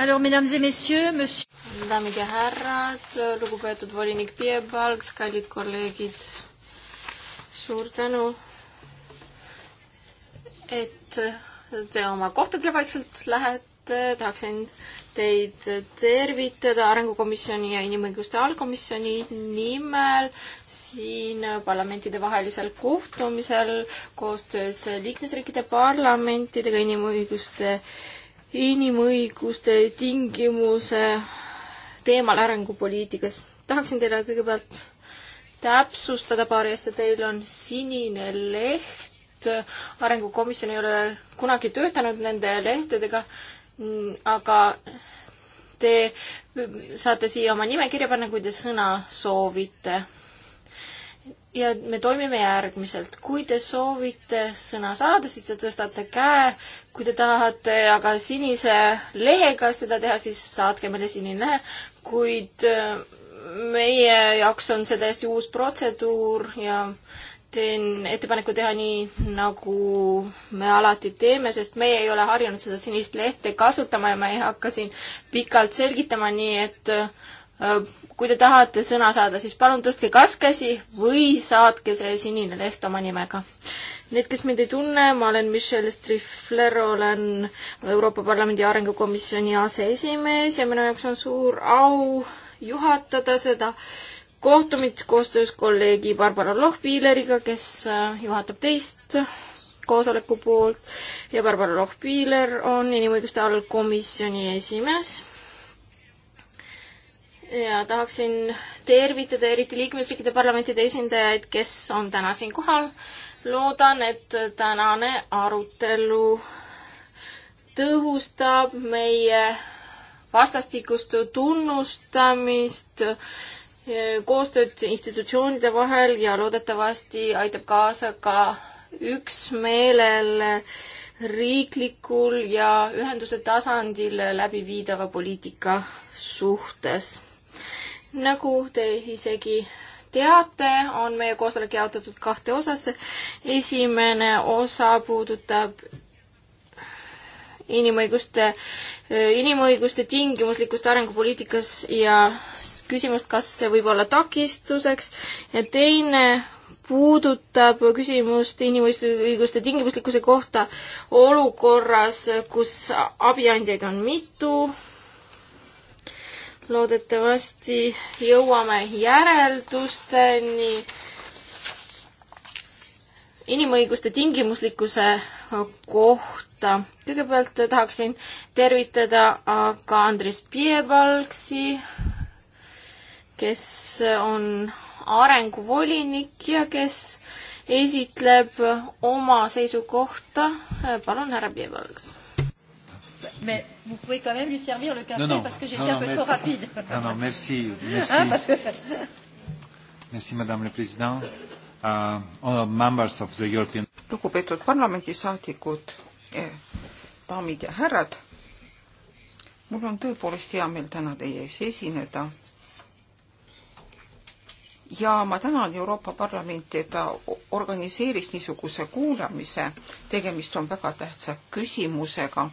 Alors, mesdames et messieurs, monsieur... daamid ja härrad, lugupeetud volinik Piebalgs, kallid kolleegid, suur tänu, et te oma kohtadele vaikselt lähete, tahaksin teid tervitada Arengukomisjoni ja Inimõiguste Allkomisjoni nimel siin parlamentidevahelisel kohtumisel koostöös liikmesriikide parlamentidega inimõiguste äh, inimõiguste tingimuse teemal arengupoliitikas. tahaksin teile kõigepealt täpsustada paari asja, teil on sinine leht, arengukomisjon ei ole kunagi töötanud nende lehtedega, aga te saate siia oma nime kirja panna, kui te sõna soovite ja me toimime järgmiselt. kui te soovite sõna saada, siis te tõstate käe. kui te tahate aga sinise lehega seda teha, siis saatke meile sinine lehe. kuid äh, meie jaoks on see täiesti uus protseduur ja teen ettepaneku teha nii, nagu me alati teeme, sest meie ei ole harjunud seda sinist lehte kasutama ja ma ei hakka siin pikalt selgitama, nii et äh, kui te tahate sõna saada, siis palun tõstke kas käsi või saatke see sinine leht oma nimega. Need, kes mind ei tunne, ma olen Michelle Strifler, olen Euroopa Parlamendi Arengukomisjoni aseesimees ja minu jaoks on suur au juhatada seda kohtumit koostöös kolleegi Barbara Lohpiileriga, kes äh, juhatab teist koosoleku poolt ja Barbara Lohpiiler on inimõiguste allkomisjoni esimees ja tahaksin tervitada eriti liikmesriikide parlamentide esindajaid, kes on täna siin kohal. loodan, et tänane arutelu tõhustab meie vastastikust tunnustamist, koostööd institutsioonide vahel ja loodetavasti aitab kaasa ka üksmeelele riiklikul ja ühenduse tasandil läbiviidava poliitika suhtes nagu te isegi teate, on meie koosolek jaotatud kahte osasse. esimene osa puudutab inimõiguste, inimõiguste tingimuslikkust arengupoliitikas ja küsimust, kas see võib olla takistuseks ja teine puudutab küsimust inimõiguste tingimuslikkuse kohta olukorras, kus abiandjaid on mitu loodetavasti jõuame järeldusteni inimõiguste tingimuslikkuse kohta. kõigepealt tahaksin tervitada aga Andres Piebalgsi, kes on arenguvolinik ja kes esitleb oma seisukohta. palun, härra Piebalgs. Mais vous pouvez quand même lui servir le café non, non. parce que j'ai été un peu merci. trop rapide. Non, non, merci. merci. Hein, ah, parce que... Merci, Madame la Présidente. Uh, members of the European... lugupeetud parlamendisaadikud, eh, daamid ja härrad, mul on tõepoolest hea meel täna teie ees esineda. ja ma tänan Euroopa Parlamenti, et ta organiseeris niisuguse kuulamise, tegemist on väga tähtsa küsimusega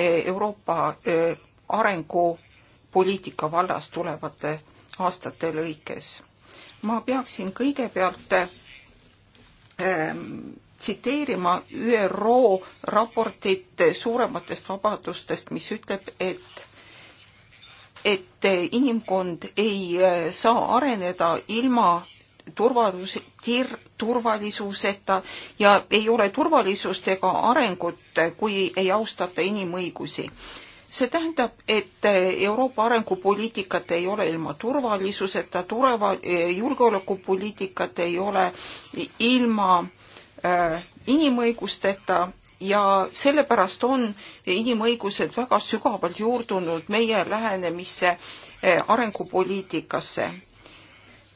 E, Euroopa e, arengupoliitika vallas tulevate aastate lõikes. ma peaksin kõigepealt e, tsiteerima ÜRO raportit suurematest vabadustest, mis ütleb, et et inimkond ei saa areneda ilma turvalus, tir-, turvalisuseta ja ei ole turvalisust ega arengut, kui ei austata inimõigusi. see tähendab, et Euroopa arengupoliitikat ei ole ilma turvalisuseta, tureva-, julgeolekupoliitikat ei ole ilma äh, inimõigusteta ja sellepärast on inimõigused väga sügavalt juurdunud meie lähenemisse äh, arengupoliitikasse.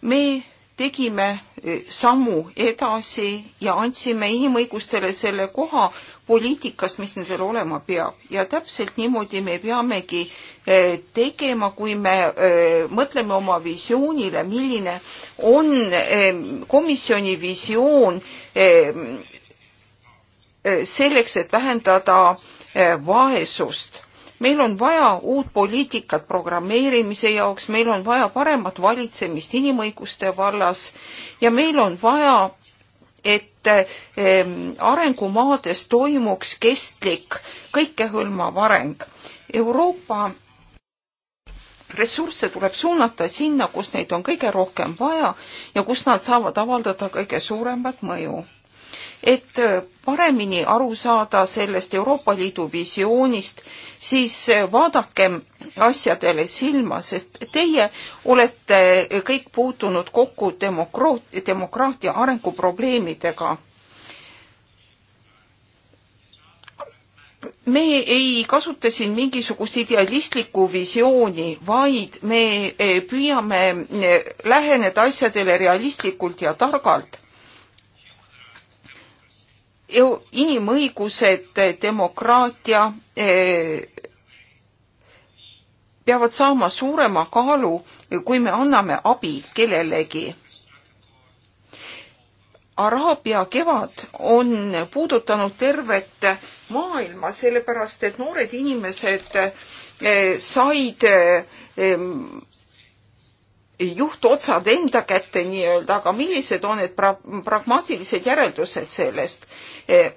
me tegime eh, sammu edasi ja andsime inimõigustele selle koha poliitikast, mis nendel olema peab ja täpselt niimoodi me peamegi eh, tegema, kui me eh, mõtleme oma visioonile, milline on komisjoni visioon selleks, et vähendada vaesust meil on vaja uut poliitikat programmeerimise jaoks, meil on vaja paremat valitsemist inimõiguste vallas ja meil on vaja, et ehm, arengumaades toimuks kestlik kõikehõlmav areng. Euroopa ressursse tuleb suunata sinna, kus neid on kõige rohkem vaja ja kus nad saavad avaldada kõige suuremat mõju et paremini aru saada sellest Euroopa Liidu visioonist, siis vaadakem asjadele silma, sest teie olete kõik puutunud kokku demokraatia, demokraatia arenguprobleemidega. me ei kasuta siin mingisugust idealistlikku visiooni, vaid me püüame läheneda asjadele realistlikult ja targalt inimõigused, demokraatia eh, peavad saama suurema kaalu, kui me anname abi kellelegi. Araabia kevad on puudutanud tervet maailma, sellepärast et noored inimesed eh, said eh, juhtotsad enda kätte nii-öelda, aga millised on need pra-, pragmaatilised järeldused sellest? Eh,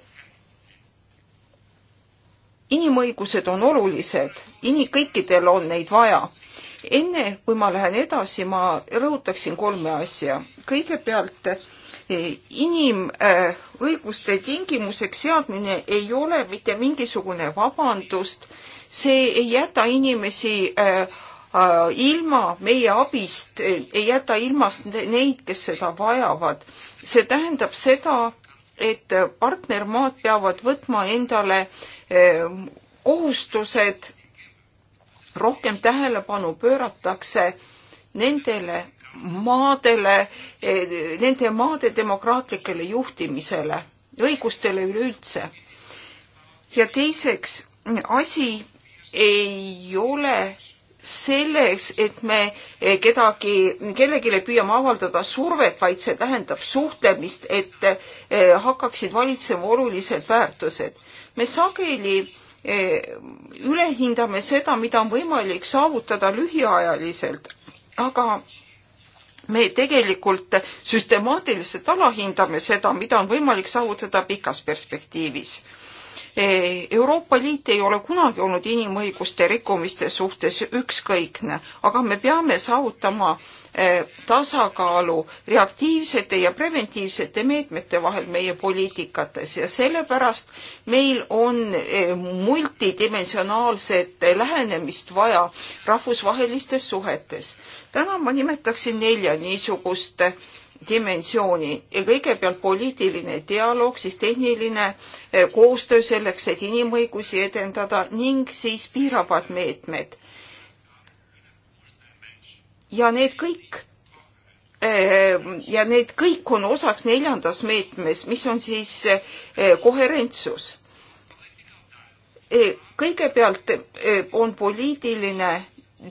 inimõigused on olulised, ini-, kõikidel on neid vaja. enne, kui ma lähen edasi, ma rõhutaksin kolme asja. kõigepealt eh, inimõiguste tingimuseks seadmine ei ole mitte mingisugune vabandust, see ei jäta inimesi äh, Äh, ilma meie abist äh, ei jäta ilmast neid, kes seda vajavad. see tähendab seda, et äh, partnermaad peavad võtma endale kohustused, rohkem tähelepanu pööratakse nendele maadele, nende maade demokraatlikele juhtimisele, õigustele üleüldse. ja teiseks, asi ei ole selleks, et me eh, kedagi, kellelegi püüame avaldada survet, vaid see tähendab suhtlemist, et eh, hakkaksid valitsema olulised väärtused. me sageli eh, ülehindame seda, mida on võimalik saavutada lühiajaliselt, aga me tegelikult süstemaatiliselt alahindame seda, mida on võimalik saavutada pikas perspektiivis Eh, Euroopa Liit ei ole kunagi olnud inimõiguste rikkumiste suhtes ükskõikne, aga me peame saavutama eh, tasakaalu reaktiivsete ja preventiivsete meetmete vahel meie poliitikates ja sellepärast meil on eh, multidimensionaalset lähenemist vaja rahvusvahelistes suhetes. täna ma nimetaksin nelja niisugust dimensiooni ja kõigepealt poliitiline dialoog, siis tehniline eh, koostöö selleks, et inimõigusi edendada ning siis piiravad meetmed. ja need kõik eh, ja need kõik on osaks neljandas meetmes, mis on siis eh, koherentsus. kõigepealt on poliitiline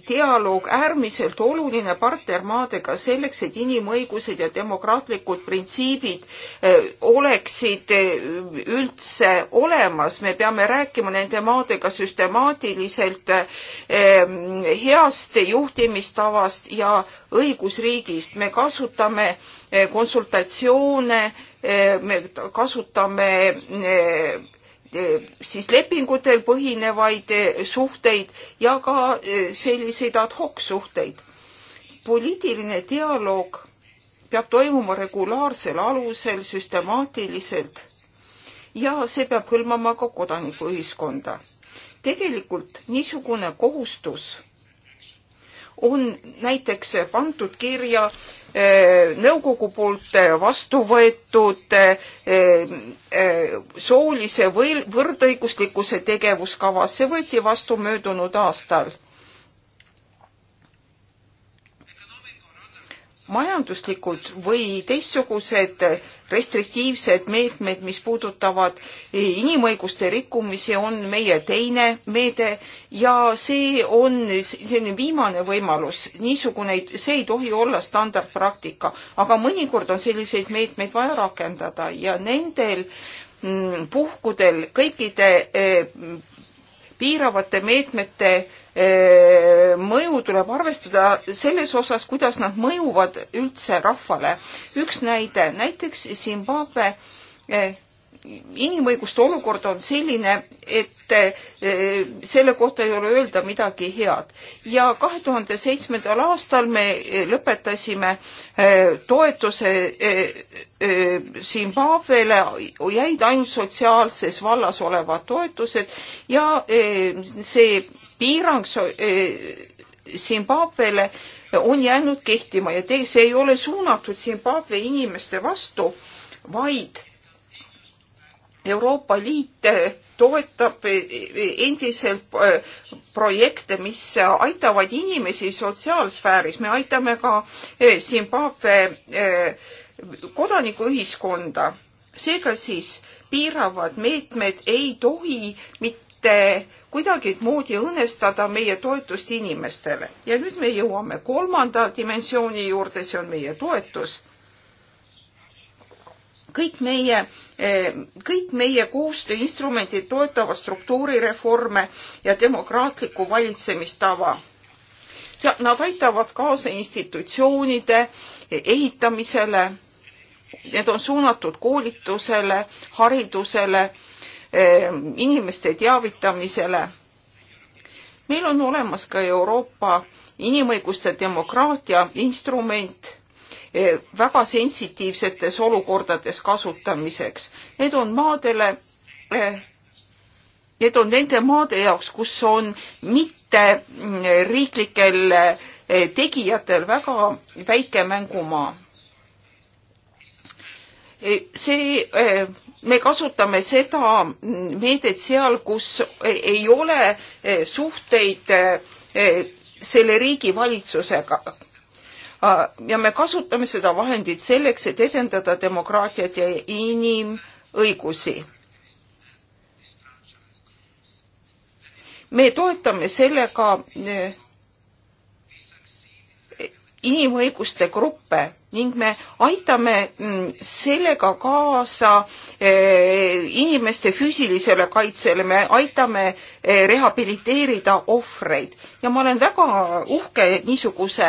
dialoog äärmiselt oluline partnermaadega selleks, et inimõigused ja demokraatlikud printsiibid eh, oleksid eh, üldse olemas. me peame rääkima nende maadega süstemaatiliselt eh, heast juhtimistavast ja õigusriigist. me kasutame konsultatsioone, me kasutame Eh, siis lepingutel põhinevaid eh, suhteid ja ka eh, selliseid ad hoc suhteid. poliitiline dialoog peab toimuma regulaarsel alusel, süstemaatiliselt ja see peab hõlmama ka kodanikuühiskonda. tegelikult niisugune kohustus on näiteks pandud kirja Eh, nõukogu poolt eh, vastu võetud eh, soolise võrdõiguslikkuse tegevuskava, see võeti vastu möödunud aastal majanduslikud või teistsugused restriktiivsed meetmed, mis puudutavad inimõiguste rikkumisi, on meie teine meede ja see on selline viimane võimalus, niisugune, see ei tohi olla standardpraktika, aga mõnikord on selliseid meetmeid vaja rakendada ja nendel mm, puhkudel kõikide eh, piiravate meetmete Äh, mõju tuleb arvestada selles osas, kuidas nad mõjuvad üldse rahvale. üks näide, näiteks Zimbabwe äh, inimõiguste olukord on selline, et äh, selle kohta ei ole öelda midagi head. ja kahe tuhande seitsmendal aastal me lõpetasime toetuse Zimbabwele, jäid ainult sotsiaalses vallas olevad toetused ja see piirang Zimbabwele on jäänud kehtima ja see ei ole suunatud Zimbabwe inimeste vastu, vaid Euroopa Liit toetab endiselt projekte, mis aitavad inimesi sotsiaalsfääris, me aitame ka Zimbabwe kodanikuühiskonda. seega siis piiravad meetmed ei tohi mitte kuidagimoodi õõnestada meie toetust inimestele. ja nüüd me jõuame kolmanda dimensiooni juurde, see on meie toetus. kõik meie, eh, kõik meie koostööinstrumendid toetavad struktuurireforme ja demokraatlikku valitsemistava seal nad aitavad kaasa institutsioonide ehitamisele, need on suunatud koolitusele, haridusele Ehm, inimeste teavitamisele. meil on olemas ka Euroopa inimõiguste demokraatia instrument eh, väga sensitiivsetes olukordades kasutamiseks. Need on maadele, eh, need on nende maade jaoks, kus on mitte mm, riiklikel eh, tegijatel väga väike mängumaa. see me kasutame seda meedet seal, kus ei ole eh, suhteid eh, selle riigi valitsusega. Ah, ja me kasutame seda vahendit selleks, et edendada demokraatiat ja inimõigusi. me toetame sellega eh, inimõiguste gruppe ning me aitame mm, sellega kaasa eh, inimeste füüsilisele kaitsele, me aitame eh, rehabiliteerida ohvreid ja ma olen väga uhke niisuguse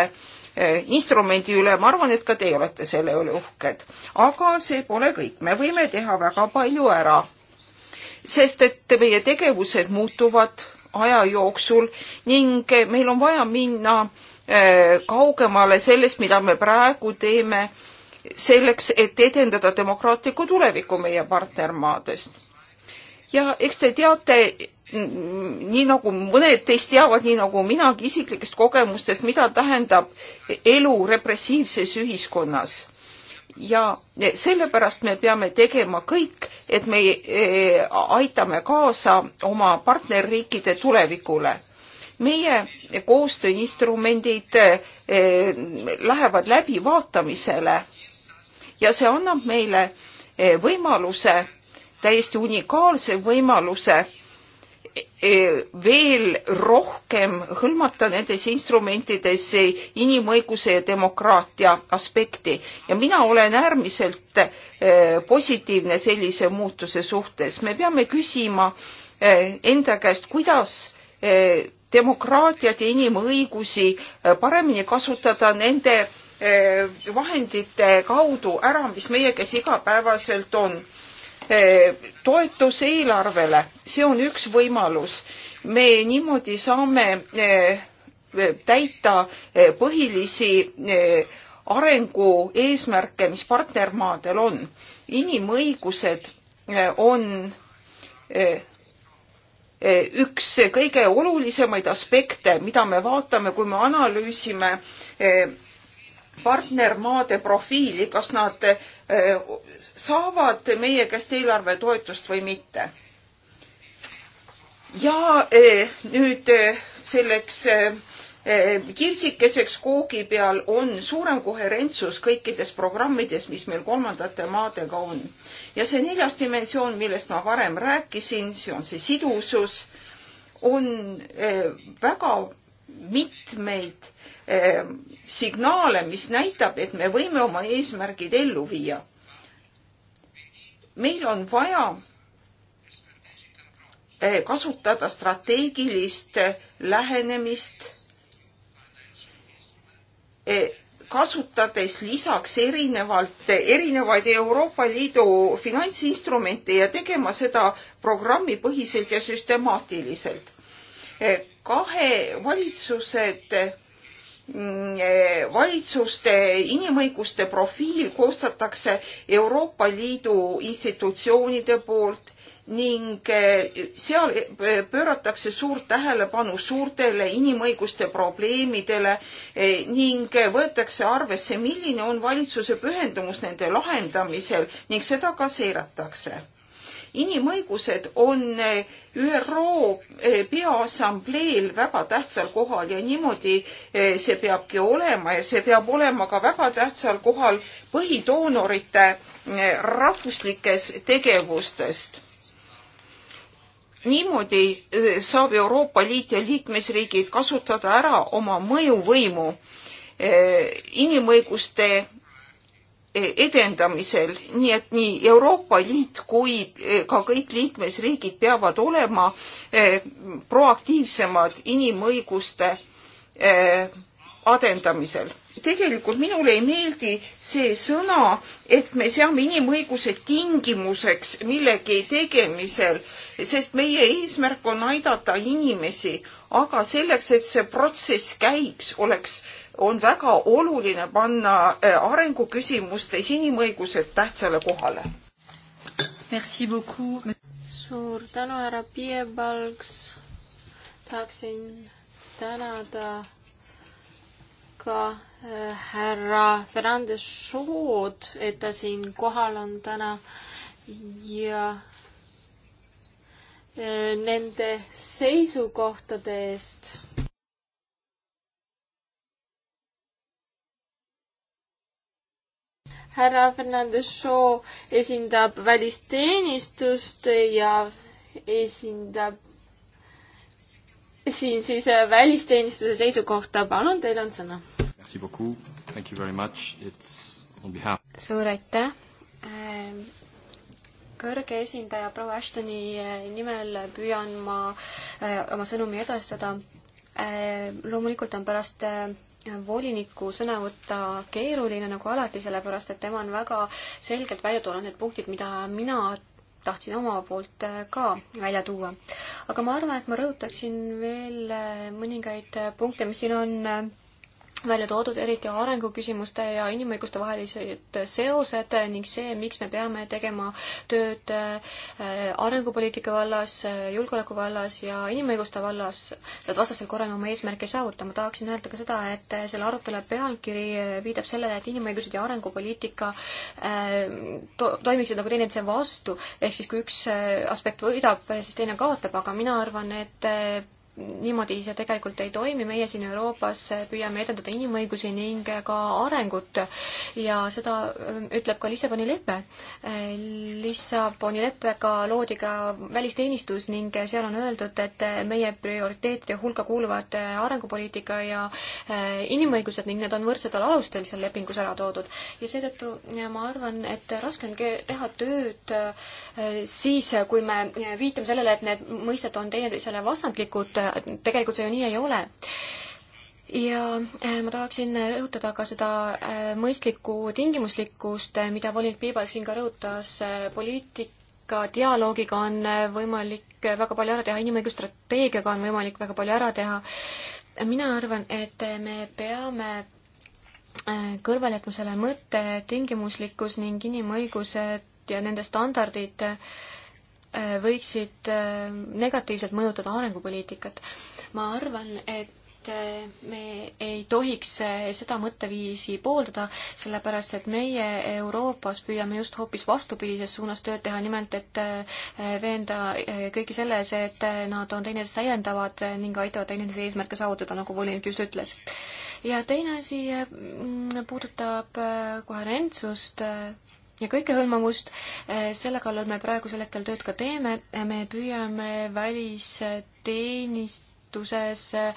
eh, instrumendi üle, ma arvan, et ka teie olete selle üle uhked. aga see pole kõik, me võime teha väga palju ära. sest et meie tegevused muutuvad aja jooksul ning meil on vaja minna äh, Äh, kaugemale sellest, mida me praegu teeme selleks, et edendada demokraatlikku tulevikku meie partnermaadest. ja eks te teate, nii nagu mõned teist teavad, nii nagu minagi isiklikest kogemustest, mida tähendab elu repressiivses ühiskonnas. ja sellepärast me peame tegema kõik, et me äh, aitame kaasa oma partnerriikide tulevikule meie koostööinstrumendid eh, lähevad läbivaatamisele ja see annab meile eh, võimaluse, täiesti unikaalse võimaluse eh, veel rohkem hõlmata nendes instrumentides inimõiguse ja demokraatia aspekti ja mina olen äärmiselt positiivne sellise muutuse suhtes. me peame küsima enda käest, kuidas demokraatiat ja inimõigusi äh, paremini kasutada nende äh, vahendite kaudu ära, mis meie käes igapäevaselt on. Äh, toetus eelarvele, see on üks võimalus. me niimoodi saame täita põhilisi arengu eesmärke, mis partnermaadel on. inimõigused on üks kõige olulisemaid aspekte, mida me vaatame, kui me analüüsime e, partnermaade profiili, kas nad e, saavad meie käest eelarvetoetust või mitte. ja e, nüüd selleks kirsikeseks koogi peal on suurem koherentsus kõikides programmides, mis meil kolmandate maadega on ja see neljas dimensioon, millest ma varem rääkisin, see on see sidusus, on eh, väga mitmeid eh, signaale, mis näitab, et me võime oma eesmärgid ellu viia. meil on vaja eh, kasutada strateegilist lähenemist kasutades lisaks erinevalt, erinevaid Euroopa Liidu finantsinstrumente ja tegema seda programmipõhiselt ja süstemaatiliselt. kahe valitsused mm, valitsuste inimõiguste profiil koostatakse Euroopa Liidu institutsioonide poolt ning eh, seal eh, pööratakse suurt tähelepanu suurtele inimõiguste probleemidele eh, ning võetakse arvesse, milline on valitsuse pühendumus nende lahendamisel ning seda ka seiratakse. inimõigused on ÜRO Peaassambleel väga tähtsal kohal ja niimoodi see peabki olema ja see peab olema ka väga tähtsal kohal põhidoonorite rahvuslikes tegevustest niimoodi eh, saab Euroopa Liit ja liikmesriigid kasutada ära oma mõjuvõimu eh, inimõiguste eh, edendamisel, nii et nii Euroopa Liit kui ka kõik liikmesriigid peavad olema proaktiivsemad inimõiguste adendamisel. tegelikult minule ei meeldi see sõna, et me seame inimõigused tingimuseks millegi tegemisel, sest meie eesmärk on aidata inimesi, aga selleks, et see protsess käiks, oleks, on väga oluline panna äh, arenguküsimustes inimõigused tähtsale kohale. suur tänu, härra Piebalgs. tahaksin tänada ka äh, härra Fernandes Šood, et ta siin kohal on täna ja äh, nende seisukohtade eest. härra Fernandes Šoo esindab välisteenistust ja esindab siin siis äh, välisteenistuse seisukohta, palun, teil on sõna. suur aitäh! Ähm, kõrge esindaja proua Ashtoni äh, nimel püüan ma äh, oma sõnumi edastada. Ähm, loomulikult on pärast voliniku sõna võtta keeruline nagu alati, sellepärast et tema on väga selgelt välja toonud need punktid, mida mina tahtsin oma poolt äh, ka välja tuua. aga ma arvan, et ma rõhutaksin veel äh, mõningaid punkte, mis siin on äh, välja toodud, eriti arenguküsimuste ja inimõiguste vahelised seosed ning see, miks me peame tegema tööd äh, arengupoliitika vallas, julgeoleku vallas ja inimõiguste vallas, et vastasel korral me oma eesmärke ei saavuta. ma tahaksin öelda ka seda, et selle arutelu pealkiri viitab sellele, et inimõigused ja arengupoliitika äh, to-, toimiksid nagu teineteise vastu, ehk siis kui üks äh, aspekt võidab, siis teine kaotab, aga mina arvan, et niimoodi see tegelikult ei toimi, meie siin Euroopas püüame edendada inimõigusi ning ka arengut ja seda ähm, ütleb ka Lissaboni lepe. Äh, Lissaboni leppega loodi ka välisteenistus ning seal on öeldud, et meie prioriteetide hulka kuuluvad äh, arengupoliitika ja äh, inimõigused ning need on võrdsetel alustel seal lepingus ära toodud. ja seetõttu ma arvan, et raske on teha tööd siis, kui me viitame sellele, et need mõisted on teineteisele vastandlikud, tegelikult see ju nii ei ole ja äh, ma tahaksin rõhutada ka seda äh, mõistlikku tingimuslikkust, äh, mida volinik Piibal siin ka rõhutas, poliitika dialoogiga on võimalik väga palju ära teha, inimõigusstrateegiaga on võimalik väga palju ära teha. mina arvan, et me peame kõrvaljätmisele mõtte tingimuslikkus ning inimõigused ja nende standardid äh, võiksid äh, negatiivselt mõjutada arengupoliitikat. ma arvan, et äh, me ei tohiks äh, seda mõtteviisi pooldada, sellepärast et meie Euroopas püüame just hoopis vastupidises suunas tööd teha, nimelt et veenda kõiki selles, et nad on teineteist täiendavad ning aitavad teineteise eesmärke saavutada, nagu volinik just ütles. ja teine asi mm, puudutab koherentsust ja kõikehõlmavust, eh, selle kallal me praegusel hetkel tööd ka teeme, eh, me püüame välisteenistuses eh,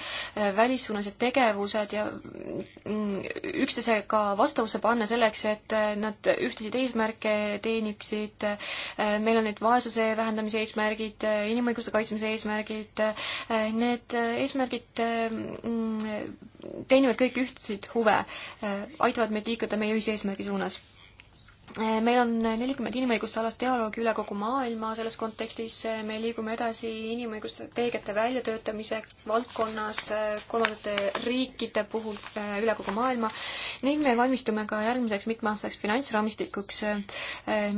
välissuunalised tegevused ja mm, üksteisega vastavusse panna selleks, et nad ühtesid eesmärke teeniksid. meil on nüüd vaesuse vähendamise eesmärgid, inimõiguste kaitsmise eesmärgid, need eesmärgid mm, teenivad kõik ühtesid huve, aitavad meid liikuda meie ühise eesmärgi suunas Eh, meil on nelikümmend inimõiguste alast dialoogi üle kogu maailma selles kontekstis, eh, me liigume edasi inimõigusstrateegiate väljatöötamise valdkonnas eh, kolmandate riikide puhul üle kogu maailma ning me valmistume ka järgmiseks mitmeaastaseks finantsraamistikuks,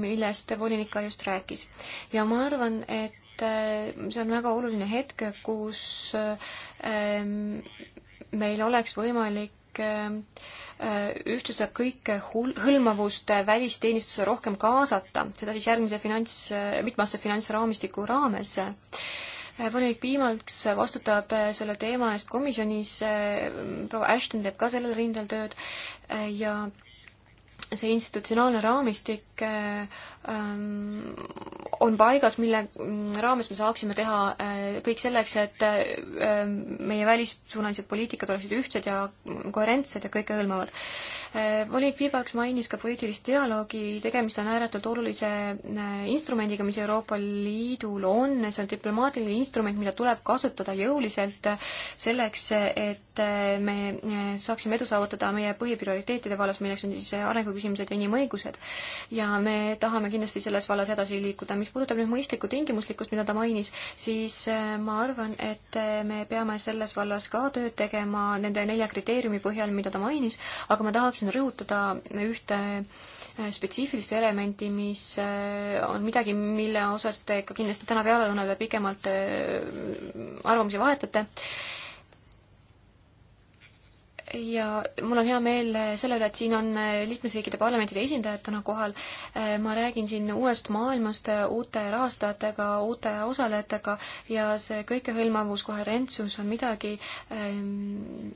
millest volinik ka just rääkis. ja ma arvan, et see on väga oluline hetk, kus meil oleks võimalik ning äh, ühtlustada kõike hõlmavust välisteenistuse rohkem kaasata, seda siis järgmise finants, äh, mitmeaastase finantsraamistiku raames äh, volinik Piimaks vastutab selle teema eest komisjonis, proua Ashton teeb ka sellel rindel tööd ja see institutsionaalne raamistik Ähm, on paigas, mille raames me saaksime teha äh, kõik selleks, et äh, meie välissuunalised poliitikad oleksid ühtsed ja koherentsed ja kõikehõlmavad. Äh, volinik Piibaks mainis ka poliitilist dialoogi, tegemist on ääretult olulise instrumendiga, mis Euroopa Liidul on, see on diplomaatiline instrument, mida tuleb kasutada jõuliselt selleks, et me saaksime edu saavutada meie põhiprioriteetide vallas, milleks on siis arenguküsimused ja inimõigused. ja me tahame kindlasti kindlasti selles vallas edasi liikuda. mis puudutab nüüd mõistlikku tingimuslikkust, mida ta mainis, siis äh, ma arvan, et äh, me peame selles vallas ka tööd tegema nende nelja kriteeriumi põhjal, mida ta mainis, aga ma tahaksin rõhutada ühte äh, spetsiifilist elementi, mis on midagi, mille osas te ka kindlasti täna peale lõunal veel pikemalt arvamusi vahetate ja mul on hea meel selle üle, et siin on äh, liikmesriikide parlamentide esindajad täna kohal. Äh, ma räägin siin uuest maailmast, äh, uute rahastajatega, uute osalejatega ja see kõikehõlmavus, koherentsus on midagi, ähm,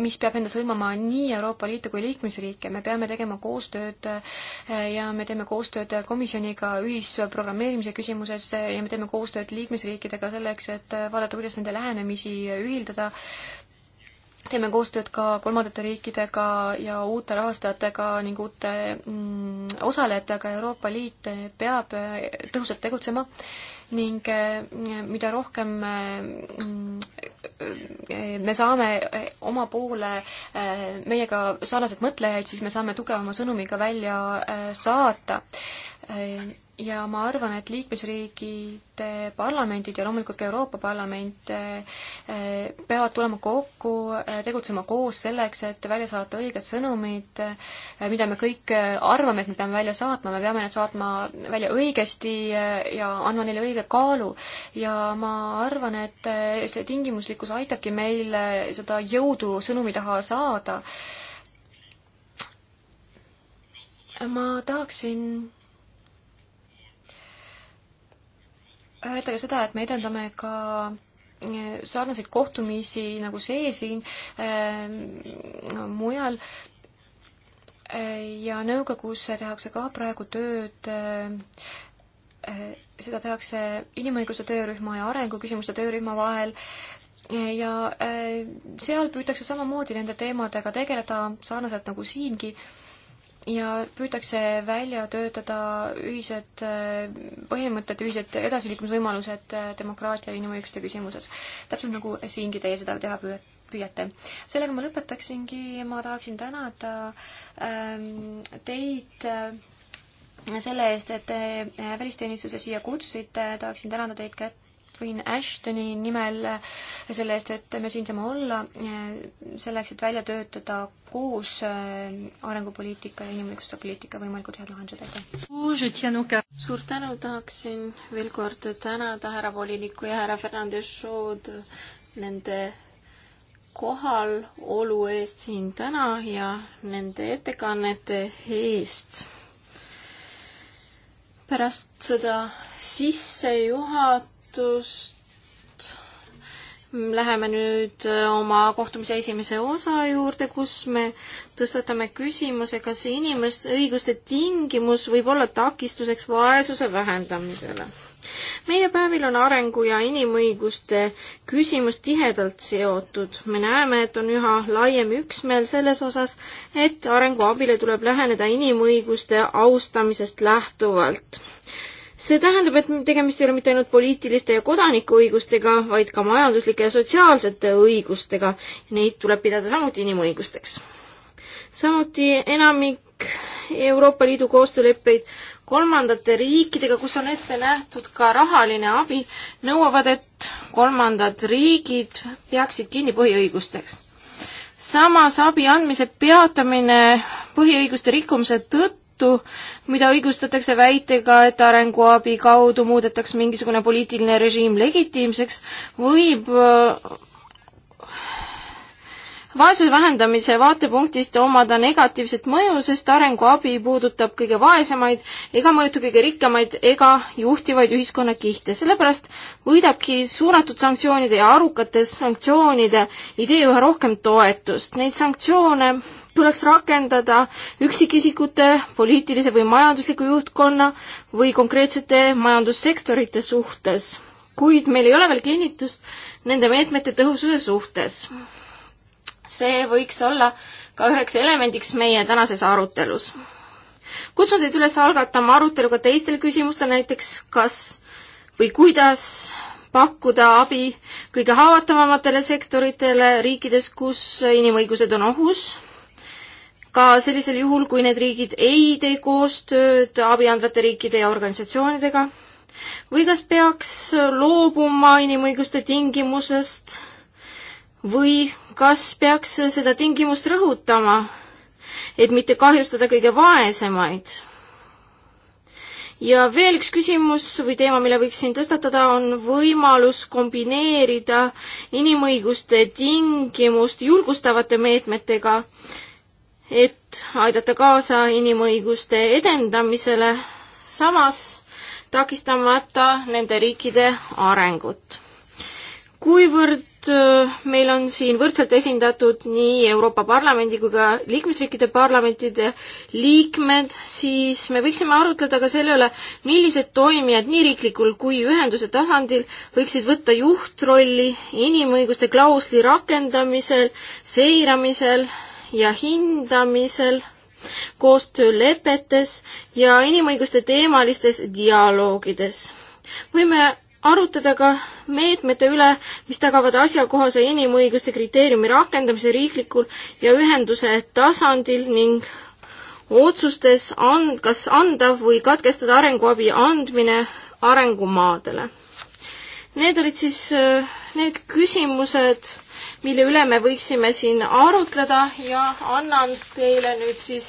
mis peab endas hõlmama nii Euroopa Liitu kui liikmesriike, me peame tegema koostööd ja me teeme koostööd komisjoniga ühisprogrammeerimise küsimuses ja me teeme koostööd liikmesriikidega selleks, et vaadata, kuidas nende lähenemisi ühildada teeme koostööd ka kolmandate riikidega ja uute rahastajatega ning uute mm, osalejatega, Euroopa Liit peab eh, tõhusalt tegutsema ning eh, mida rohkem mm, eh, me saame oma poole meiega sarnaseid mõtlejaid, siis me saame tugevama sõnumiga välja saata ja ma arvan, et liikmesriigid, parlamendid ja loomulikult ka Euroopa Parlament eh, peavad tulema kokku, eh, tegutsema koos selleks, et välja saata õiged sõnumid, eh, mida me kõik arvame, et me peame välja saatma, me peame need saatma välja õigesti ja andma neile õige kaalu. ja ma arvan, et see tingimuslikkus aitabki meil seda jõudu sõnumi taha saada. ma tahaksin öelda ka seda, et me edendame ka eh, sarnaseid kohtumisi nagu see siin äh, mujal eh, ja nõukogus tehakse ka praegu tööd äh, seda tehakse inimõiguste töörühma ja arenguküsimuste töörühma vahel ja äh, seal püütakse samamoodi nende teemadega tegeleda sarnaselt nagu siingi äh, ja püütakse välja töötada ühised äh, põhimõtted, ühised edasiliikumisvõimalused äh, demokraatia ja inimõiguste küsimuses. täpselt nagu siingi teie seda teha püüate. sellega ma lõpetaksingi, ma tahaksin tänada ähm, teid äh, selle eest, et te äh, välisteenistuse siia kutsusite, tahaksin tänada teid kätte Catherine Ashtoni nimel selle eest, et me siin saame olla, eh, selleks, et välja töötada koos eh, arengupoliitika ja inimõiguste poliitika võimalikult head lahendused, aitäh! suur tänu, tahaksin veel kord tänada härra volinikku ja härra Fernandes Šood nende kohalolu eest siin täna ja nende ettekannete eest pärast seda sissejuhat-, hommikust. Läheme nüüd äh, oma kohtumise esimese osa juurde, kus me tõstatame küsimuse, kas inimeste õiguste tingimus võib olla takistuseks vaesuse vähendamisele. meie päevil on arengu ja inimõiguste küsimus tihedalt seotud. me näeme, et on üha laiem üksmeel selles osas, et arenguabile tuleb läheneda inimõiguste austamisest lähtuvalt see tähendab, et tegemist ei ole mitte ainult poliitiliste ja kodanikuõigustega, vaid ka majanduslike ja sotsiaalsete õigustega. Neid tuleb pidada samuti inimõigusteks. samuti enamik Euroopa Liidu koostööleppeid kolmandate riikidega, kus on ette nähtud ka rahaline abi, nõuavad, et kolmandad riigid peaksid kinni põhiõigusteks. samas abi andmise peatamine põhiõiguste rikkumise tõttu juttu, mida õigustatakse väitega, et arenguabi kaudu muudetakse mingisugune poliitiline režiim legitiimseks, võib äh, vaesuse vähendamise vaatepunktist omada negatiivset mõju, sest arenguabi puudutab kõige vaesemaid ega mõjuta kõige rikkamaid ega juhtivaid ühiskonnakihte. sellepärast võidabki suunatud sanktsioonide ja arukate sanktsioonide idee üha rohkem toetust. Neid sanktsioone tuleks rakendada üksikisikute, poliitilise või majandusliku juhtkonna või konkreetsete majandussektorite suhtes, kuid meil ei ole veel kinnitust nende meetmete tõhususe suhtes. see võiks olla ka üheks elemendiks meie tänases arutelus. kutsun teid üles algatama arutelu ka teistel küsimustel, näiteks kas või kuidas pakkuda abi kõige haavatavamatele sektoritele riikides, kus inimõigused on ohus ka sellisel juhul, kui need riigid ei tee koostööd abi andvate riikide ja organisatsioonidega? või kas peaks loobuma inimõiguste tingimusest või kas peaks seda tingimust rõhutama, et mitte kahjustada kõige vaesemaid? ja veel üks küsimus või teema, mille võiksin tõstatada, on võimalus kombineerida inimõiguste tingimust julgustavate meetmetega et aidata kaasa inimõiguste edendamisele, samas takistamata nende riikide arengut. kuivõrd äh, meil on siin võrdselt esindatud nii Euroopa Parlamendi kui ka liikmesriikide parlamentide liikmed, siis me võiksime arutleda ka selle üle, millised toimijad nii riiklikul kui ühenduse tasandil võiksid võtta juhtrolli inimõiguste klausli rakendamisel, seiramisel ja hindamisel, koostöölepetes ja inimõiguste teemalistes dialoogides. võime arutada ka meetmete üle, mis tagavad asjakohase inimõiguste kriteeriumi rakendamise riiklikul ja ühenduse tasandil ning otsustes on, kas anda või katkestada arenguabi andmine arengumaadele. Need olid siis äh, need küsimused mille üle me võiksime siin arutleda ja annan teile nüüd siis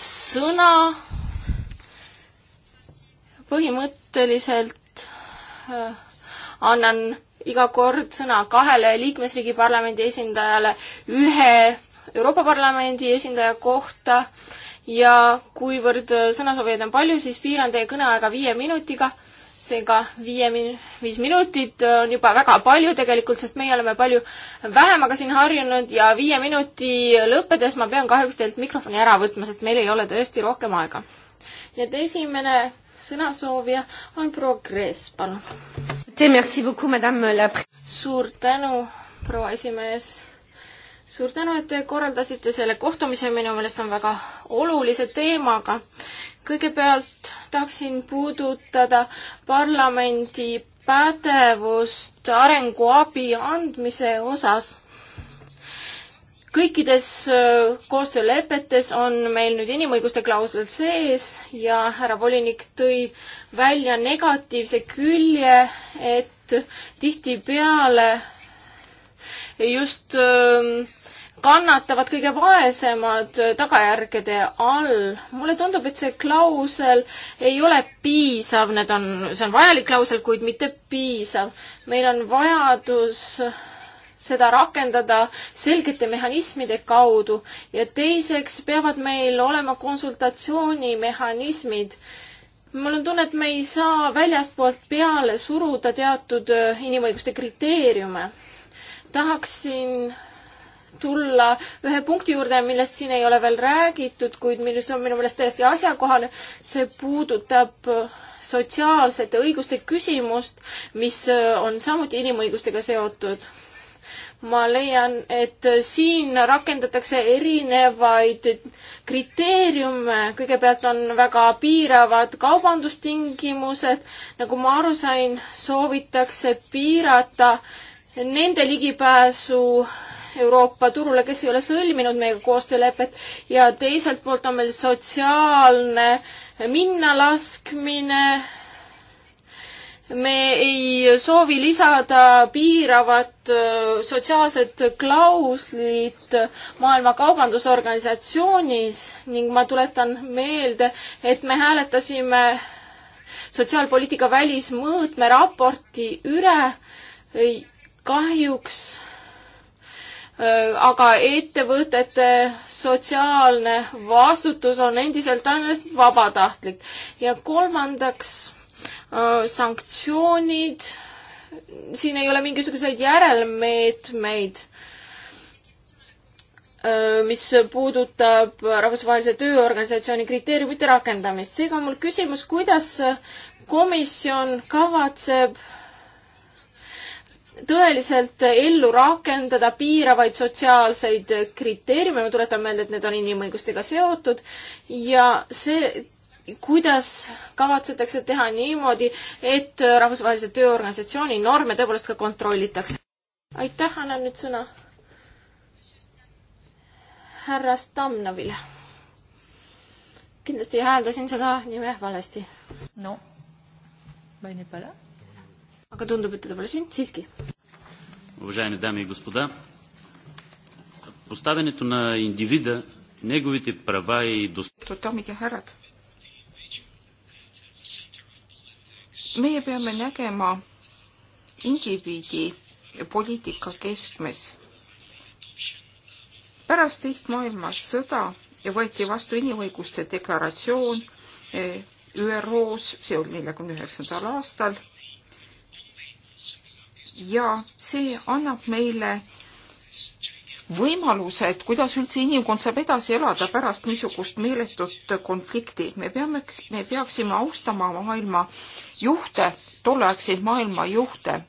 sõna põhimõtteliselt äh, annan iga kord sõna kahele liikmesriigi parlamendi esindajale ühe Euroopa Parlamendi esindaja kohta ja kuivõrd sõnasoovijaid on palju, siis piiran teie kõneaega viie minutiga seega viie min-, viis minutit on juba väga palju tegelikult, sest meie oleme palju vähemaga siin harjunud ja viie minuti lõppedes ma pean kahjuks teilt mikrofoni ära võtma, sest meil ei ole tõesti rohkem aega. nii et esimene sõnasoovija on proua Krees, palun. suur tänu, proua esimees suur tänu, et te korraldasite selle kohtumise, minu meelest on väga olulise teemaga kõigepealt tahaksin puudutada parlamendi pädevust arenguabi andmise osas. kõikides äh, koostöölepetes on meil nüüd inimõiguste klausel sees ja härra volinik tõi välja negatiivse külje, et tihtipeale just äh, kannatavad kõige vaesemad tagajärgede all. mulle tundub, et see klausel ei ole piisav, need on, see on vajalik klausel, kuid mitte piisav. meil on vajadus seda rakendada selgete mehhanismide kaudu ja teiseks peavad meil olema konsultatsioonimehhanismid mul on tunne, et me ei saa väljastpoolt peale suruda teatud inimõiguste kriteeriume. tahaksin tulla ühe punkti juurde, millest siin ei ole veel räägitud, kuid milles on minu meelest täiesti asjakohane. see puudutab sotsiaalsete õiguste küsimust, mis on samuti inimõigustega seotud ma leian, et siin rakendatakse erinevaid kriteeriume, kõigepealt on väga piiravad kaubandustingimused, nagu ma aru sain, soovitakse piirata nende ligipääsu Euroopa turule, kes ei ole sõlminud meiega koostöölepet ja teiselt poolt on meil sotsiaalne minnalaskmine. me ei soovi lisada piiravat äh, sotsiaalset klauslit Maailma Kaubandusorganisatsioonis ning ma tuletan meelde, et me hääletasime sotsiaalpoliitika välismõõtme raporti üle. kahjuks Äh, aga ettevõtete sotsiaalne vastutus on endiselt ainult vabatahtlik. ja kolmandaks äh, sanktsioonid. siin ei ole mingisuguseid järelmeetmeid, äh, mis puudutab Rahvusvahelise Tööorganisatsiooni kriteeriumite rakendamist. seega on mul küsimus, kuidas komisjon kavatseb tõeliselt ellu rakendada piiravaid sotsiaalseid kriteeriume, ma tuletan meelde, et need on inimõigustega seotud ja see, kuidas kavatsetakse teha niimoodi, et Rahvusvahelise Tööorganisatsiooni norme tõepoolest ka kontrollitakse. aitäh, annan nüüd sõna härra Stamnovile. kindlasti hääldasin seda nime valesti. no, ma ei nüüd pole aga tundub, et teda pole siin siiski. Уважаеми дами и господа, поставянето на индивида, неговите права и достоинства. meie peame nägema indiviidi poliitika keskmes. pärast teist maailmasõda võeti vastu inimõiguste deklaratsioon eh, ÜRO-s, see oli neljakümne üheksandal aastal ja see annab meile võimalused, kuidas üldse inimkond saab edasi elada pärast niisugust meeletut konflikti. me peame, me peaksime austama maailma juhte, tolleaegseid maailma juhte,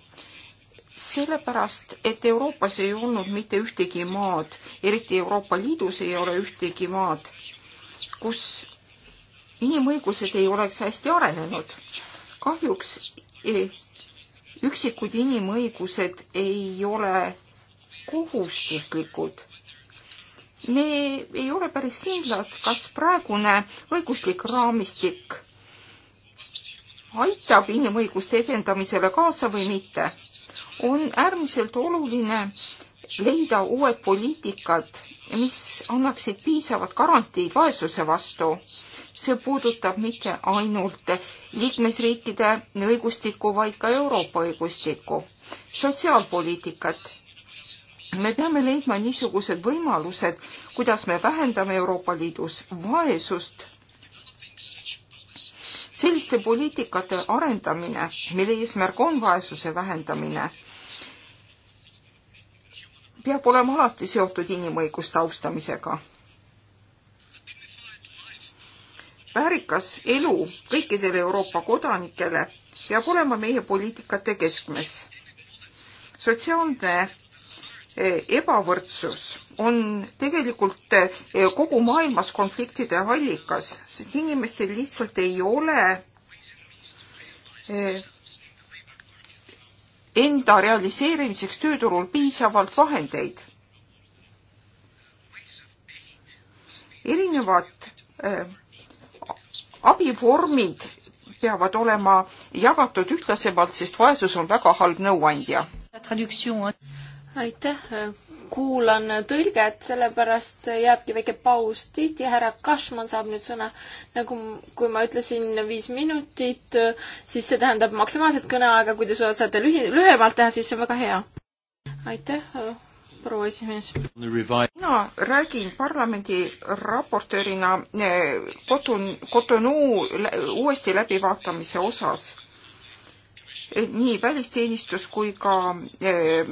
sellepärast, et Euroopas ei olnud mitte ühtegi maad, eriti Euroopa Liidus ei ole ühtegi maad, kus inimõigused ei oleks hästi arenenud. kahjuks ei eh, üksikud inimõigused ei ole kohustuslikud. me ei ole päris kindlad, kas praegune õiguslik raamistik aitab inimõiguste edendamisele kaasa või mitte. on äärmiselt oluline leida uued poliitikad mis annaksid piisavad garantiid vaesuse vastu. see puudutab mitte ainult liikmesriikide õigustikku, vaid ka Euroopa õigustikku, sotsiaalpoliitikat. me peame leidma niisugused võimalused, kuidas me vähendame Euroopa Liidus vaesust. selliste poliitikate arendamine, mille eesmärk on vaesuse vähendamine peab olema alati seotud inimõiguste austamisega. väärikas elu kõikidele Euroopa kodanikele peab olema meie poliitikate keskmes. sotsiaalne eh, ebavõrdsus on tegelikult eh, kogu maailmas konfliktide allikas, sest inimestel lihtsalt ei ole eh, enda realiseerimiseks tööturul piisavalt vahendeid. erinevad äh, abivormid peavad olema jagatud ühtlasemalt, sest vaesus on väga halb nõuandja. aitäh, äh, kuulan tõlget, sellepärast jääbki väike paus. tihti härra Kašman saab nüüd sõna. nagu, kui ma ütlesin viis minutit, siis see tähendab maksimaalset kõneaega, kui te suudate lühi-, lühemalt teha, siis see on väga hea. aitäh, proua esimees. mina räägin parlamendi raportöörina Kotun-, eh, Kotonuu uuesti läbivaatamise osas eh, nii välisteenistus kui ka eh,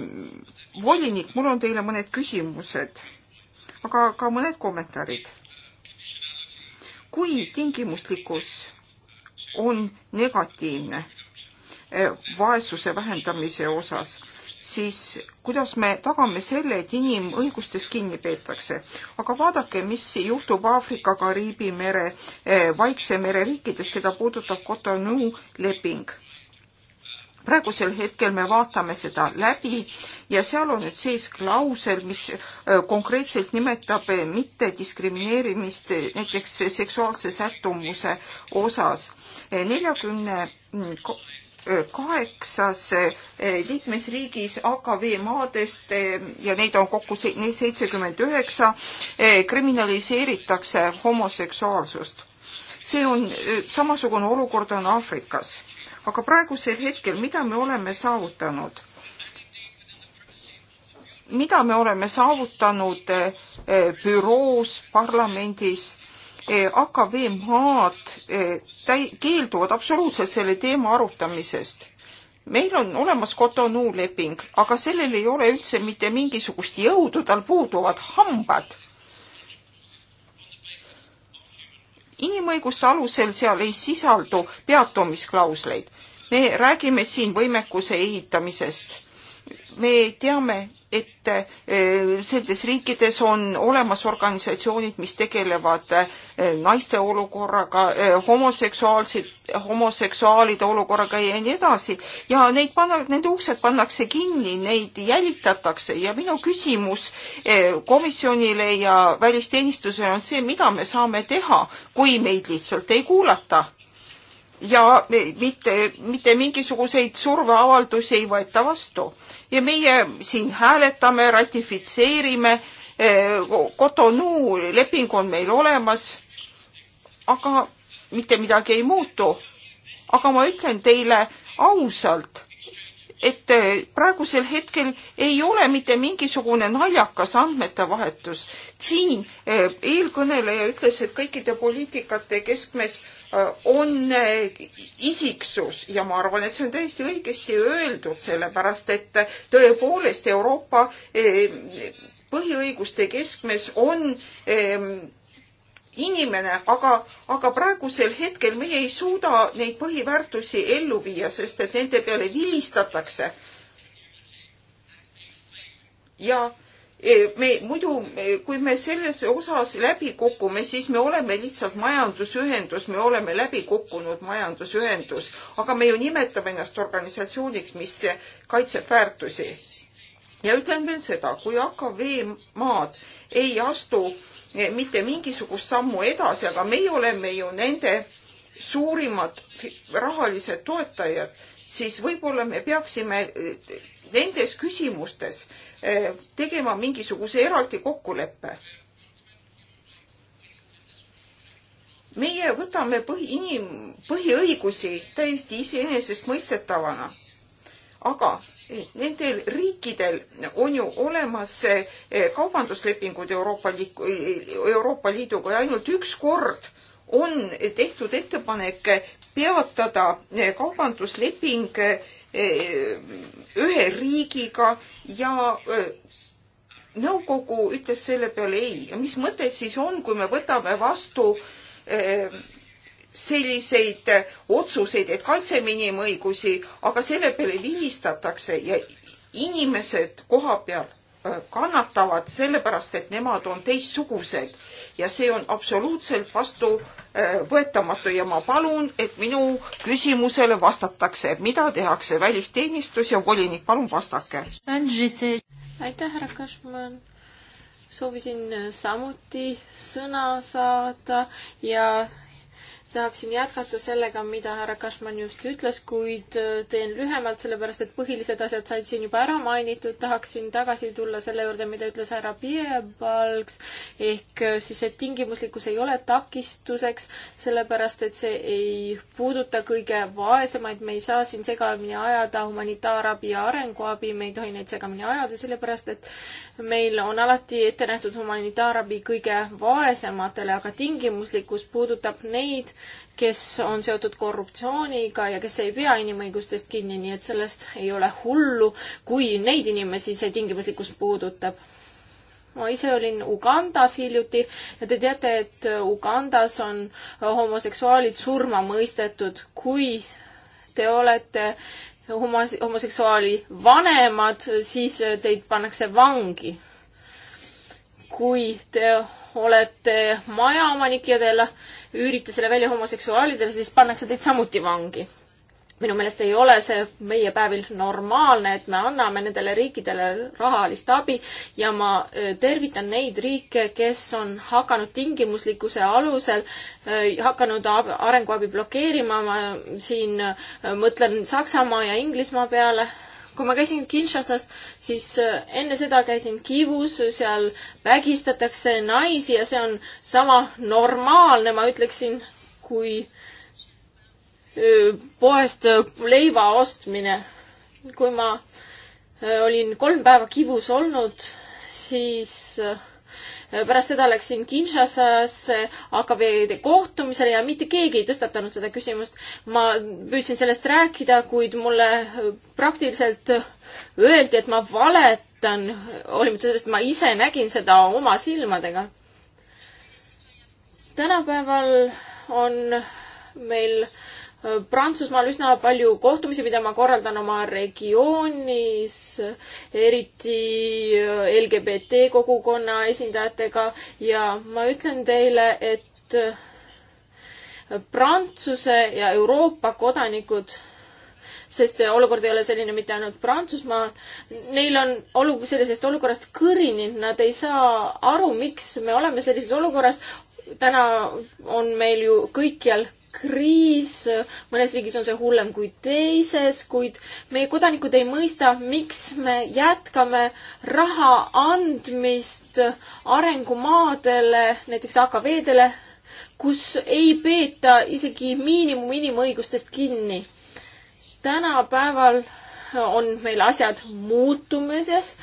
volinik, mul on teile mõned küsimused, aga ka mõned kommentaarid. kui tingimuslikkus on negatiivne eh, vaesuse vähendamise osas, siis kuidas me tagame selle, et inimõigustest kinni peetakse. aga vaadake, mis juhtub Aafrika, Kariibi mere, eh, Vaikse mere riikides, keda puudutab Cotonou leping praegusel hetkel me vaatame seda läbi ja seal on nüüd sees klausel, mis äh, konkreetselt nimetab äh, mittediskrimineerimist äh, näiteks seksuaalse sättumuse osas. neljakümne mm, kaheksas liikmesriigis AKV maadest ja neid on kokku seitsekümmend üheksa, kriminaliseeritakse homoseksuaalsust. see on, samasugune olukord on Aafrikas aga praegusel hetkel, mida me oleme saavutanud? mida me oleme saavutanud eh, eh, büroos, parlamendis? Eh, AKV maad täi-, keelduvad absoluutselt selle teema arutamisest meil on olemas Cotonou leping, aga sellel ei ole üldse mitte mingisugust jõudu, tal puuduvad hambad. inimõiguste alusel seal ei sisaldu peatumisklausleid. me räägime siin võimekuse ehitamisest me teame, et sellistes riikides on olemas organisatsioonid, mis tegelevad e, naiste olukorraga, e, homoseksuaalsed, homoseksuaalide olukorraga ja nii edasi. ja neid panna, nende uksed pannakse kinni, neid jälitatakse ja minu küsimus e, komisjonile ja välisteenistusele on see, mida me saame teha, kui meid lihtsalt ei kuulata ja mitte, mitte mingisuguseid surveavaldusi ei võeta vastu. ja meie siin hääletame, ratifitseerime, eh, Cotonou leping on meil olemas, aga mitte midagi ei muutu. aga ma ütlen teile ausalt, et eh, praegusel hetkel ei ole mitte mingisugune naljakas andmete vahetus. siin eh, eelkõneleja ütles, et kõikide poliitikate keskmes on äh, isiksus ja ma arvan, et see on täiesti õigesti öeldud, sellepärast et tõepoolest Euroopa äh, põhiõiguste keskmes on ähm, inimene, aga, aga praegusel hetkel meie ei suuda neid põhiväärtusi ellu viia, sest et nende peale vilistatakse. ja Eh, me muidu, eh, kui me selles osas läbi kukume, siis me oleme lihtsalt majandusühendus, me oleme läbi kukkunud majandusühendus, aga me ju nimetame ennast organisatsiooniks, mis kaitseb väärtusi. ja ütlen veel seda, kui AKV maad ei astu eh, mitte mingisugust sammu edasi, aga meie oleme ju nende suurimad rahalised toetajad, siis võib-olla me peaksime nendes küsimustes Eh, tegema mingisuguse eraldi kokkuleppe. meie võtame põhi, inim, põhiõigusi täiesti iseenesestmõistetavana, aga eh, nendel riikidel on ju olemas eh, kaubanduslepingud Euroopa, Euroopa Liiduga ja ainult üks kord on tehtud ettepanek peatada kaubandusleping Eh, ühe riigiga ja eh, nõukogu ütles selle peale ei. ja mis mõte siis on, kui me võtame vastu eh, selliseid otsuseid, et kaitseme inimõigusi, aga selle peale vilistatakse ja inimesed koha peal kannatavad sellepärast, et nemad on teistsugused ja see on absoluutselt vastuvõetamatu äh, ja ma palun, et minu küsimusele vastatakse, mida tehakse välisteenistus ja volinik, palun vastake. aitäh, härra Kašman soovisin samuti sõna saada ja tahaksin jätkata sellega, mida härra Kašman just ütles, kuid äh, teen lühemalt, sellepärast et põhilised asjad said siin juba ära mainitud. tahaksin tagasi tulla selle juurde, mida ütles härra Piebalgs ehk äh, siis, et tingimuslikkus ei ole takistuseks, sellepärast et see ei puuduta kõige vaesemaid. me ei saa siin segamini ajada humanitaarabi ja arenguabi, me ei tohi neid segamini ajada, sellepärast et meil on alati ette nähtud humanitaarabi kõige vaesematele, aga tingimuslikkus puudutab neid, kes on seotud korruptsiooniga ja kes ei pea inimõigustest kinni, nii et sellest ei ole hullu, kui neid inimesi see tingimuslikkus puudutab. ma ise olin Ugandas hiljuti ja te teate, et Ugandas on homoseksuaalid surma mõistetud, kui te olete homos-, homoseksuaali vanemad, siis teid pannakse vangi. kui te olete majaomanik ja teil üürite selle välja homoseksuaalidele, siis pannakse teid samuti vangi. minu meelest ei ole see meie päevil normaalne, et me anname nendele riikidele rahalist abi ja ma tervitan neid riike, kes on hakanud tingimuslikkuse alusel, hakanud arenguabi blokeerima, ma siin mõtlen Saksamaa ja Inglismaa peale kui ma käisin Kinshasas, siis äh, enne seda käisin Kivus, seal vägistatakse naisi ja see on sama normaalne, ma ütleksin, kui äh, poest äh, leiva ostmine. kui ma olin kolm päeva Kivus olnud, siis pärast seda läksin Kinshasasse AKV kohtumisele ja mitte keegi ei tõstatanud seda küsimust. ma püüdsin sellest rääkida, kuid mulle praktiliselt öeldi, et ma valetan, hoolimata sellest, et ma ise nägin seda oma silmadega. tänapäeval on meil äh, Prantsusmaal üsna palju kohtumisi, mida ma korraldan oma regioonis, eriti äh, LGBT kogukonna esindajatega ja ma ütlen teile, et äh, Prantsuse ja Euroopa kodanikud sest olukord ei ole selline mitte ainult Prantsusmaal. Neil on olu-, sellisest olukorrast kõrini, nad ei saa aru, miks me oleme sellises olukorras. täna on meil ju kõikjal kriis, mõnes riigis on see hullem kui teises, kuid meie kodanikud ei mõista, miks me jätkame raha andmist arengumaadele, näiteks AKV-dele, kus ei peeta isegi miinimum inimõigustest kinni. tänapäeval on meil asjad muutumises,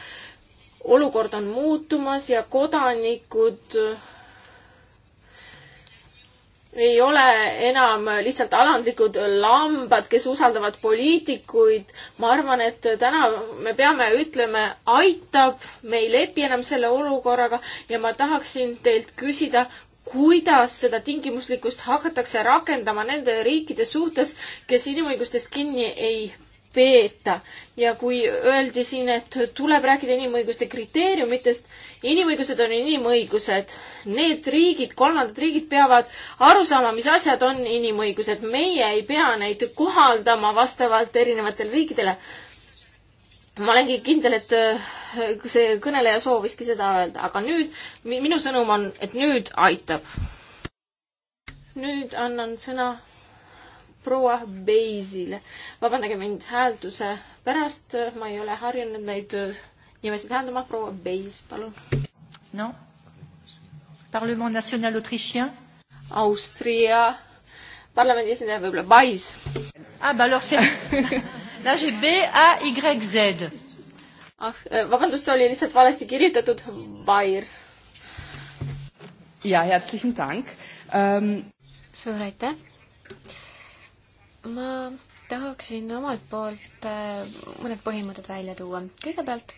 olukord on muutumas ja kodanikud ei ole enam lihtsalt alandlikud lambad, kes usaldavad poliitikuid. ma arvan, et täna me peame ütlema, aitab, me ei lepi enam selle olukorraga ja ma tahaksin teilt küsida, kuidas seda tingimuslikkust hakatakse rakendama nende riikide suhtes, kes inimõigustest kinni ei peeta. ja kui öeldi siin, et tuleb rääkida inimõiguste kriteeriumitest inimõigused on inimõigused. Need riigid, kolmandad riigid peavad aru saama, mis asjad on inimõigused. meie ei pea neid kohaldama vastavalt erinevatele riikidele. ma olengi kindel, et äh, see kõneleja sooviski seda öelda, aga nüüd minu sõnum on, et nüüd aitab. nüüd annan sõna proua Beisile. vabandage mind häälduse pärast, ma ei ole harjunud neid äh, nimesid tähendama, proua Beis, palun. noh. Parlement national autrichien. Austria parlamendi esindaja võib-olla Bais. ah, bah alors c'est là j'ai B A Y Z. ah, eh, vabandust, oli lihtsalt valesti kirjutatud, Bair. ja, herzlichen Dank um.... suur aitäh. ma tahaksin omalt poolt äh, mõned põhimõtted välja tuua. kõigepealt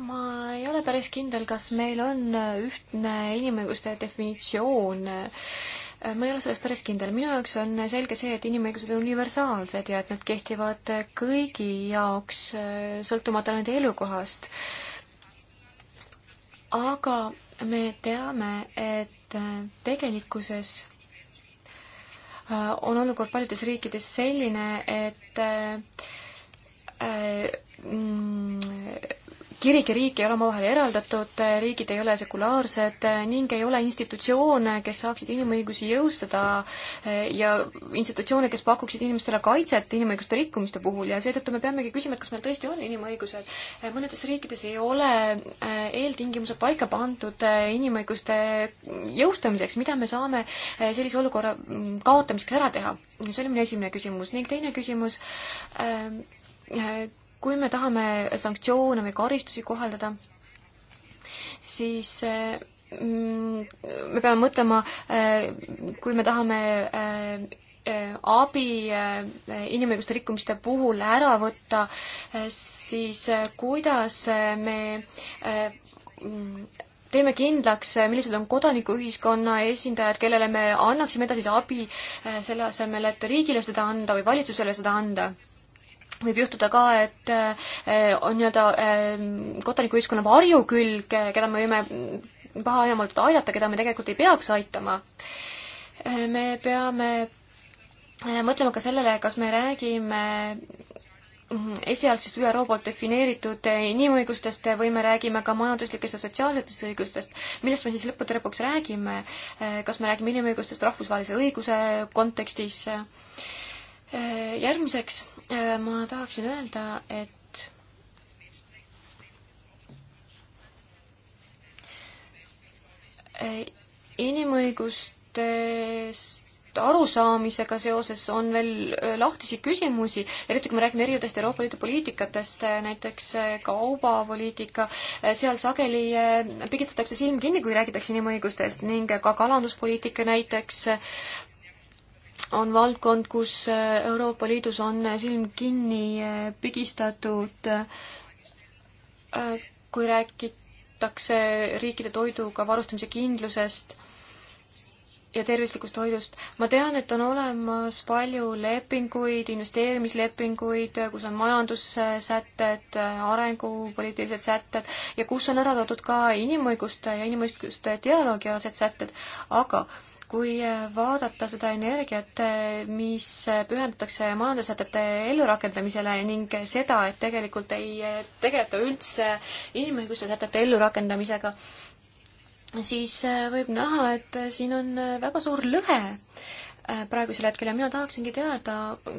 ma ei ole päris kindel, kas meil on äh, ühtne inimõiguste definitsioon. Äh, ma ei ole selles päris kindel. minu jaoks on selge see, et inimõigused on universaalsed ja et nad kehtivad äh, kõigi jaoks, sõltumata nende elukohast. aga me teame, et tegelikkuses on olukord paljudes riikides selline, et mm, kirik ja riik ei ole omavahel eraldatud, riigid ei ole sekulaarsed ning ei ole institutsioone, kes saaksid inimõigusi jõustada eh, ja institutsioone, kes pakuksid inimestele kaitset inimõiguste rikkumiste puhul ja seetõttu me peamegi küsima, et kas meil tõesti on inimõigused. Eh, mõnedes riikides ei ole eh, eeltingimused paika pandud inimõiguste jõustamiseks, mida me saame sellise olukorra mm, kaotamiseks ära teha? see oli minu esimene küsimus ning teine küsimus kui me tahame sanktsioone või karistusi kohaldada, siis mm, me peame mõtlema, eh, kui me tahame eh, eh, abi inimõiguste rikkumiste puhul ära võtta, siis kuidas me mm, teeme kindlaks, millised on kodanikuühiskonna esindajad, kellele me annaksime edasise abi, selle asemel, et riigile seda anda või valitsusele seda anda võib juhtuda ka, et eh, on nii-öelda eh, kodanikuühiskonna varjukülg, eh, keda me võime pahaajamatult aidata, keda me tegelikult ei peaks aitama. me peame mõtlema ka sellele, kas me räägime mm, esialgsest ÜRO poolt defineeritud inimõigustest või me räägime ka majanduslikest ja sotsiaalsetest õigustest, millest me siis lõppude lõpuks räägime, kas me räägime inimõigustest rahvusvahelise õiguse kontekstis, järgmiseks äh, ma tahaksin öelda, et äh, inimõigustest arusaamisega seoses on veel äh, lahtisi küsimusi, eriti kui me räägime erinevatest Euroopa Liidu poliitikatest, näiteks kaubapoliitika, seal sageli pigistatakse silm kinni, kui räägitakse inimõigustest ning ka kalanduspoliitika näiteks on valdkond, kus äh, Euroopa Liidus on äh, silm kinni äh, pigistatud, kui räägitakse riikide toiduga varustamise kindlusest ja tervislikust toidust. ma tean, et on olemas palju lepinguid, investeerimislepinguid, kus on majandussätted, arengupoliitilised sätted ja kus on ära toodud ka inimõiguste ja inimõiguste dialoogi alased sätted, aga äh, kui vaadata seda energiat, mis pühendatakse majandussätete ellurakendamisele ning seda, et tegelikult ei tegeleta üldse inimõiguste sätete ellurakendamisega, siis võib näha, et siin on väga suur lõhe praegusel hetkel ja mina tahaksingi teada,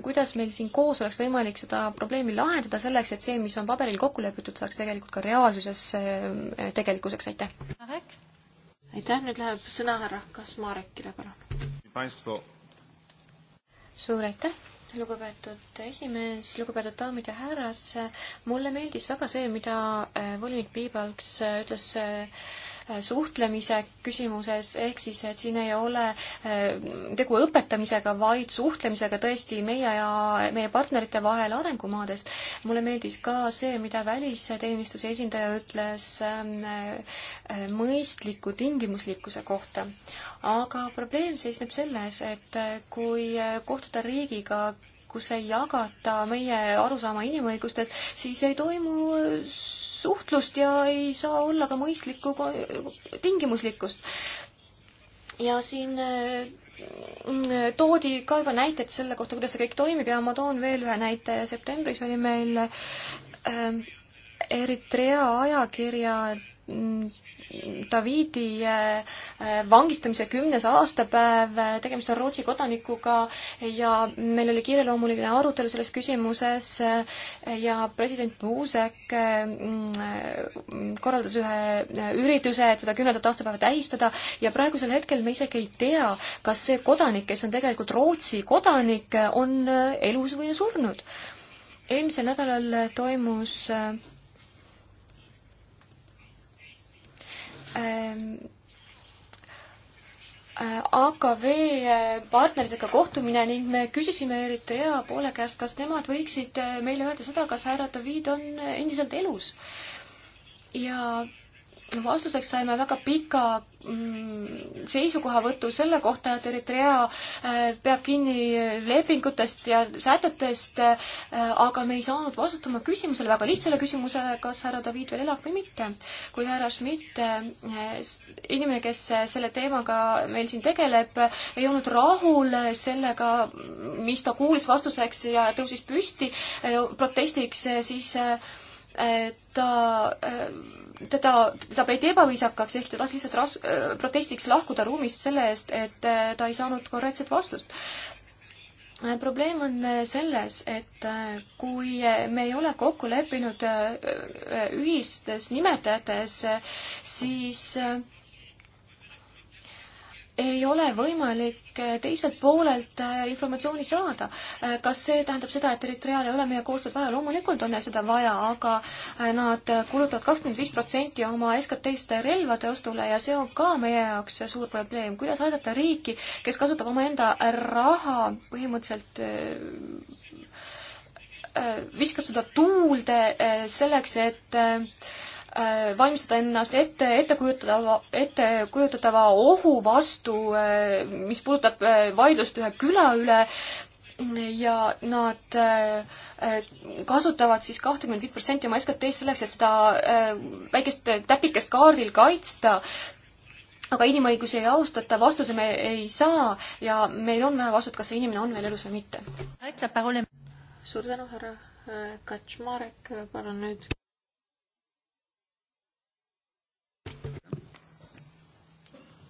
kuidas meil siin koos oleks võimalik seda probleemi lahendada selleks, et see, mis on paberil kokku lepitud, saaks tegelikult ka reaalsuses tegelikkuseks, aitäh! aitäh, nüüd läheb sõna härra Kasmarekile, palun. suur aitäh, lugupeetud esimees, lugupeetud daamid ja härras. mulle meeldis väga see, mida eh, volinik Piibalks eh, ütles eh, Äh, suhtlemise küsimuses, ehk siis, et siin ei ole äh, tegu õpetamisega, vaid suhtlemisega tõesti meie ja meie partnerite vahel arengumaadest. mulle meeldis ka see, mida välisteenistuse esindaja ütles ähm, äh, mõistliku tingimuslikkuse kohta. aga probleem seisneb selles, et kui kohtuda riigiga, kus ei jagata meie arusaama inimõigustest, siis ei toimu suhtlust ja ei saa olla ka mõistlikku tingimuslikkust. ja siin äh, toodi ka juba näiteid selle kohta, kuidas see kõik toimib ja ma toon veel ühe näite. septembris oli meil äh, Eritrea ajakirja mm, Davidi äh, äh, vangistamise kümnes aastapäev, äh, tegemist on Rootsi kodanikuga ja meil oli kiireloomuline arutelu selles küsimuses ja president Buzek mm, korraldas ühe ürituse, et seda kümnendat aastapäeva tähistada ja praegusel hetkel me isegi ei tea, kas see kodanik, kes on tegelikult Rootsi kodanik, on elus või surnud. eelmisel nädalal toimus Ähm, äh, AKV äh, partneritega kohtumine ning me küsisime Eritrea poole käest, kas nemad võiksid äh, meile öelda seda, kas härra David on endiselt elus. ja vastuseks saime väga pika mm, seisukohavõtu selle kohta, et Eritrea äh, peab kinni lepingutest ja sätetest, äh, aga me ei saanud vastust oma küsimusele, väga lihtsale küsimusele, kas härra David veel elab või mitte. kui härra Schmidt, äh, inimene, kes selle teemaga meil siin tegeleb, ei olnud rahul sellega, mis ta kuulis vastuseks ja tõusis püsti protestiks, siis Äh, ta, äh, teda, teda peeti ebaviisakaks, ehk ta tahtis lihtsalt ras-, äh, protestiks lahkuda ruumist selle eest, et ta ei saanud korrektset vastust probleem on selles, et kui me ei ole kokku leppinud ühistes nimetajates, siis ei ole võimalik äh, teiselt poolelt äh, informatsiooni saada. Äh, kas see tähendab seda, et Eritreal ei ole meie koostööd vaja? loomulikult on neil seda vaja, aga nad kulutavad kakskümmend viis protsenti oma SKT-st relvade ostule ja see on ka meie jaoks suur probleem. kuidas aidata riiki, kes kasutab omaenda raha põhimõtteliselt viskab seda tuulde selleks, et Äh, valmistada ennast ette, ettekujutatava, ettekujutatava ohu vastu, äh, mis puudutab äh, vaidlust ühe küla üle ja nad kasutavad siis kahtekümmet viit protsenti oma SKT-st selleks, et seda väikest täpikest kaardil kaitsta aga inimõigusi ei austata, vastuse me ei saa ja meil on vähe vastust, kas see inimene on veel elus või mitte. aitäh, Paul! suur tänu, härra Kaczmarek, palun nüüd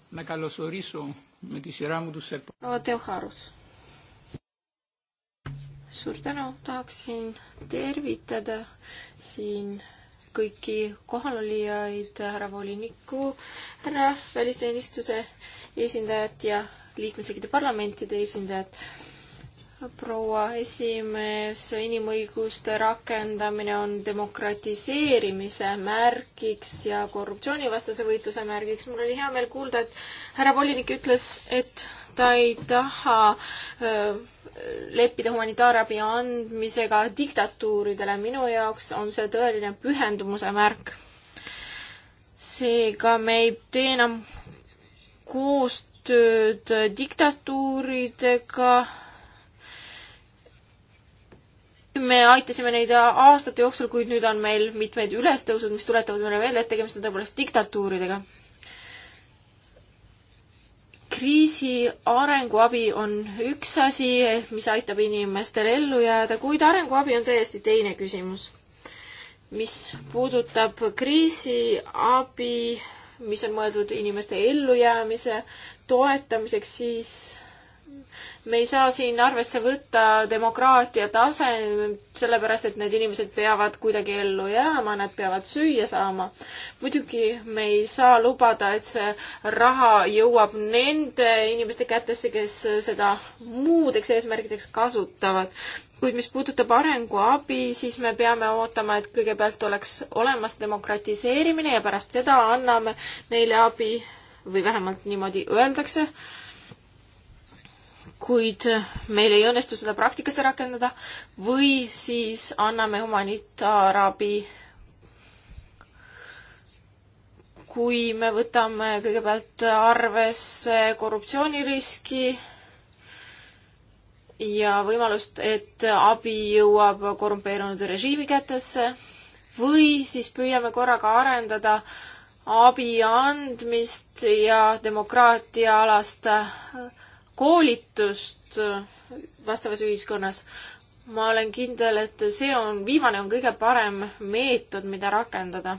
Να καλωσορίσω με τη σειρά μου τους επόμενους. Ο Τεοχάρος. suur tänu, tahaksin tervitada siin kõiki kohalolijaid, härra volinikku, härra välisteenistuse esindajat ja liikmesriikide parlamentide esindajat proua esimees, inimõiguste rakendamine on demokratiseerimise märgiks ja korruptsioonivastase võitluse märgiks. mul oli hea meel kuulda, et härra volinik ütles, et ta ei taha öö, leppida humanitaarabi andmisega diktatuuridele. minu jaoks on see tõeline pühendumuse märk. seega me ei tee enam koostööd diktatuuridega me aitasime neid aastate jooksul, kuid nüüd on meil mitmeid ülestõusud, mis tuletavad meile meelde, et tegemist on tõepoolest diktatuuridega. kriisi arenguabi on üks asi, mis aitab inimestel ellu jääda, kuid arenguabi on täiesti teine küsimus. mis puudutab kriisiabi, mis on mõeldud inimeste ellujäämise toetamiseks, siis me ei saa siin arvesse võtta demokraatia tase, sellepärast et need inimesed peavad kuidagi ellu jääma, nad peavad süüa saama. muidugi me ei saa lubada, et see raha jõuab nende inimeste kätesse, kes seda muudeks eesmärkideks kasutavad kuid mis puudutab arenguabi, siis me peame ootama, et kõigepealt oleks olemas demokratiseerimine ja pärast seda anname neile abi või vähemalt niimoodi öeldakse äh, kuid meil ei õnnestu seda praktikasse rakendada või siis anname humanitaarabi kui me võtame kõigepealt arvesse korruptsiooniriski ja võimalust, et abi jõuab korrumpeerunud režiimi kätesse või siis püüame korraga arendada abi andmist ja demokraatiaalast koolitust äh, vastavas ühiskonnas. ma olen kindel, et see on, viimane on kõige parem meetod, mida rakendada.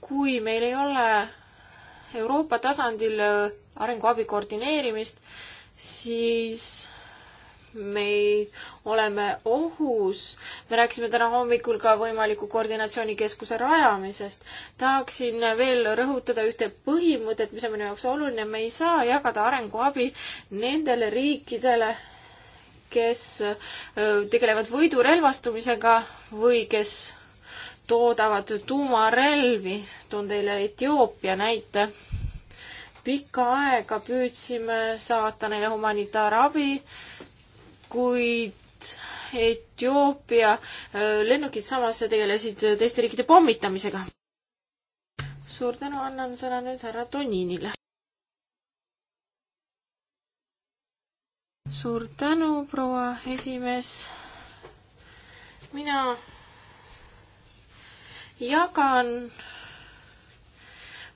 kui meil ei ole Euroopa tasandil äh, arenguabi koordineerimist, siis me oleme ohus. me rääkisime täna hommikul ka võimaliku koordinatsioonikeskuse rajamisest. tahaksin veel rõhutada ühte põhimõtet, mis on minu jaoks oluline. me ei saa jagada arenguabi nendele riikidele, kes tegelevad võidurelvastumisega või kes toodavad tuumarelvi. toon teile Etioopia näite pikka aega püüdsime saata neile humanitaarabi äh, kuid Etioopia äh, lennukid samas tegelesid teiste riikide pommitamisega. suur tänu, annan sõna nüüd härra Toninile. suur tänu, proua esimees. mina jagan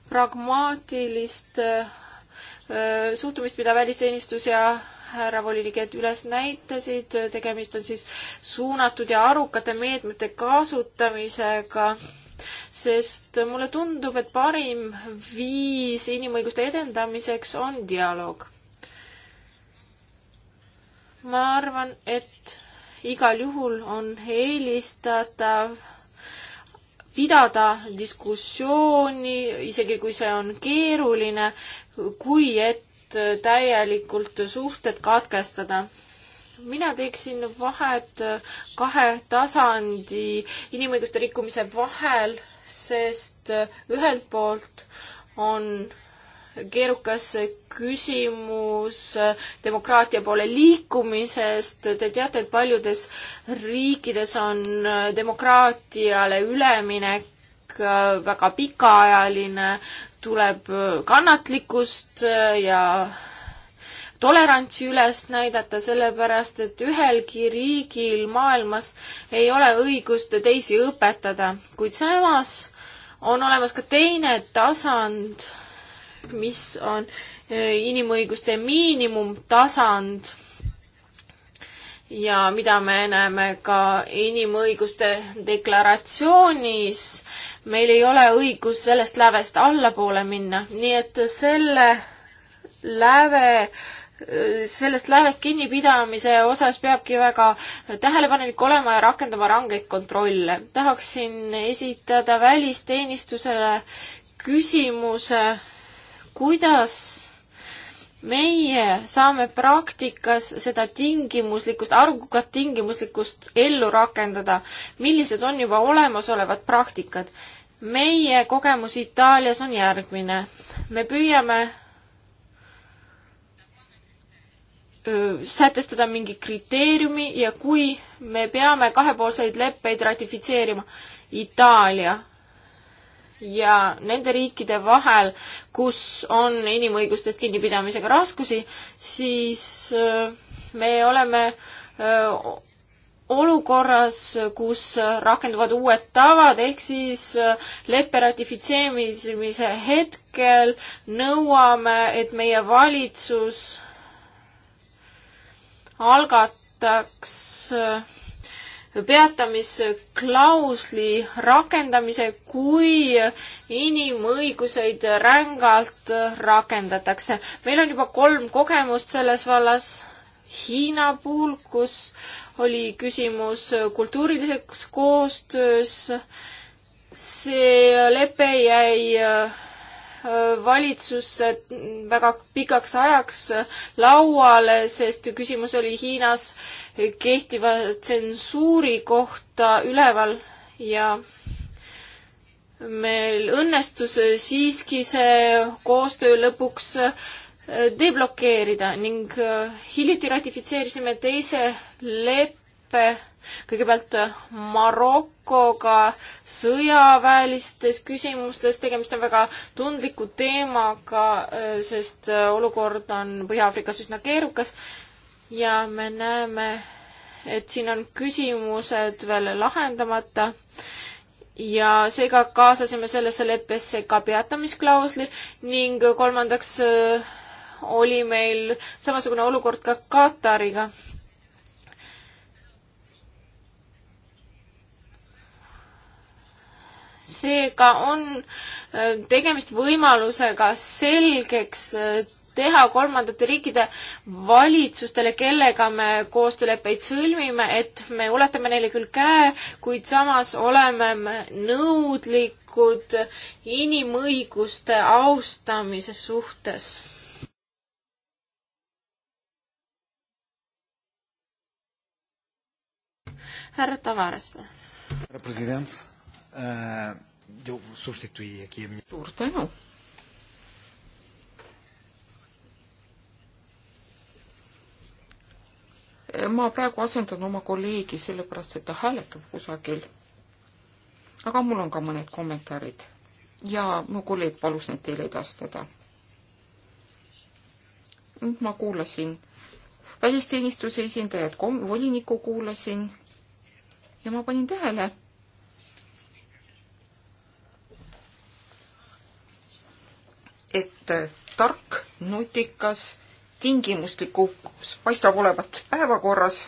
pragmaatilist äh, suhtumist, mida välisteenistus ja härra volinik, et üles näitasid, tegemist on siis suunatud ja arukate meetmete kasutamisega, sest mulle tundub, et parim viis inimõiguste edendamiseks on dialoog. ma arvan, et igal juhul on eelistatav pidada diskussiooni, isegi kui see on keeruline, kui et Äh, täielikult suhted katkestada mina teeksin vahet äh, kahe tasandi inimõiguste rikkumise vahel, sest äh, ühelt poolt on keerukas küsimus demokraatia poole liikumisest. Te teate, et paljudes riikides on demokraatiale üleminek Äh, väga pikaajaline, tuleb äh, kannatlikkust äh, ja tolerantsi üles näidata, sellepärast et ühelgi riigil maailmas ei ole õigust teisi õpetada, kuid samas on olemas ka teine tasand, mis on inimõiguste miinimumtasand ja mida me näeme ka inimõiguste deklaratsioonis meil ei ole õigus sellest lävest allapoole minna, nii et selle läve sellest lävest kinnipidamise osas peabki väga tähelepanelik olema ja rakendama rangeid kontrolle. tahaksin esitada välisteenistusele küsimuse, kuidas meie saame praktikas seda tingimuslikkust, arvukat tingimuslikkust ellu rakendada, millised on juba olemasolevad praktikad meie kogemus Itaalias on järgmine. me püüame sätestada mingi kriteeriumi ja kui me peame kahepoolseid leppeid ratifitseerima Itaalia ja nende riikide vahel, kus on inimõigustest kinnipidamisega raskusi, siis me oleme olukorras, kus rakenduvad uued tavad, ehk siis äh, leppe ratifitseerimise hetkel nõuame, et meie valitsus algataks äh, peatamisklausli rakendamise, kui inimõiguseid rängalt rakendatakse. meil on juba kolm kogemust selles vallas Hiina puhul, kus oli küsimus kultuuriliseks koostöös. see lepe jäi äh, valitsusse väga pikaks ajaks lauale, sest küsimus oli Hiinas kehtiva tsensuuri kohta üleval ja meil õnnestus siiski see koostöö lõpuks deblokeerida ning äh, hiljuti ratifitseerisime teise leppe kõigepealt äh, Marokoga sõjaväelistes küsimustes, tegemist on väga tundliku teemaga, äh, sest olukord on Põhja-Aafrikas üsna keerukas ja me näeme, et siin on küsimused veel lahendamata ja seega kaasasime sellesse leppesse ka peatamisklausli ning kolmandaks oli meil samasugune olukord ka Katariga. seega on äh, tegemist võimalusega selgeks äh, teha kolmandate riikide valitsustele, kellega me koostööleppeid sõlmime, et me ulatame neile küll käe, kuid samas oleme me nõudlikud inimõiguste austamise suhtes. härra Tavares, palun. härra president äh,, substitui aquí. suur tänu. Eh, ma praegu asendan oma kolleegi, sellepärast et ta hääletab kusagil. aga mul on ka mõned kommentaarid ja mu kolleeg palus need teile edastada. nüüd ma kuulasin välisteenistuse esindajat, voliniku kuulasin ja ma panin tähele, et tark, nutikas, tingimuslikkus paistab olevat päevakorras.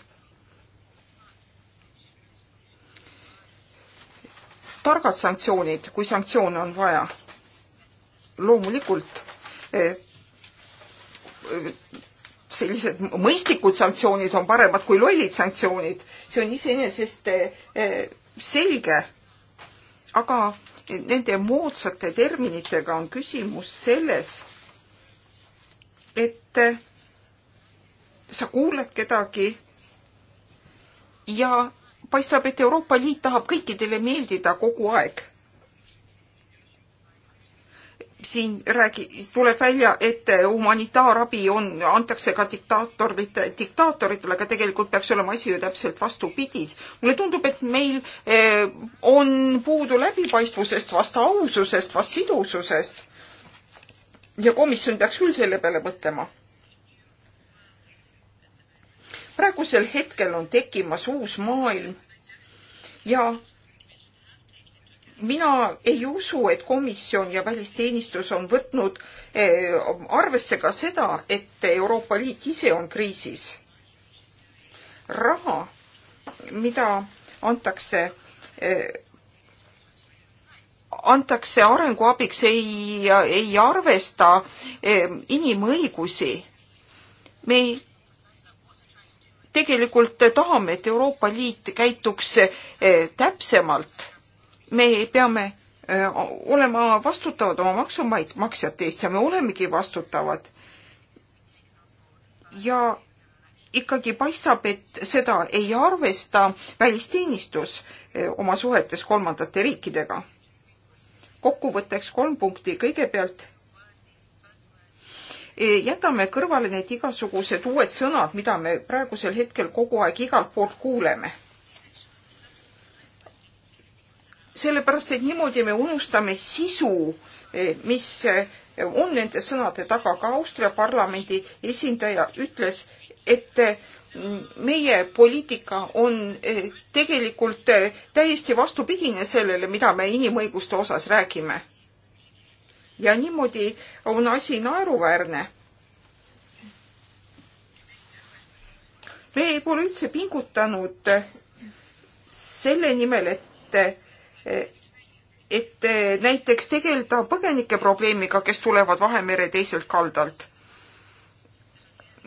targad sanktsioonid, kui sanktsioone on vaja. loomulikult eh, sellised mõistlikud sanktsioonid on paremad kui lollid sanktsioonid, see on iseenesest eh, eh, selge. aga nende moodsate terminitega on küsimus selles, et eh, sa kuulad kedagi ja paistab, et Euroopa Liit tahab kõikidele meeldida kogu aeg siin räägi-, tuleb välja, et humanitaarabi on, antakse ka diktaatorite, diktaatoritele, aga tegelikult peaks olema asi ju täpselt vastupidis. mulle tundub, et meil eh, on puudu läbipaistvusest, vast aususest, vast sidususest. ja komisjon peaks küll selle peale mõtlema. praegusel hetkel on tekkimas uus maailm ja mina ei usu, et komisjon ja välisteenistus on võtnud eh, arvesse ka seda, et Euroopa Liit ise on kriisis. raha, mida antakse eh, antakse arenguabiks, ei, ei arvesta eh, inimõigusi. me tegelikult tahame, et Euroopa Liit käituks täpsemalt me peame olema vastutavad oma maksumaksjate eest ja me olemegi vastutavad. ja ikkagi paistab, et seda ei arvesta välisteenistus oma suhetes kolmandate riikidega. kokkuvõtteks kolm punkti, kõigepealt jätame kõrvale need igasugused uued sõnad, mida me praegusel hetkel kogu aeg igalt poolt kuuleme sellepärast, et niimoodi me unustame sisu, eh, mis eh, on nende sõnade taga. ka Austria parlamendi esindaja ütles, et eh, meie poliitika on tegelikult täiesti vastupidine sellele, mida me inimõiguste osas räägime. ja niimoodi on asi naeruväärne. me pole üldse pingutanud selle nimel, et et eh, näiteks tegeleda põgenike probleemiga, kes tulevad Vahemere teiselt kaldalt.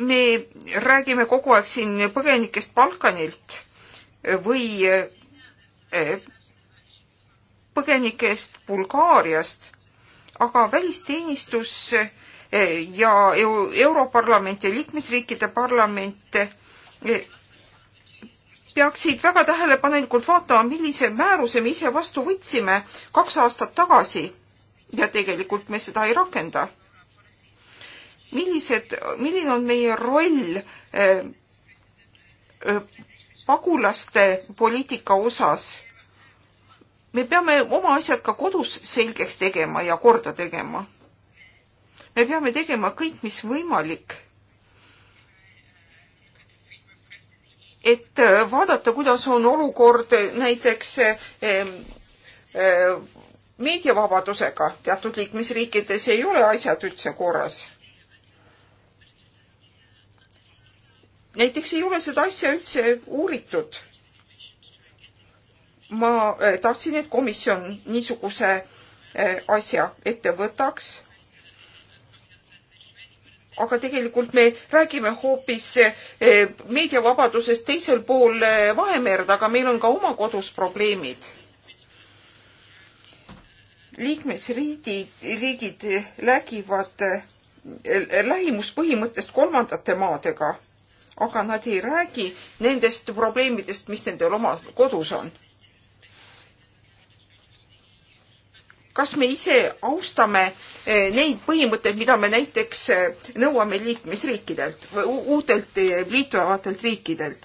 me räägime kogu aeg siin põgenikest Balkanilt või eh, põgenikest Bulgaariast, aga välisteenistus eh, ja Europarlament ja liikmesriikide parlament peaksid väga tähelepanelikult vaatama, millise määruse me ise vastu võtsime kaks aastat tagasi ja tegelikult me seda ei rakenda. millised, milline on meie roll äh, äh, pagulaste poliitika osas? me peame oma asjad ka kodus selgeks tegema ja korda tegema. me peame tegema kõik, mis võimalik et äh, vaadata, kuidas on olukord näiteks ähm, äh, meediavabadusega. teatud liikmesriikides ei ole asjad üldse korras. näiteks ei ole seda asja üldse uuritud. ma äh, tahtsin, et komisjon niisuguse asja ette võtaks aga tegelikult me räägime hoopis eh, meediavabadusest teisel pool eh, Vahemerd, aga meil on ka oma kodus probleemid. liikmesriigid, riigid eh, räägivad lähimuspõhimõttest kolmandate maadega, aga nad ei räägi nendest probleemidest, mis nendel oma kodus on kas me ise austame eh, neid põhimõtteid, mida me näiteks eh, nõuame liikmesriikidelt, uutelt eh, liituvatelt riikidelt?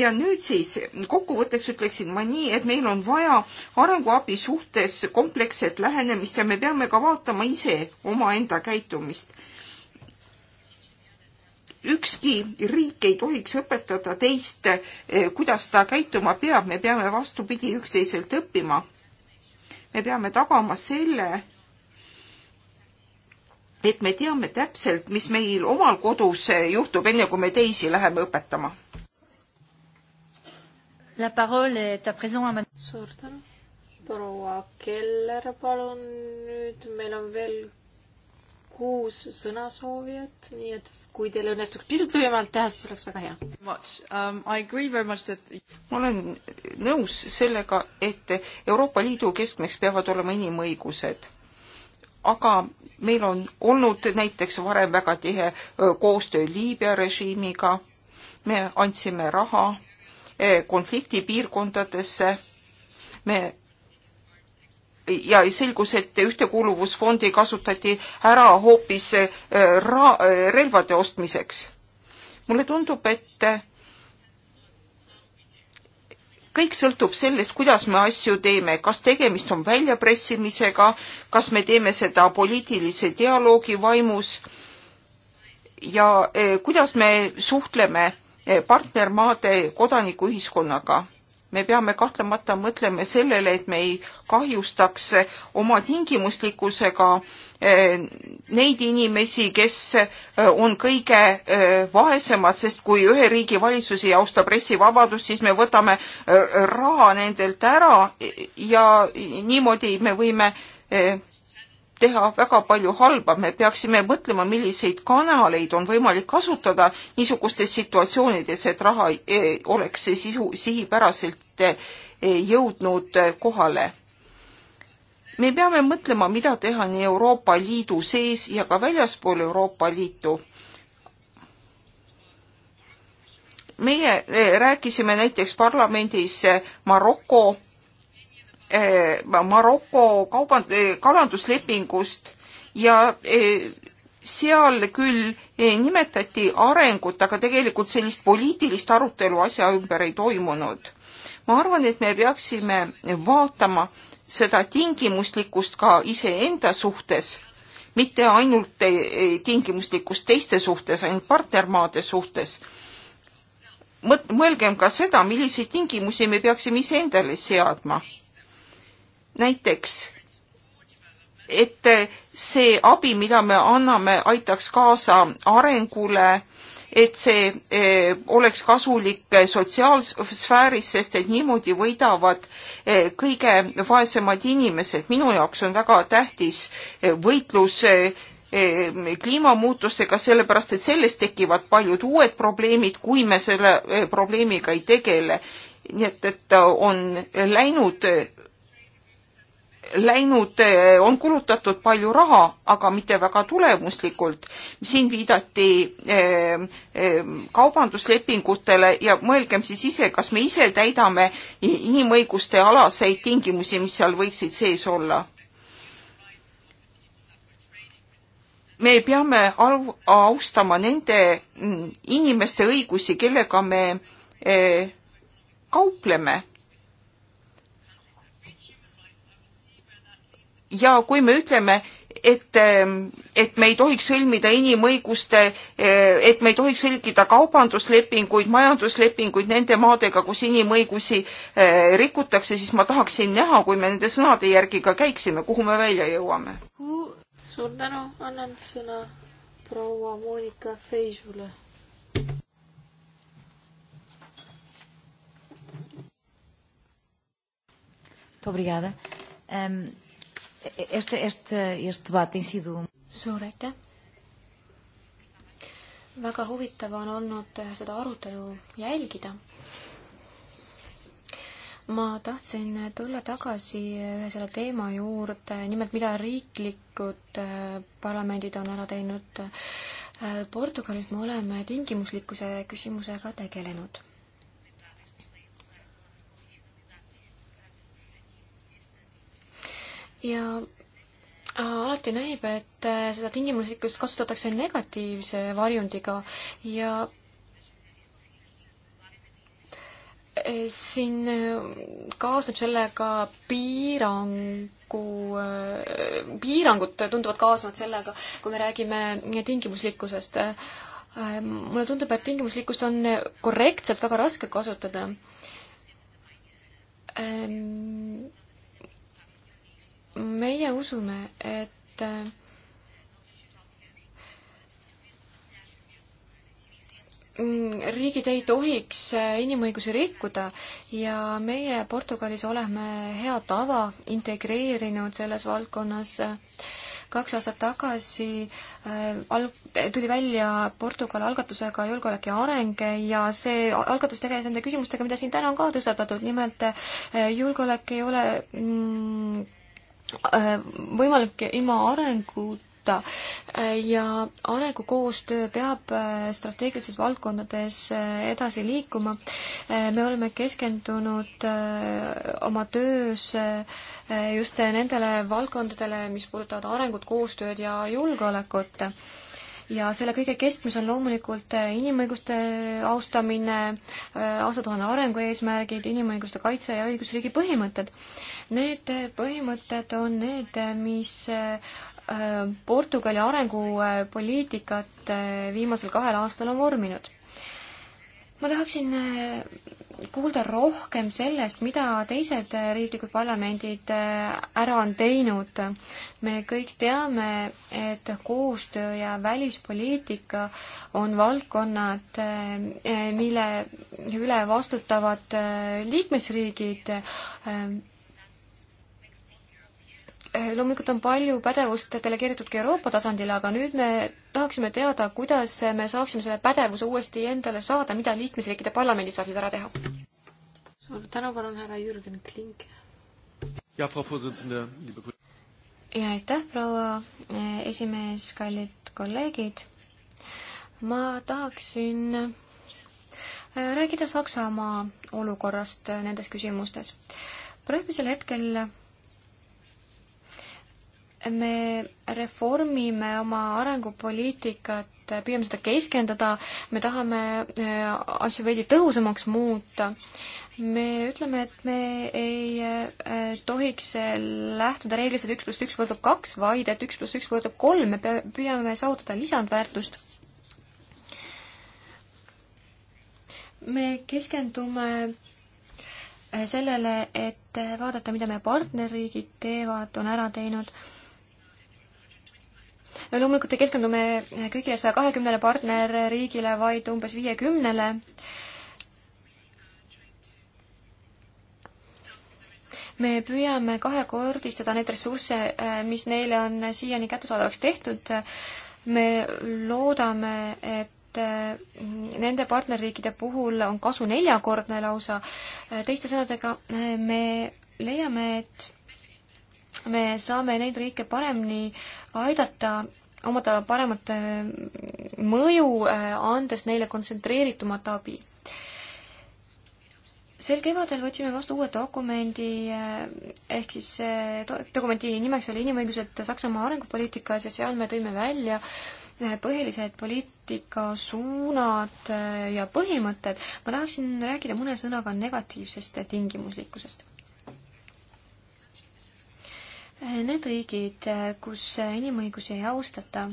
ja nüüd siis kokkuvõtteks ütleksin ma nii, et meil on vaja arenguabi suhtes kompleksset lähenemist ja me peame ka vaatama ise omaenda käitumist. ükski riik ei tohiks õpetada teist, kuidas ta käituma peab, me peame vastupidi üksteiselt õppima me peame tagama selle, et me teame täpselt, mis meil omal kodus juhtub, enne kui me teisi läheme õpetama. suur tänu. proua Keller, palun nüüd, meil on veel kuus sõnasoovijat, nii et kui teil õnnestuks pisut lühemalt teha, siis oleks väga hea. Um, that... ma olen nõus sellega, et Euroopa Liidu keskmeks peavad olema inimõigused. aga meil on olnud näiteks varem väga tihe koostöö Liibüa režiimiga, me andsime raha eh, konfliktipiirkondadesse, me ja selgus, et ühtekuuluvusfondi kasutati ära hoopis äh, ra-, äh, relvade ostmiseks. mulle tundub, et äh, kõik sõltub sellest, kuidas me asju teeme, kas tegemist on väljapressimisega, kas me teeme seda poliitilise dialoogi vaimus ja kuidas me suhtleme partnermaade kodanikuühiskonnaga me peame kahtlemata mõtlema sellele, et me ei kahjustaks oma tingimuslikkusega eh, neid inimesi, kes eh, on kõige eh, vaesemad, sest kui ühe riigi valitsus ei austa pressivabadust, siis me võtame raha nendelt ära ja niimoodi me võime teha väga palju halba, me peaksime mõtlema, milliseid kanaleid on võimalik kasutada niisugustes situatsioonides, et raha oleks sisu sihipäraselt eh, jõudnud eh, kohale. me peame mõtlema, mida teha nii Euroopa Liidu sees ja ka väljaspool Euroopa Liitu. meie eh, rääkisime näiteks parlamendis Maroko Eh, Maroko kauband-, eh, kalanduslepingust ja eh, seal küll nimetati arengut, aga tegelikult sellist poliitilist arutelu asja ümber ei toimunud. ma arvan, et me peaksime vaatama seda tingimuslikkust ka iseenda suhtes, mitte ainult tingimuslikkust teiste suhtes, ainult partnermaade suhtes. mõelgem ka seda, milliseid tingimusi me peaksime iseendale seadma näiteks, et see abi, mida me anname, aitaks kaasa arengule, et see eh, oleks kasulik sotsiaalsfääris, sest et niimoodi võidavad eh, kõige vaesemad inimesed. minu jaoks on väga tähtis eh, võitlus kliimamuutustega, sellepärast et sellest tekivad paljud uued probleemid, kui me selle probleemiga ei tegele. nii et, et on läinud läinud, eh, on kulutatud palju raha, aga mitte väga tulemuslikult. siin viidati eh, eh, kaubanduslepingutele ja mõelgem siis ise, kas me ise täidame inimõiguste alaseid tingimusi, mis seal võiksid sees olla me peame austama nende mm, inimeste õigusi, kellega me kaupleme. ja kui me ütleme, et, ähm, et me ei tohiks sõlmida inimõiguste, äh, et me ei tohiks sõlmida kaubanduslepinguid, majanduslepinguid nende maadega, kus inimõigusi äh, rikutakse, siis ma tahaksin näha, kui me nende sõnade järgi ka käiksime, kuhu me välja jõuame. suur tänu, annan sõna proua Monika Feisule. Obrigada. Um, Este, este, este debate on sido... suur aitäh! väga huvitav on olnud seda arutelu jälgida. ma tahtsin tulla tagasi ühe selle teema juurde, nimelt mida riiklikud äh, parlamendid on ära teinud. Äh, Portugalis me oleme tingimuslikkuse küsimusega tegelenud ja äh, alati näib, et äh, seda tingimuslikkust kasutatakse negatiivse varjundiga ja äh, siin kaasneb sellega piirangu, piirangud tunduvad kaasnevad sellega, kui me räägime tingimuslikkusest. mulle tundub, et tingimuslikkust on korrektselt väga raske kasutada meie usume, et mm, riigid ei tohiks äh, inimõigusi rikkuda ja meie Portugalis oleme hea tava integreerinud selles valdkonnas. kaks aastat tagasi äh, alg-, tuli välja Portugal algatusega Julgeolek ja areng ja see algatus tegeles nende küsimustega, mida siin täna on ka tõstatatud, nimelt äh, julgeolek ei ole mm, Äh, võimalik ilma arengut muuta äh, ja arengukoostöö peab äh, strateegilistes valdkondades edasi liikuma. me oleme keskendunud oma töös just nendele valdkondadele, mis puudutavad arengut, koostööd ja julgeolekut ja selle kõige keskmes on loomulikult äh, inimõiguste äh, austamine, äh, aastatuhande arengu eesmärgid, inimõiguste kaitse ja õigusriigi põhimõtted. Need põhimõtted on need, mis Portugali arengupoliitikat viimasel kahel aastal on vorminud. ma tahaksin kuulda rohkem sellest, mida teised riiklikud parlamendid äh, ära on teinud. me kõik teame, et koostöö ja välispoliitika on valdkonnad, äh, mille üle vastutavad äh, liikmesriigid Eh, loomulikult on palju pädevust delegeeritud ka Euroopa tasandile, aga nüüd me tahaksime teada, kuidas me saaksime selle pädevuse uuesti endale saada, mida liikmesriikide parlamendid saaksid ära teha? suur tänu, palun härra Jürgen Klink. ja, aitäh, proua eh, esimees, kallid kolleegid. ma tahaksin eh, rääkida Saksamaa olukorrast nendes küsimustes. praegusel hetkel me reformime oma arengupoliitikat, püüame seda keskenduda, me tahame äh, asju veidi tõhusamaks muuta. me ütleme, et me ei äh, tohiks lähtuda reeglist, et üks pluss üks võrdub kaks, vaid et üks pluss üks võrdub kolm, me püüame saavutada lisandväärtust. me keskendume äh, sellele, et vaadata, mida meie partnerriigid teevad, on ära teinud loomulikult ei keskendu me kõigile saja kahekümnele partnerriigile, vaid umbes viiekümnele. me püüame kahekordistada neid ressursse, eh, mis neile on siiani kättesaadavaks tehtud. me loodame, et et eh, nende partnerriikide puhul on kasu neljakordne lausa. teiste sõnadega eh, me leiame, et me saame neid riike paremini aidata, omada paremat äh, mõju, äh, andes neile kontsentreeritumat abi. sel kevadel võtsime vastu uue dokumendi, äh, ehk siis dokumendi nimeks oli inimõigused Saksamaa arengupoliitikas ja seal me tõime välja põhilised poliitikasuunad ja põhimõtted. ma tahaksin rääkida mõne sõnaga negatiivsest tingimuslikkusest Need riigid, kus inimõigusi ei austata,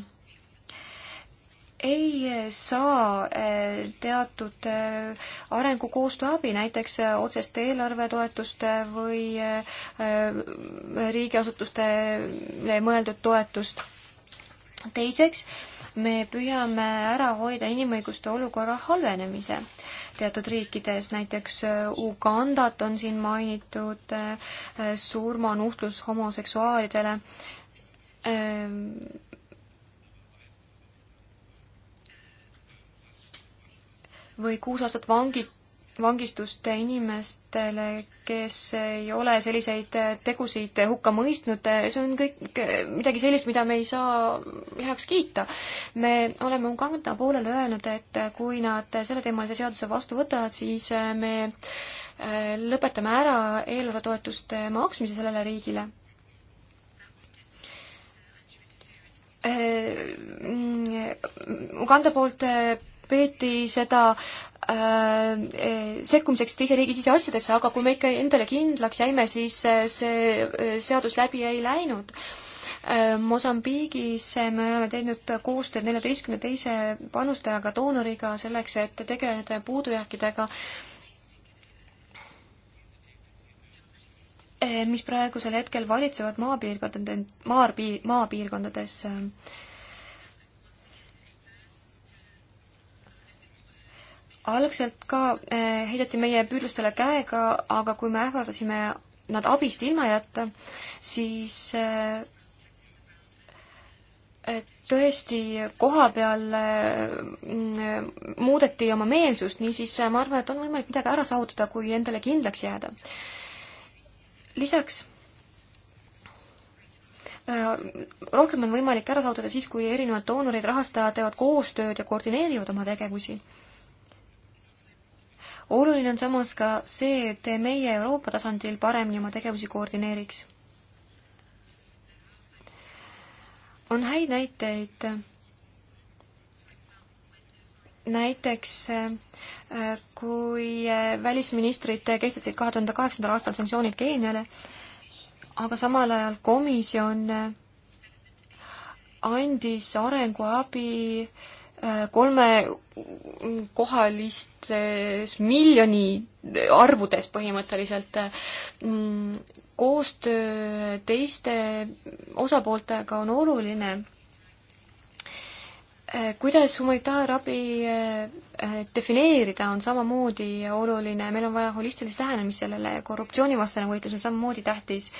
ei saa eh, teatud eh, arengukoostöö abi, näiteks eh, otsest eelarvetoetust või riigiasutustele mõeldud toetust. teiseks, me püüame ära hoida inimõiguste olukorra halvenemise teatud riikides, näiteks äh, Ugandat on siin mainitud, äh, surmanuhtlus homoseksuaalidele. Äh, või kuus aastat vangi, vangistust inimestele, kes ei ole selliseid tegusid hukka mõistnud, see on kõik midagi sellist, mida me ei saa heaks kiita. me oleme Uganda poolele öelnud, et kui nad selleteemalise seaduse vastu võtavad, siis me äh, lõpetame ära eelarvetoetuste maksmise sellele riigile äh, mm, Uganda poolt peeti seda äh, e, sekkumiseks teise riigi siseasjadesse, aga kui me ikka endale kindlaks jäime, siis äh, see äh, seadus läbi ei läinud äh, Mosambiigis me oleme teinud koostööd neljateistkümne teise panustajaga, doonoriga selleks, et tegeleda puudujääkidega, e, mis praegusel hetkel valitsevad maapiirkondade, maapiir, maapiirkondades. Maa algselt ka eh, heideti meie püüdlustele käega, aga kui me ähvardasime nad abist ilma jätta, siis eh, eh, tõesti koha peal mm, muudeti oma meelsust, niisiis ma arvan, et on võimalik midagi ära saavutada, kui endale kindlaks jääda. lisaks rohkem on võimalik ära saavutada siis, kui erinevad doonorid, rahastajad teevad koostööd ja koordineerivad oma tegevusi oluline on samas ka see, et meie Euroopa tasandil paremini oma tegevusi koordineeriks. on häid näiteid näiteks äh, kui äh, välisministrid kehtestasid kahe tuhande kaheksandal aastal sanktsioonid Keeniale, aga samal ajal komisjon andis arenguabi kolmekohalistes miljoni arvudes põhimõtteliselt. Mm, koostöö teiste osapooltega on oluline. Eh, kuidas humanitaarabi eh, defineerida, on samamoodi oluline, meil on vaja holistilist lähenemist sellele, korruptsioonivastane võitlus on samamoodi tähtis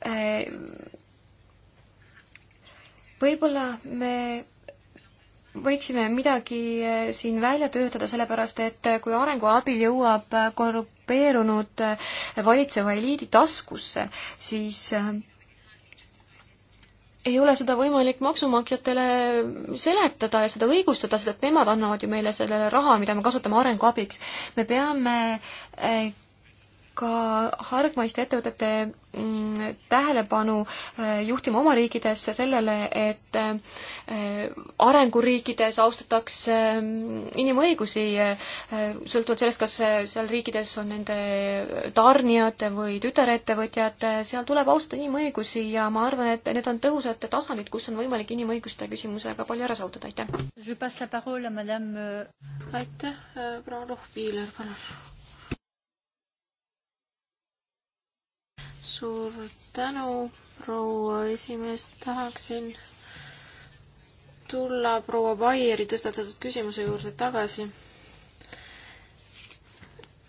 eh, võib-olla me võiksime midagi eh, siin välja töötada, sellepärast et eh, kui arenguabi jõuab eh, korrupeerunud valitseva eliidi taskusse, siis ei ole seda võimalik maksumaksjatele seletada ja seda õigustada, sest et nemad annavad ju meile selle raha, mida me kasutame arenguabiks. me peame ka hargmaiste ettevõtete mm, tähelepanu äh, juhtima oma riikidesse sellele, et äh, arenguriikides austatakse mm, inimõigusi, äh, sõltuvalt sellest, kas seal riikides on nende tarnijad või tütarettevõtjad, seal tuleb austada inimõigusi ja ma arvan, et need on tõhusad tasandid, kus on võimalik inimõiguste küsimusega palju ära saavutada, aitäh! Euh, aitäh, euh, proua Rohpiiler, palun! suur tänu, proua esimees, tahaksin tulla proua Baieri tõstatatud küsimuse juurde tagasi.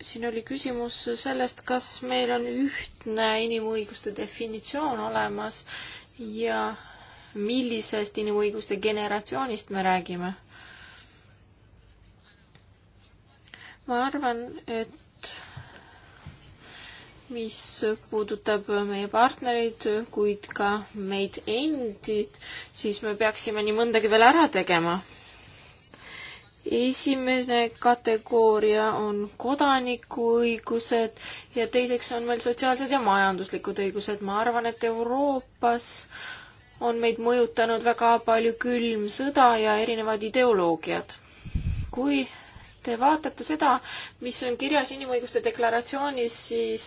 siin oli küsimus sellest, kas meil on ühtne inimõiguste definitsioon olemas ja millisest inimõiguste generatsioonist me räägime? ma arvan, et mis puudutab meie partnereid, kuid ka meid endid, siis me peaksime nii mõndagi veel ära tegema. esimene kategooria on kodanikuõigused ja teiseks on meil sotsiaalsed ja majanduslikud õigused. ma arvan, et Euroopas on meid mõjutanud väga palju külm sõda ja erinevad ideoloogiad. kui te vaatate seda, mis on kirjas inimõiguste deklaratsioonis, siis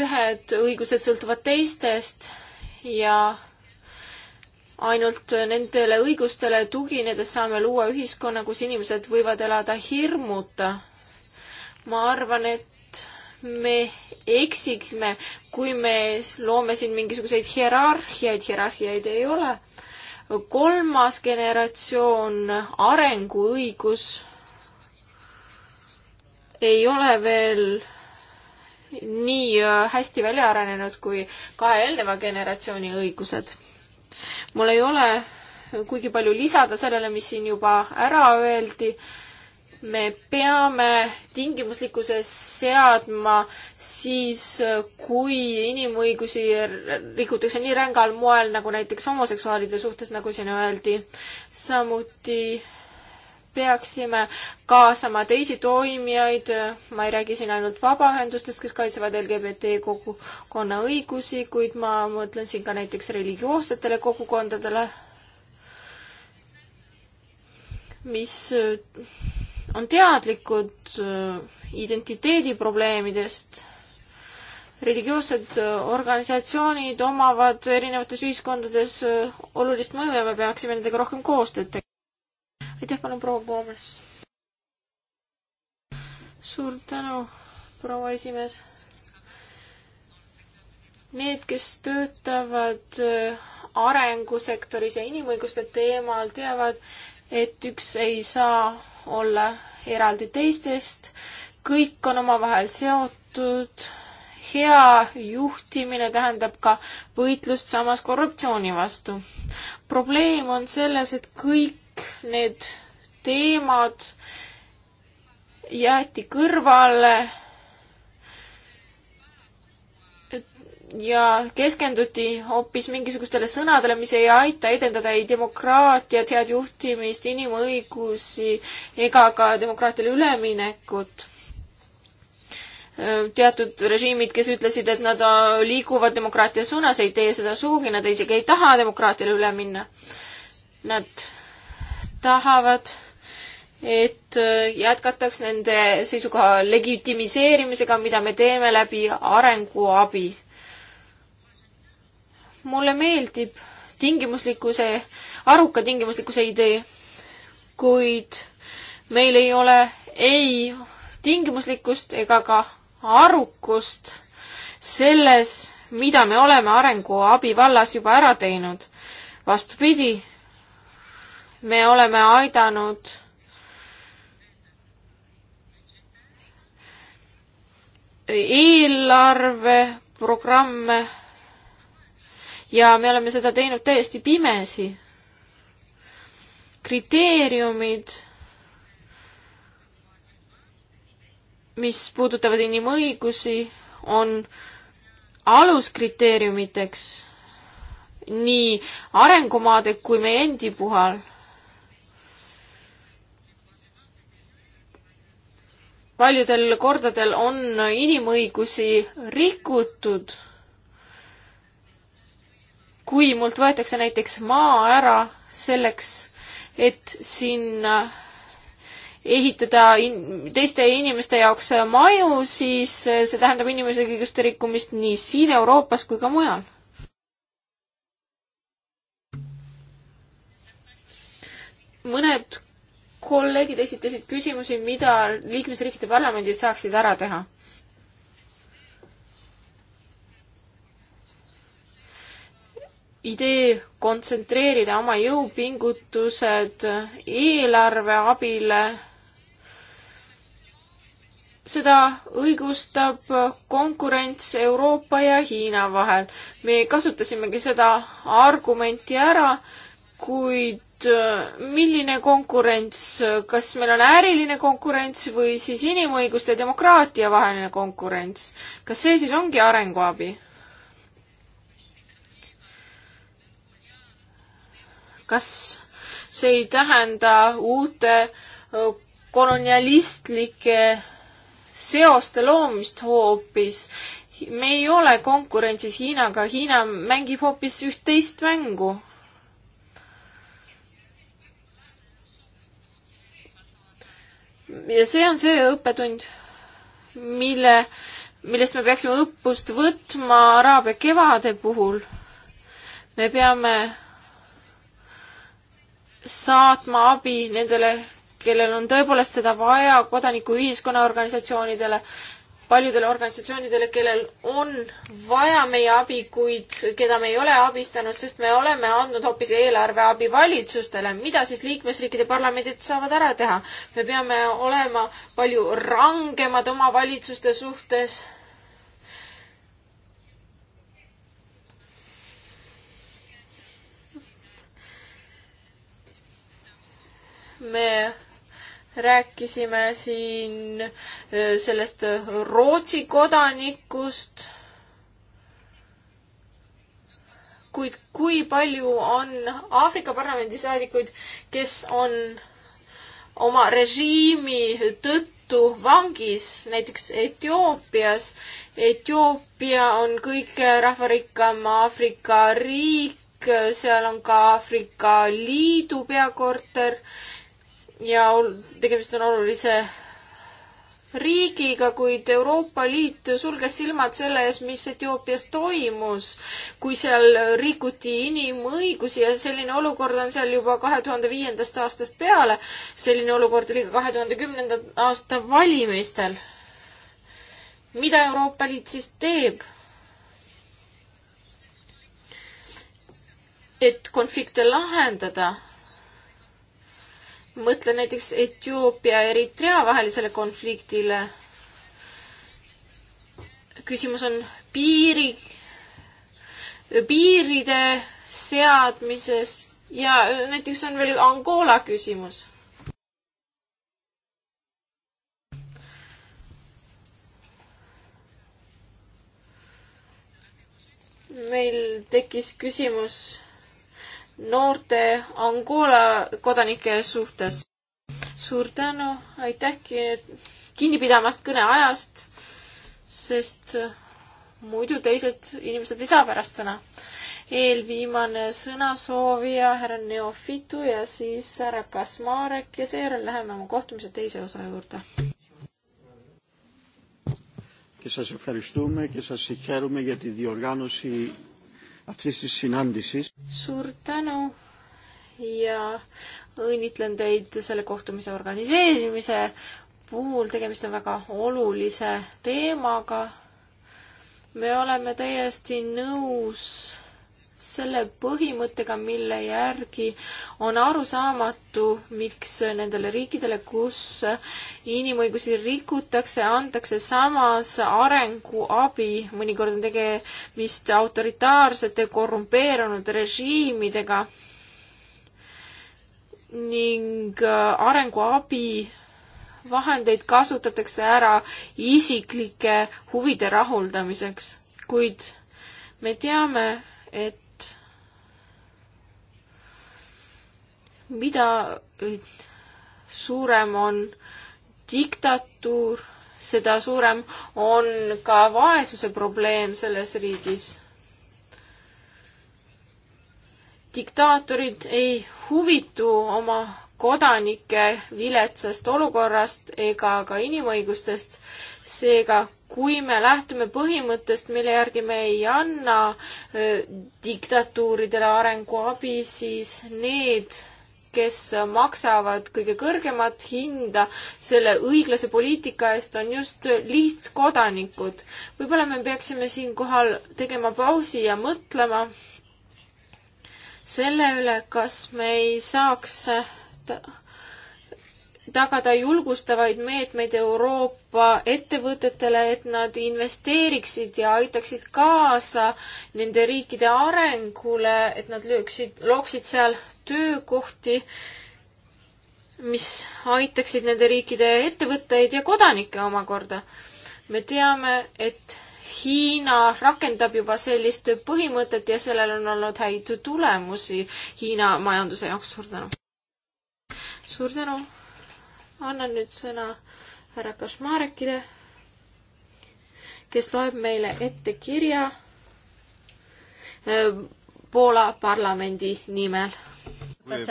ühed õigused sõltuvad teistest ja ainult nendele õigustele tuginedes saame luua ühiskonna, kus inimesed võivad elada hirmuta. ma arvan, et me eksiksime, kui me loome siin mingisuguseid hierarhiaid, hierarhiaid ei ole. kolmas generatsioon, arenguõigus ei ole veel nii äh, hästi välja arenenud kui kahe eelneva generatsiooni õigused. mul ei ole kuigi palju lisada sellele, mis siin juba ära öeldi. me peame tingimuslikkuse seadma siis, kui inimõigusi rikutakse nii rängal moel, nagu näiteks homoseksuaalide suhtes, nagu siin öeldi. samuti peaksime kaasama teisi toimijaid, ma ei räägi siin ainult vabaühendustest, kes kaitsevad LGBT kogukonna õigusi, kuid ma mõtlen siin ka näiteks religioossetele kogukondadele, mis äh, on teadlikud äh, identiteediprobleemidest religioossed äh, organisatsioonid omavad erinevates ühiskondades olulist mõju ja me peaksime nendega rohkem koostööd tegema aitäh, palun proua Koomes. suur tänu, proua esimees. Need, kes töötavad äh, arengusektoris ja inimõiguste teemal, teavad, et üks ei saa olla eraldi teistest. kõik on omavahel seotud. hea juhtimine tähendab ka võitlust samas korruptsiooni vastu. probleem on selles, et kõik need teemad jäeti kõrvale ja keskenduti hoopis mingisugustele sõnadele, mis ei aita edendada ei demokraatiat, head juhtimist, inimõigusi ega ka demokraatiale üleminekut. teatud režiimid, kes ütlesid, et nad liiguvad demokraatia suunas, ei tee seda sugugi, nad isegi ei taha demokraatiale üle minna. Nad tahavad, et äh, jätkataks nende seisukoha legitimiseerimisega, mida me teeme läbi arenguabi. mulle meeldib tingimuslikkuse, aruka tingimuslikkuse idee, kuid meil ei ole ei tingimuslikkust ega ka arukust selles, mida me oleme arenguabi vallas juba ära teinud. vastupidi, me oleme aidanud eelarveprogramme ja me oleme seda teinud täiesti pimesi. kriteeriumid, mis puudutavad inimõigusi, on aluskriteeriumiteks nii arengumaade kui meie endi puhul paljudel kordadel on inimõigusi rikutud. kui mult võetakse näiteks maa ära selleks, et sinna ehitada in-, teiste inimeste jaoks maju, siis see tähendab inimõiguste rikkumist nii siin Euroopas kui ka mujal. mõned kolleegid esitasid küsimusi, mida liikmesriikide parlamendid saaksid ära teha. idee kontsentreerida oma jõupingutused eelarve abile, seda õigustab konkurents Euroopa ja Hiina vahel. me kasutasimegi seda argumenti ära, kuid Äh, milline konkurents, kas meil on äriline konkurents või siis inimõiguste ja demokraatia vaheline konkurents, kas see siis ongi arenguabi? kas see ei tähenda uute äh, kolonialistlike seoste loomist hoopis? me ei ole konkurentsis Hiinaga, Hiina mängib hoopis üht teist mängu ja see on see õppetund, mille, millest me peaksime õppust võtma Araabia kevade puhul. me peame saatma abi nendele, kellel on tõepoolest seda vaja, kodanikuühiskonna organisatsioonidele, paljudele organisatsioonidele, kellel on vaja meie abi, kuid keda me ei ole abistanud, sest me oleme andnud hoopis eelarveabi valitsustele. mida siis liikmesriikide parlamendid saavad ära teha? me peame olema palju rangemad oma valitsuste suhtes. me rääkisime siin äh, sellest Rootsi kodanikust, kuid kui palju on Aafrika Parlamendi saadikuid, kes on oma režiimi tõttu vangis, näiteks Etioopias. Etioopia on kõige rahvarikkam Aafrika riik, seal on ka Aafrika Liidu peakorter ja tegemist on olulise riigiga, kuid Euroopa Liit sulges silmad selle ees, mis Etioopias toimus, kui seal rikuti inimõigusi ja selline olukord on seal juba kahe tuhande viiendast aastast peale. selline olukord oli ka kahe tuhande kümnenda aasta valimistel. mida Euroopa Liit siis teeb? et konflikte lahendada mõtlen näiteks Etioopia ja Eritrea vahelisele konfliktile. küsimus on piiri, piiride seadmises ja näiteks on veel Angola küsimus. meil tekkis küsimus noorte Angola kodanike suhtes. suur tänu, aitäh kinni pidamast kõneajast, sest muidu teised inimesed ei saa pärast sõna. eelviimane sõnasoovija härra Neofitu ja siis härra Kasmarek ja seejärel läheme oma kohtumise teise osa juurde. και σας ευχαριστούμε και σας συγχαίρουμε για τη διοργάνωση αυτής της συνάντησης. Suur tänu ja õnnitlen teid selle kohtumise organiseerimise puhul, tegemist on väga olulise teemaga. me oleme täiesti nõus selle põhimõttega, mille järgi on arusaamatu, miks nendele riikidele, kus inimõigusi rikutakse, antakse samas arenguabi, mõnikord on tegemist autoritaarsete korrumpeerunud režiimidega ning äh, arenguabi vahendeid kasutatakse ära isiklike huvide rahuldamiseks, kuid me teame, et mida suurem on diktatuur, seda suurem on ka vaesuse probleem selles riigis. diktaatorid ei huvitu oma kodanike viletsast olukorrast ega ka inimõigustest, seega kui me lähtume põhimõttest, mille järgi me ei anna äh, diktatuuridele arenguabi, siis need kes maksavad kõige kõrgemat hinda selle õiglase poliitika eest, on just lihtkodanikud. võib-olla me peaksime siinkohal tegema pausi ja mõtlema selle üle, kas me ei saaks tagada julgustavaid meetmeid Euroopa ettevõtetele, et nad investeeriksid ja aitaksid kaasa nende riikide arengule, et nad lööksid, looksid seal töökohti, mis aitaksid nende riikide ettevõtteid ja kodanikke omakorda. me teame, et Hiina rakendab juba sellist põhimõtet ja sellel on olnud häid tulemusi Hiina majanduse jaoks. suur tänu! suur tänu! annan nüüd sõna härra Kašmarekile, kes loeb meile ette kirja äh, Poola parlamendi nimel. Eh,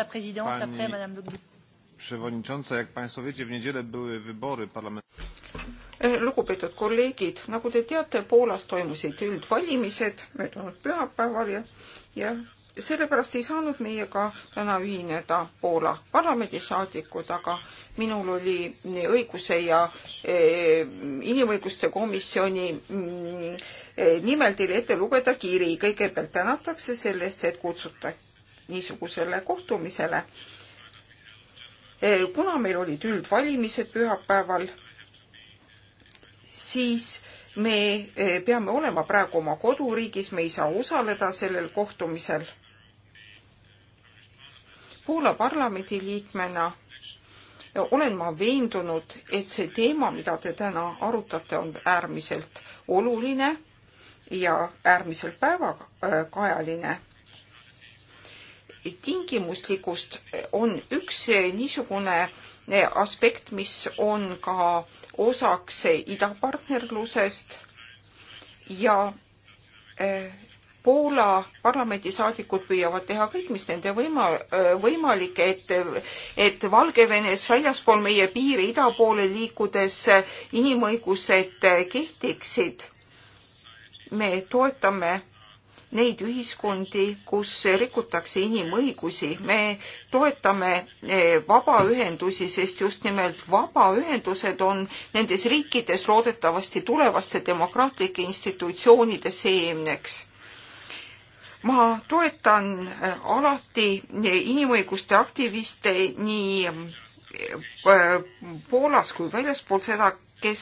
lugupeetud kolleegid, nagu te teate, Poolas toimusid üldvalimised möödunud pühapäeval ja, ja sellepärast ei saanud meiega täna ühineda Poola parlamendisaadikud, aga minul oli õiguse ja e, inimõiguste komisjoni mm, e, nimel teile ette lugeda kiri. kõigepealt tänatakse selle eest, et kutsute niisugusele kohtumisele. E, kuna meil olid üldvalimised pühapäeval, siis me peame olema praegu oma koduriigis, me ei saa osaleda sellel kohtumisel Poola parlamendi liikmena olen ma veendunud, et see teema, mida te täna arutate, on äärmiselt oluline ja äärmiselt päevakajaline. tingimuslikust on üks niisugune aspekt, mis on ka osaks idapartnerlusest ja eh, Poola parlamendisaadikud püüavad teha kõik, mis nende võima-, võimalik, et, et Valgevenes väljaspool meie piiri ida poole liikudes inimõigused kehtiksid. me toetame neid ühiskondi, kus rikutakse inimõigusi. me toetame e, vabaühendusi, sest just nimelt vabaühendused on nendes riikides loodetavasti tulevaste demokraatlike institutsioonide seemneks ma toetan äh, alati äh, inimõiguste aktiviste nii äh, Poolas kui väljaspool seda, kes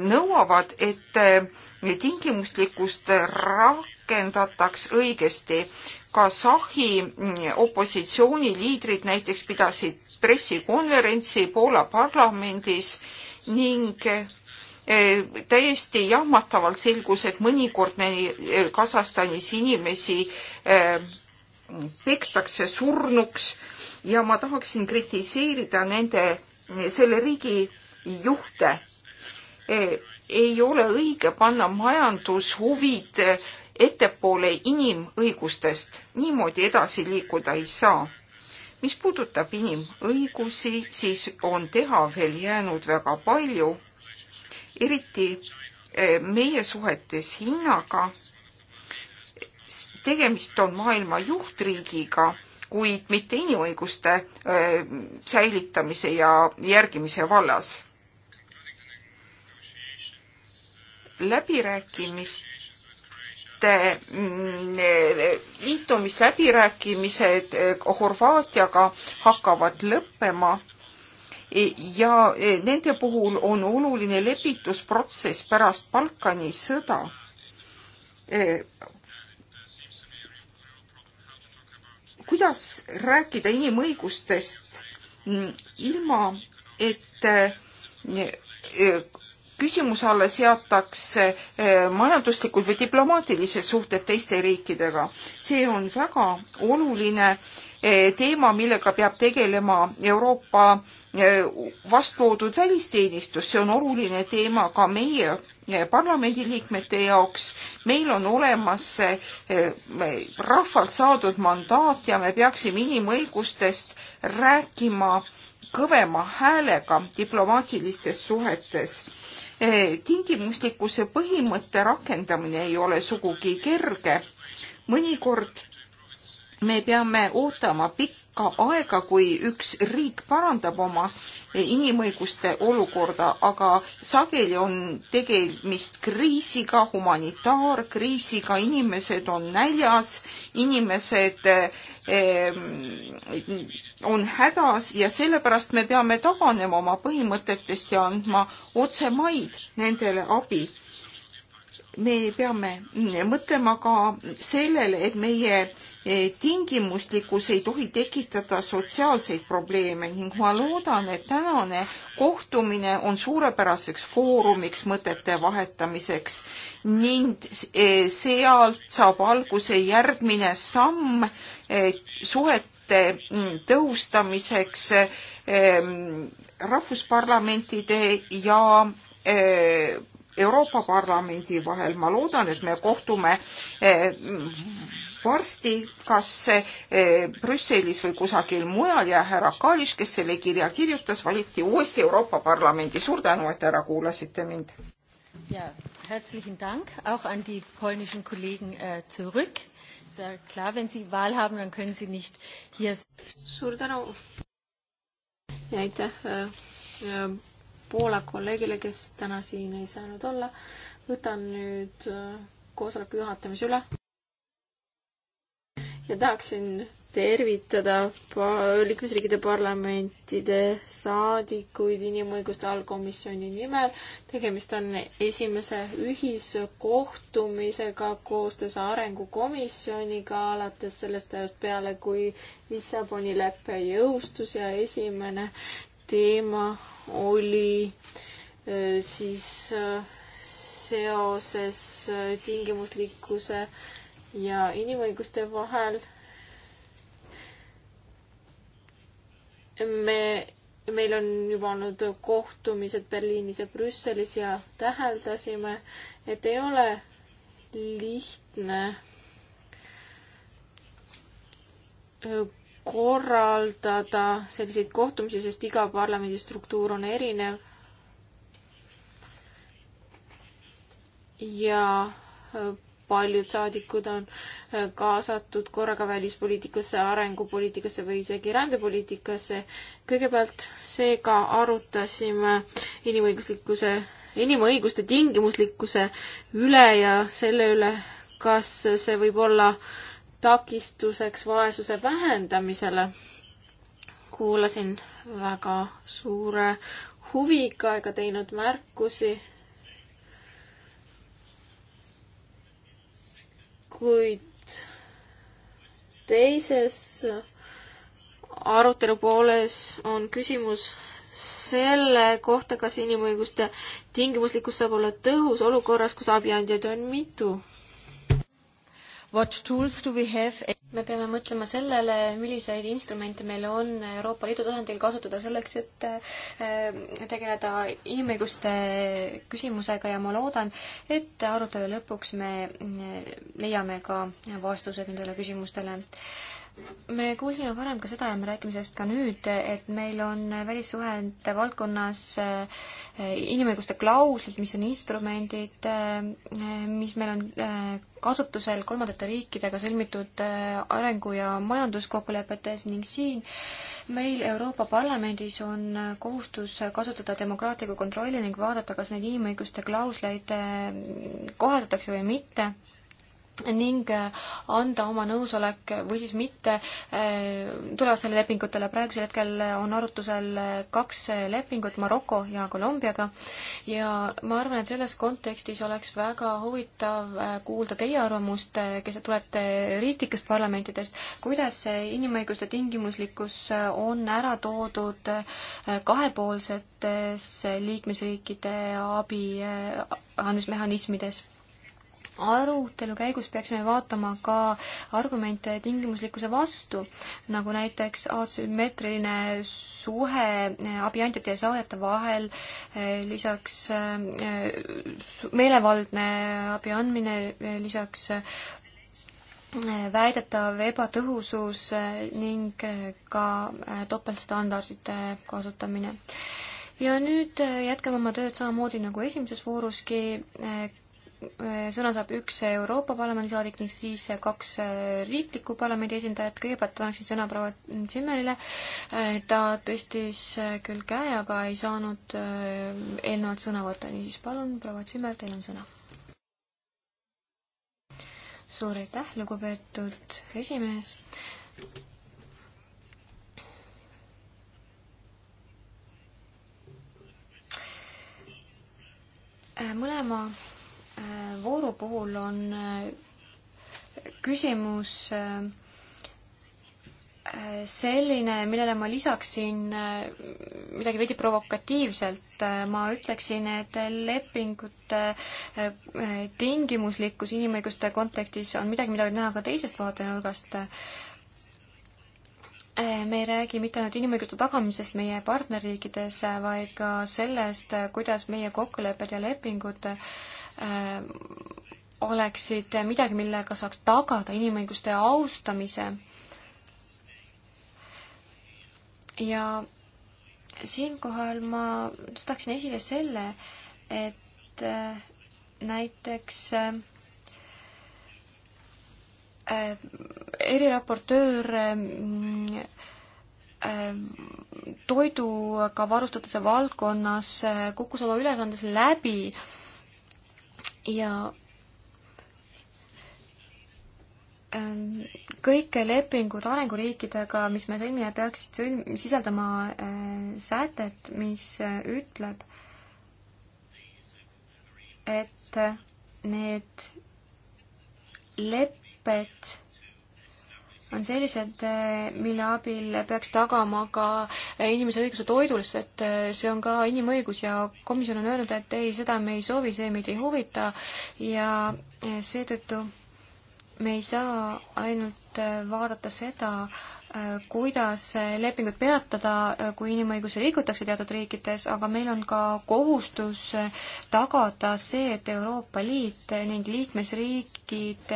nõuavad, et tingimuslikkust rakendataks õigesti. ka Sahi mm, opositsiooniliidrid näiteks pidasid pressikonverentsi Poola parlamendis ning Eh, täiesti jahmatavalt selgus, et mõnikord eh, Kasahstanis inimesi eh, pekstakse surnuks ja ma tahaksin kritiseerida nende, selle riigi juhte. ei ole õige panna majandushuvid ettepoole inimõigustest, niimoodi edasi liikuda ei saa mis puudutab inimõigusi, siis on teha veel jäänud väga palju eriti eh, meie suhetes Hiinaga. tegemist on maailma juhtriigiga, kuid mitte inimõiguste eh, säilitamise ja järgimise vallas. läbirääkimiste, mm, liitumisläbirääkimised eh, Horvaatiaga hakkavad lõppema E, ja e, nende puhul on oluline lepitusprotsess pärast Balkani sõda. E, kuidas rääkida inimõigustest mm, ilma, et küsimuse alla seatakse eh, majanduslikud või diplomaatilised suhted teiste riikidega. see on väga oluline eh, teema, millega peab tegelema Euroopa eh, vastu toodud välisteenistus, see on oluline teema ka meie parlamendiliikmete jaoks. meil on olemas rahvalt saadud mandaat ja me peaksime inimõigustest rääkima kõvema häälega diplomaatilistes suhetes Eh, tingimuslikkuse põhimõtte rakendamine ei ole sugugi kerge. mõnikord me peame ootama pikka aega, kui üks riik parandab oma inimõiguste olukorda, aga sageli on tegemist kriisiga, humanitaarkriisiga, inimesed on näljas, inimesed eh, eh on hädas ja sellepärast me peame taganema oma põhimõtetest ja andma otse maid nendele abi. me peame mõtlema ka sellele, et meie eh, tingimuslikkus ei tohi tekitada sotsiaalseid probleeme ning ma loodan, et tänane kohtumine on suurepäraseks foorumiks mõtete vahetamiseks ning eh, sealt saab alguse järgmine samm eh, suhet Mm, tõhustamiseks ehm, rahvusparlamentide ja eh, Euroopa Parlamendi vahel. ma loodan, et me kohtume eh, varsti kas eh, Brüsselis või kusagil mujal ja härra Kaalis, kes selle kirja kirjutas, valiti uuesti Euroopa Parlamendi. suur tänu, et ära kuulasite mind. ja, herzlichen Dank auch an die polnischen Kollegen äh, zurück klar, wenn Sie Wahl haben, dann können Sie nicht hier. suur tänu ja aitäh äh, äh, Poola kolleegile, kes täna siin ei saanud olla. võtan nüüd äh, koosoleku juhatamise üle. ja tahaksin tervitada pa-, liikmesriikide parlamentide saadikuid inimõiguste allkomisjoni nimel. tegemist on esimese ühiskohtumisega koostöös Arengukomisjoniga alates sellest ajast peale, kui Lissaboni lepe jõustus ja esimene teema oli äh, siis äh, seoses äh, tingimuslikkuse ja inimõiguste vahel me, meil on juba olnud kohtumised Berliinis ja Brüsselis ja täheldasime, et ei ole lihtne äh, korraldada selliseid kohtumisi, sest iga parlamendistruktuur on erinev. ja äh, paljud saadikud on äh, kaasatud korraga välispoliitikasse, arengupoliitikasse või isegi rändepoliitikasse. kõigepealt seega arutasime inimõiguslikkuse, inimõiguste tingimuslikkuse üle ja selle üle, kas see võib olla takistuseks vaesuse vähendamisele. kuulasin väga suure huviga ega teinud märkusi kuid teises arutelu pooles on küsimus selle kohta, kas inimõiguste tingimuslikkus saab olla tõhus olukorras, kus abiandjaid on mitu What tools do we have? me peame mõtlema sellele, milliseid instrumente meil on Euroopa Liidu tasandil kasutada selleks, et äh, tegeleda inimõiguste küsimusega ja ma loodan, et arutelu lõpuks me äh, leiame ka vastused nendele küsimustele me kuulsime varem ka seda ja me räägime sellest ka nüüd, et meil on välissuhete valdkonnas äh, inimõiguste klauslid, mis on instrumendid, äh, mis meil on äh, kasutusel kolmandate riikidega sõlmitud arengu- ja majanduskokkulepetes ning siin meil Euroopa Parlamendis on kohustus kasutada demokraatlikku kontrolli ning vaadata, kas neid inimõiguste klausleid kohaldatakse või mitte ning äh, anda oma nõusolek või siis mitte äh, tulevastele lepingutele. praegusel hetkel on arutusel äh, kaks lepingut Maroko ja Kolumbiaga ja ma arvan, et selles kontekstis oleks väga huvitav kuulda teie arvamust, kes te tulete riiklikest parlamentidest, kuidas see inimõiguste tingimuslikkus on ära toodud kahepoolsetes liikmesriikide abi andmismehhanismides arutelu käigus peaksime vaatama ka argumente tingimuslikkuse vastu, nagu näiteks asümmeetriline suhe eh, abiandjate ja saajate vahel, eh, lisaks eh, meelevaldne abi andmine, lisaks väidetav ebatõhusus ning ka topeltstandardite kasutamine ja nüüd jätkame oma tööd samamoodi nagu esimeses vooruski, Äh, sõna saab üks Euroopa Parlamendi saadik ning siis kaks äh, riiklikku parlamendi esindajat. kõigepealt annaksin sõna proua Zimmerile. Äh, ta tõstis küll käe, aga ei saanud eelnevalt sõna võtta, niisiis palun, proua Zimmer, teil on sõna. suur aitäh, lugupeetud esimees mõlema vooru puhul on äh, küsimus äh, selline, millele ma lisaksin äh, midagi veidi provokatiivselt, ma ütleksin, et lepingute tingimuslikkus inimõiguste kontekstis on midagi, mida võib näha ka teisest vaatenurgast. me ei räägi mitte ainult inimõiguste tagamisest meie partnerriikides, vaid ka sellest, kuidas meie kokkulepped ja lepingud äh, Äh, oleksid midagi, millega saaks tagada inimõiguste austamise. ja siinkohal ma tõstaksin esile selle, et äh, näiteks äh, eriraportöör toiduga varustatuse valdkonnas kukkus oma ülesandes läbi äh, ja ähm, kõik lepingud arenguriikidega, mis me sõlmime, peaksid sõlm-, sisaldama äh, sätet, mis äh, ütleb, et need lepped on sellised, eh, mille abil peaks tagama ka inimese õiguse toidulisse, et eh, see on ka inimõigus ja komisjon on öelnud, et ei, seda me ei soovi, see meid ei huvita ja eh, seetõttu me ei saa ainult vaadata seda, Äh, kuidas lepingut peatada, äh, kui inimõigusi rikutakse teatud riikides, aga meil on ka kohustus äh, tagada see, et Euroopa Liit ning liikmesriigid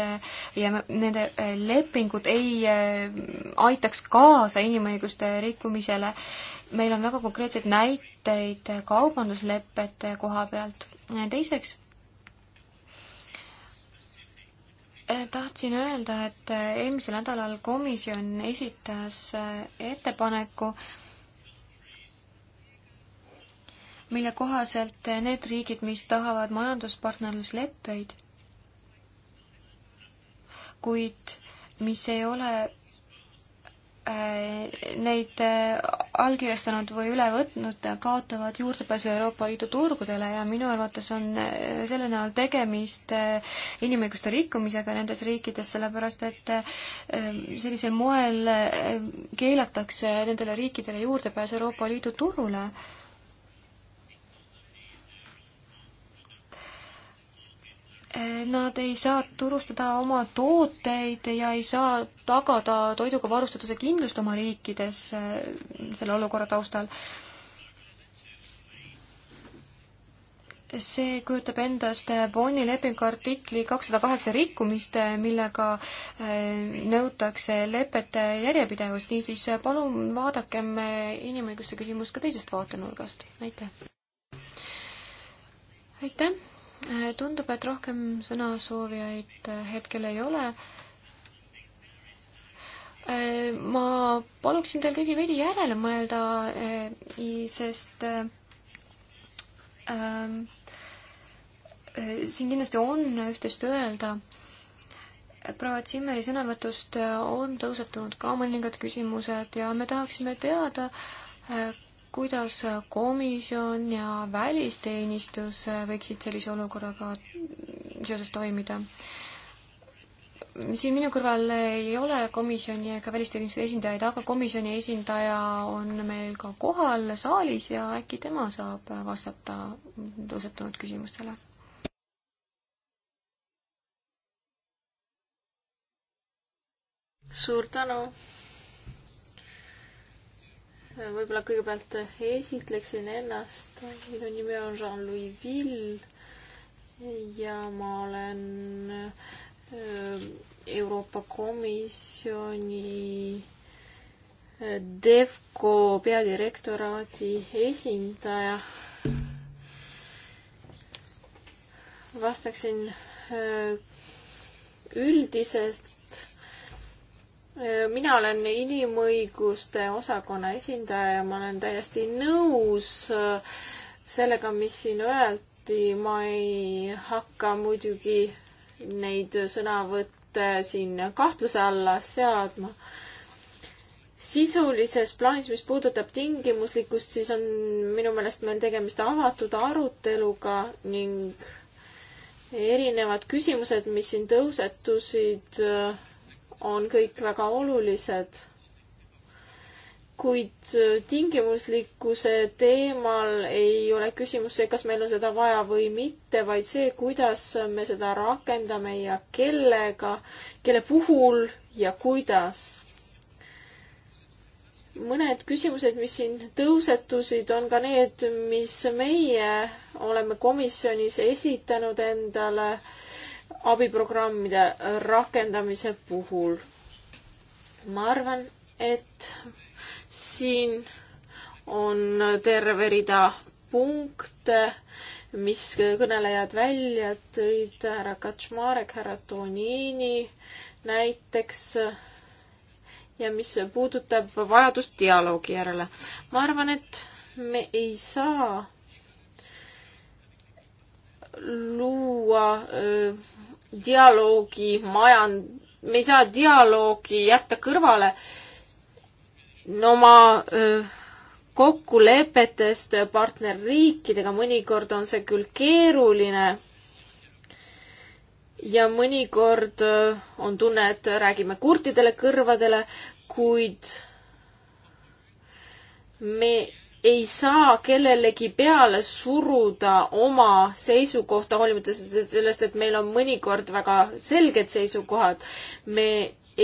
ja nende lepingud ei aitaks kaasa inimõiguste rikkumisele. meil on väga konkreetseid näiteid kaubanduslepete koha pealt. teiseks tahtsin öelda, et eelmisel nädalal komisjon esitas äh, ettepaneku, mille kohaselt need riigid, mis tahavad majanduspartnerlusleppeid, kuid mis ei ole Äh, neid äh, allkirjastanud või üle võtnud, kaotavad juurdepääsu Euroopa Liidu turgudele ja minu arvates on äh, selle näol tegemist inimõiguste rikkumisega nendes riikides, sellepärast et sellisel moel keelatakse nendele riikidele juurdepääs Euroopa Liidu turule Nad ei saa turustada oma tooteid ja ei saa tagada toiduga varustatuse kindlust oma riikides äh, selle olukorra taustal. see kujutab endast Bonni lepingu artikli kakssada kaheksa rikkumist, millega äh, nõutakse lepete järjepidevust, niisiis palun vaadakem inimõiguste küsimust ka teisest vaatenurgast, aitäh! aitäh! tundub, et rohkem sõnasoovijaid hetkel ei ole. ma paluksin teil kõigil veidi järele mõelda, eh, sest eh, eh, siin kindlasti on üht-teist öelda proua Zimmeri sõnavõtust on tõusetunud ka mõningad küsimused ja me tahaksime teada, kuidas komisjon ja välisteenistus võiksid sellise olukorraga seoses toimida? siin minu kõrval ei ole komisjoni ega välisteenistuse esindajaid, aga komisjoni esindaja on meil ka kohal saalis ja äkki tema saab vastata tõusetunud küsimustele suur tänu, võib-olla kõigepealt esitleksin ennast. minu nimi on Jean-Louis Vill ja ma olen äh, Euroopa Komisjoni äh, DEVCO peadirektoraadi esindaja. vastaksin äh, üldisest mina olen inimõiguste osakonna esindaja ja ma olen täiesti nõus äh, sellega, mis siin öeldi. ma ei hakka muidugi neid sõnavõtte siin kahtluse alla seadma. sisulises plaanis, mis puudutab tingimuslikkust, siis on minu meelest meil tegemist avatud aruteluga ning erinevad küsimused, mis siin tõusetusid äh, on kõik väga olulised, kuid äh, tingimuslikkuse teemal ei ole küsimus see, kas meil on seda vaja või mitte, vaid see, kuidas me seda rakendame ja kellega, kelle puhul ja kuidas mõned küsimused, mis siin tõusetusid, on ka need, mis meie oleme komisjonis esitanud endale abiprogrammide rakendamise puhul. ma arvan, et siin on terve rida punkte, mis kõnelejad välja tõid, härra Kaczmarek, härra Tonini näiteks ja mis puudutab vajadust dialoogi järele. ma arvan, et me ei saa luua öö, äh, dialoogi majand-, me ei saa dialoogi jätta kõrvale no oma öö, kokkulepetest partnerriikidega, mõnikord on see küll keeruline ja mõnikord on tunne, et räägime kurtidele kõrvadele, kuid me ei saa kellelegi peale suruda oma seisukohta, hoolimata sellest, et meil on mõnikord väga selged seisukohad. me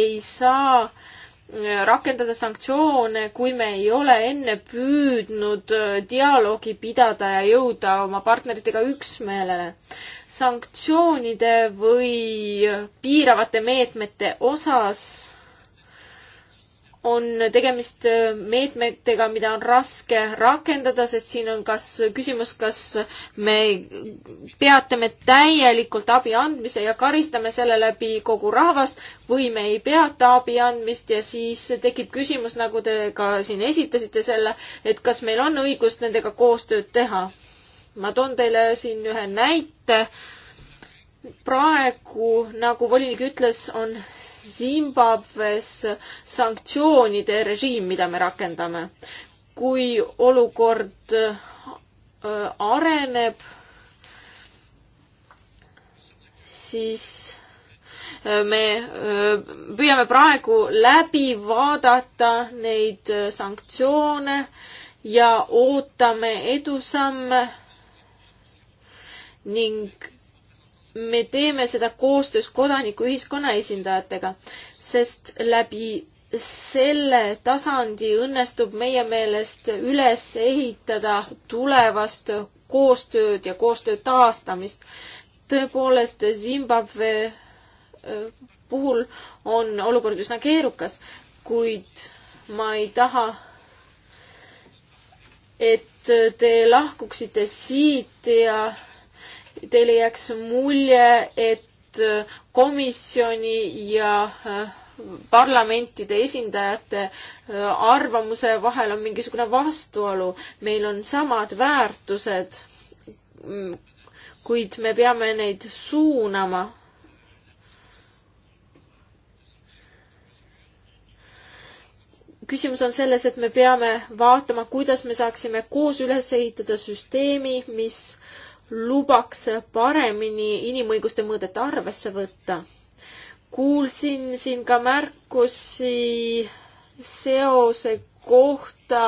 ei saa äh, rakendada sanktsioone, kui me ei ole enne püüdnud äh, dialoogi pidada ja jõuda oma partneritega üksmeelele. sanktsioonide või piiravate meetmete osas on tegemist äh, meetmetega, mida on raske rakendada, sest siin on kas küsimus, kas me peatame täielikult abi andmise ja karistame selle läbi kogu rahvast või me ei peata abi andmist ja siis tekib küsimus, nagu te ka siin esitasite selle, et kas meil on õigust nendega koostööd teha. ma toon teile siin ühe näite praegu, nagu volinik ütles, on Zimbabwes sanktsioonide režiim, mida me rakendame. kui olukord äh, areneb, siis äh, me äh, püüame praegu läbi vaadata neid sanktsioone ja ootame edusamme ning me teeme seda koostöös kodanikuühiskonna esindajatega, sest läbi selle tasandi õnnestub meie meelest üles ehitada tulevast koostööd ja koostöö taastamist. tõepoolest Zimbabwe äh, puhul on olukord üsna keerukas, kuid ma ei taha, et te lahkuksite siit ja teil ei jääks mulje, et komisjoni ja äh, parlamentide esindajate äh, arvamuse vahel on mingisugune vastuolu. meil on samad väärtused, mm, kuid me peame neid suunama. küsimus on selles, et me peame vaatama, kuidas me saaksime koos üles ehitada süsteemi, mis lubaks paremini inimõiguste mõõdet arvesse võtta. kuulsin siin ka märkusi seose kohta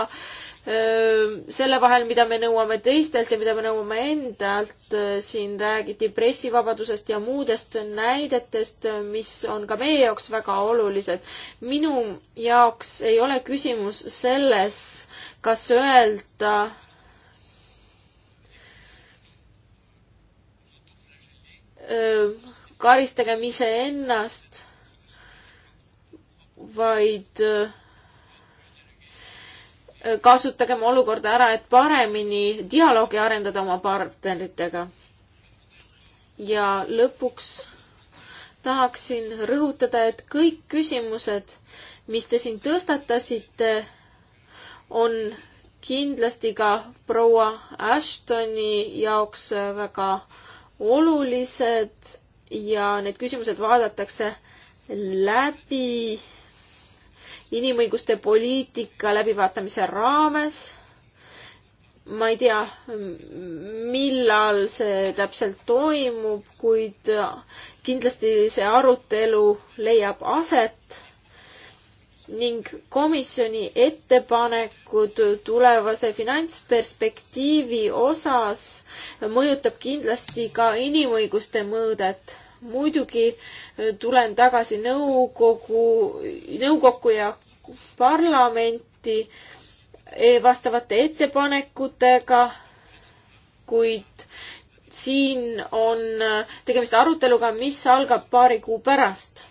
selle vahel, mida me nõuame teistelt ja mida me nõuame endalt. siin räägiti pressivabadusest ja muudest näidetest, mis on ka meie jaoks väga olulised. minu jaoks ei ole küsimus selles, kas öelda karistagem iseennast, vaid äh, kasutagem olukorda ära, et paremini dialoogi arendada oma partneritega. ja lõpuks tahaksin rõhutada, et kõik küsimused, mis te siin tõstatasite, on kindlasti ka proua Ashtoni jaoks väga olulised ja need küsimused vaadatakse läbi inimõiguste poliitika läbivaatamise raames. ma ei tea, millal see täpselt toimub, kuid kindlasti see arutelu leiab aset ning komisjoni ettepanekud tulevase finantsperspektiivi osas mõjutab kindlasti ka inimõiguste mõõdet. muidugi tulen tagasi nõukogu, nõukokku ja parlamenti e, vastavate ettepanekutega, kuid siin on tegemist aruteluga, mis algab paari kuu pärast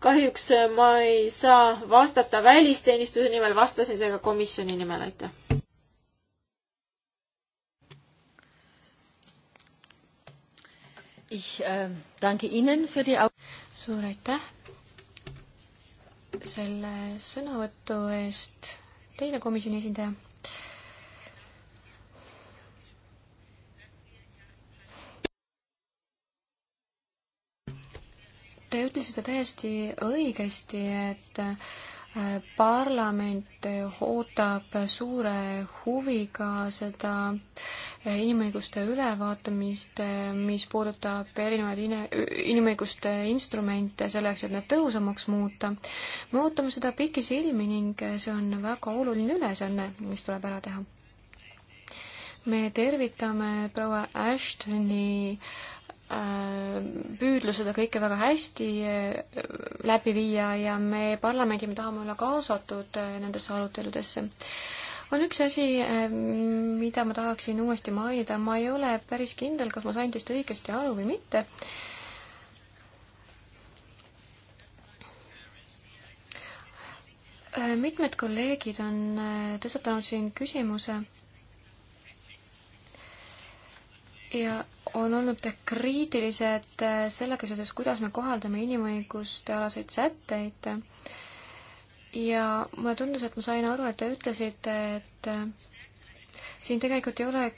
kahjuks äh, ma ei saa vastata välisteenistuse nimel, vastasin seega komisjoni nimel, aitäh. Ich äh, danke Ihnen für die Au- suur aitäh selle sõnavõtu eest, teile komisjoni esindaja Te ütlesite täiesti õigesti, et äh, parlament ootab suure huviga seda äh, inimõiguste ülevaatamist, äh, mis puudutab erinevaid inimõiguste instrumente selleks, et nad tõhusamaks muuta. me ootame seda pikisilmi ning see on väga oluline ülesanne, mis tuleb ära teha. me tervitame proua Ashtoni äh, Äh, püüdlu seda kõike väga hästi äh, läbi viia ja me parlamendina tahame olla kaasatud äh, nendesse aruteludesse. on üks asi, mida ma tahaksin uuesti mainida, ma ei ole päris kindel, kas ma sain teist õigesti aru või mitte. mitmed kolleegid on tõstatanud siin küsimuse ja on olnud kriitilised äh, sellega seoses, kuidas me kohaldame inimõiguste alaseid sätteid. ja mulle tundus, et ma sain aru, et te ütlesite, et äh, siin tegelikult ei ole äh,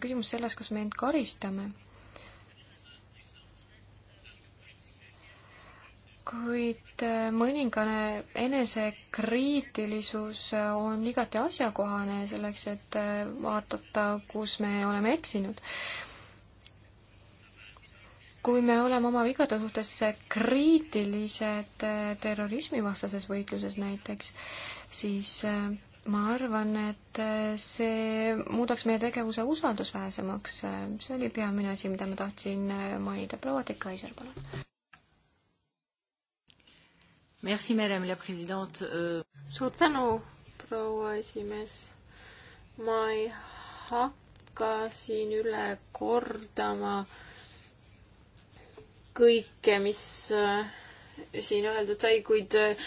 küsimus selles, kas me end karistame. kuid mõningane enesekriitilisus on igati asjakohane selleks, et vaadata, kus me oleme eksinud kui me oleme oma vigade suhtes kriitilised äh, terrorismivastases võitluses näiteks, siis äh, ma arvan, et äh, see muudaks meie tegevuse usaldusväärsemaks. see oli peamine asi, mida ma tahtsin mainida. proua Tiit Kaiser, palun. Merci, madame la president. Euh, suur tänu, proua esimees. ma ei hakka siin üle kordama äh, kõike, mis äh, siin öeldud sai, kuid äh,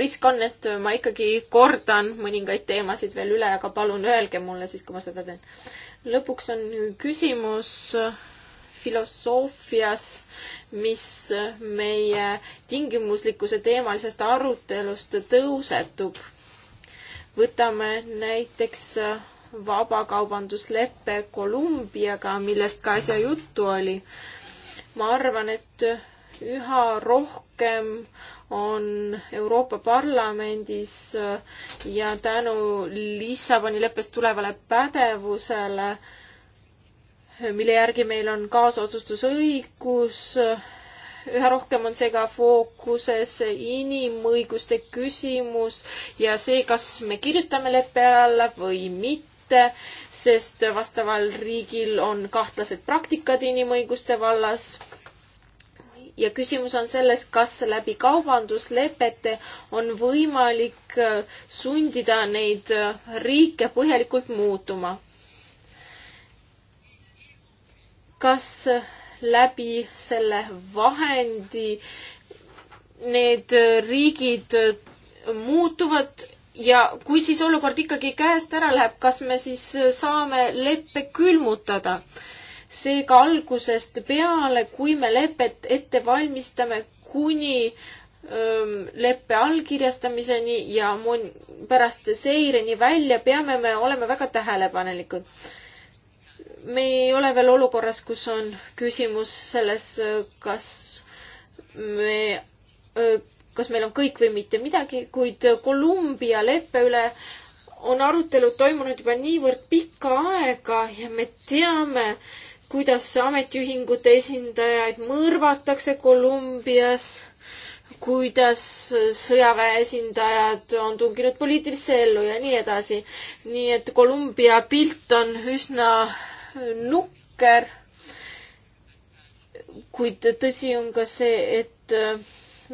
risk on, et ma ikkagi kordan mõningaid teemasid veel üle, aga palun öelge mulle siis, kui ma seda teen. lõpuks on küsimus äh, filosoofias, mis meie tingimuslikkuse teemalisest arutelust tõusetub. võtame näiteks vabakaubandusleppe Kolumbiaga, millest ka äsja juttu oli ma arvan, et üha rohkem on Euroopa Parlamendis äh, ja tänu Lissaboni leppest tulevale pädevusele, äh, mille järgi meil on kaasotsustusõigus, äh, üha rohkem on seega fookuses inimõiguste küsimus ja see, kas me kirjutame leppe alla või mitte mitte, sest vastaval riigil on kahtlased praktikad inimõiguste vallas. ja küsimus on selles, kas läbi kaubanduslepete on võimalik äh, sundida neid äh, riike põhjalikult muutuma. kas äh, läbi selle vahendi need riigid muutuvad ja kui siis olukord ikkagi käest ära läheb, kas me siis saame leppe külmutada? seega algusest peale, kui me lepet ette valmistame, kuni leppe allkirjastamiseni ja mon-, pärast seireni välja peame me olema väga tähelepanelikud. me ei ole veel olukorras, kus on küsimus selles, kas me kas meil on kõik või mitte midagi, kuid Kolumbia leppe üle on arutelud toimunud juba niivõrd pikka aega ja me teame, kuidas ametiühingute esindajaid mõrvatakse Kolumbias kuidas sõjaväe esindajad on tunginud poliitilisse ellu ja nii edasi. nii et Kolumbia pilt on üsna nukker. kuid tõsi on ka see, et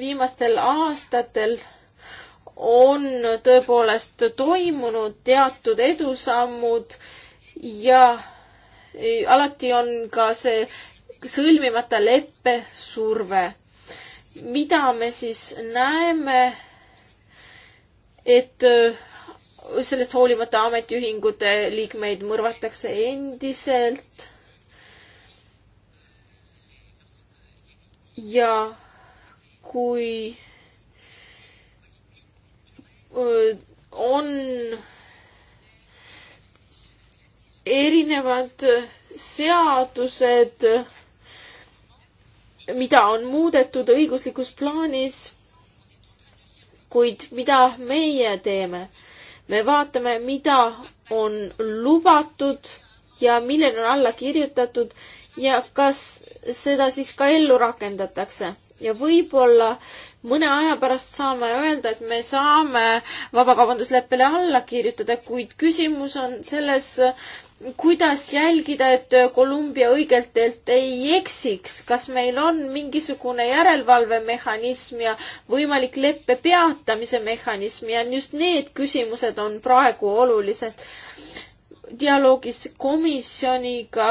viimastel aastatel on tõepoolest toimunud teatud edusammud ja e, alati on ka see sõlmimata leppe surve. mida me siis näeme, et e, sellest hoolimata ametiühingute liikmeid mõrvatakse endiselt ja kui on erinevad seadused, mida on muudetud õiguslikus plaanis, kuid mida meie teeme? me vaatame, mida on lubatud ja millele on alla kirjutatud ja kas seda siis ka ellu rakendatakse ja võib-olla mõne aja pärast saame öelda, et me saame vabakaubandusleppele alla kirjutada, kuid küsimus on selles, kuidas jälgida, et Kolumbia õigelt teelt ei eksiks, kas meil on mingisugune järelevalvemehhanism ja võimalik leppe peatamise mehhanism ja just need küsimused on praegu olulised. dialoogis komisjoniga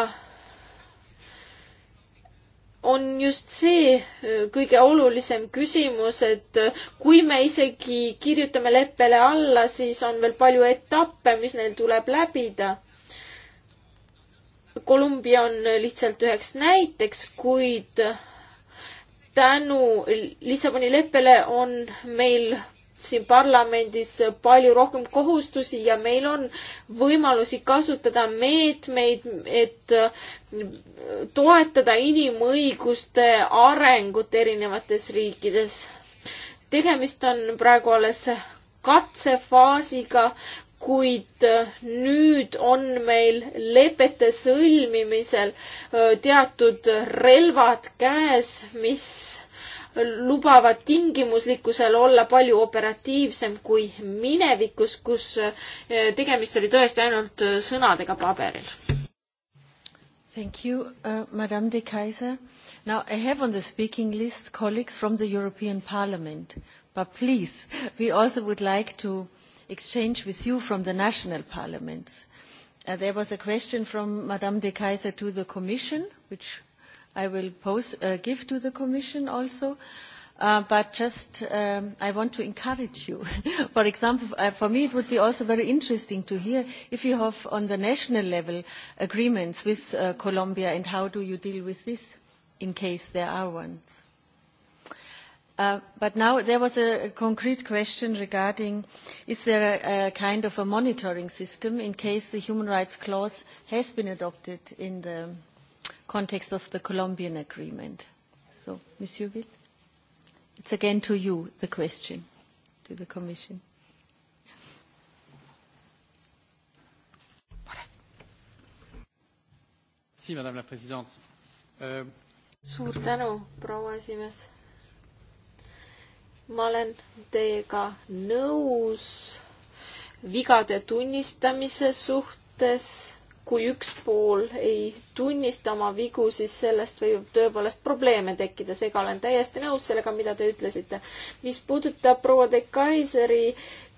on just see äh, kõige olulisem küsimus, et äh, kui me isegi kirjutame leppele alla, siis on veel palju etappe, mis neil tuleb läbida. Kolumbia on lihtsalt üheks näiteks, kuid tänu Lissaboni leppele on meil siin parlamendis palju rohkem kohustusi ja meil on võimalusi kasutada meetmeid, et toetada inimõiguste arengut erinevates riikides. tegemist on praegu alles katsefaasiga, kuid nüüd on meil lepete sõlmimisel teatud relvad käes, mis lubavad tingimuslikkusel olla palju operatiivsem kui minevikus, kus eh, tegemist oli tõesti ainult eh, sõnadega paberil. Thank you uh,, Madame de Kaiser. Now I have on the speaking list colleagues from the European Parliament, but please, we also would like to exchange with you from the national parliaments. Uh, there was a question from Madame de Kaiser to the Commission, which I will post, uh, give to the Commission also. Uh, but just um, I want to encourage you. for example, uh, for me it would be also very interesting to hear if you have on the national level agreements with uh, Colombia and how do you deal with this in case there are ones. Uh, but now there was a, a concrete question regarding is there a, a kind of a monitoring system in case the human rights clause has been adopted in the context of the Colombian agreement. So, Monsieur Wild, it's again to you the question, to the Commission. Merci, Madame la Présidente. Euh... suur tänu, proua esimees. ma olen teiega nõus vigade tunnistamise suhtes kui üks pool ei tunnista oma vigu, siis sellest võib tõepoolest probleeme tekkida, seega olen täiesti nõus sellega, mida te ütlesite. mis puudutab proua de Kaiseri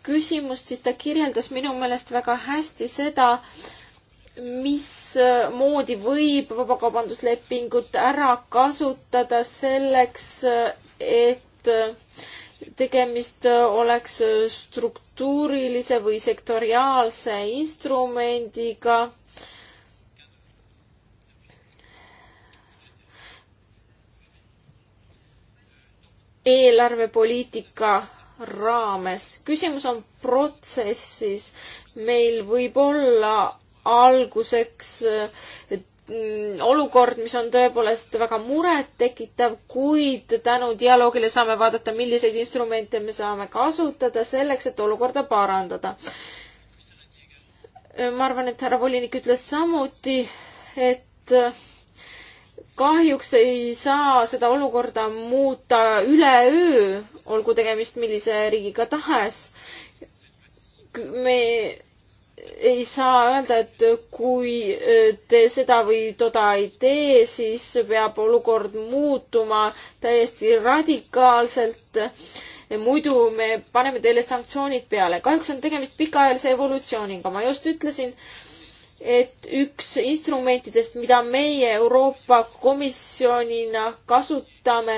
küsimust, siis ta kirjeldas minu meelest väga hästi seda, mismoodi võib vabakaubanduslepingut ära kasutada selleks, et tegemist oleks struktuurilise või sektoriaalse instrumendiga eelarvepoliitika raames. küsimus on protsessis. meil võib olla alguseks mm, olukord, mis on tõepoolest väga murettekitav, kuid tänu dialoogile saame vaadata, milliseid instrumente me saame kasutada selleks, et olukorda parandada. ma arvan, et härra volinik ütles samuti, et kahjuks ei saa seda olukorda muuta üleöö, olgu tegemist millise riigiga tahes. me ei saa öelda, et kui e, te seda või toda ei tee, siis peab olukord muutuma täiesti radikaalselt. muidu me paneme teile sanktsioonid peale. kahjuks on tegemist pikaajalise evolutsiooniga. ma just ütlesin äh, et üks instrumentidest, mida meie Euroopa Komisjonina kasutame,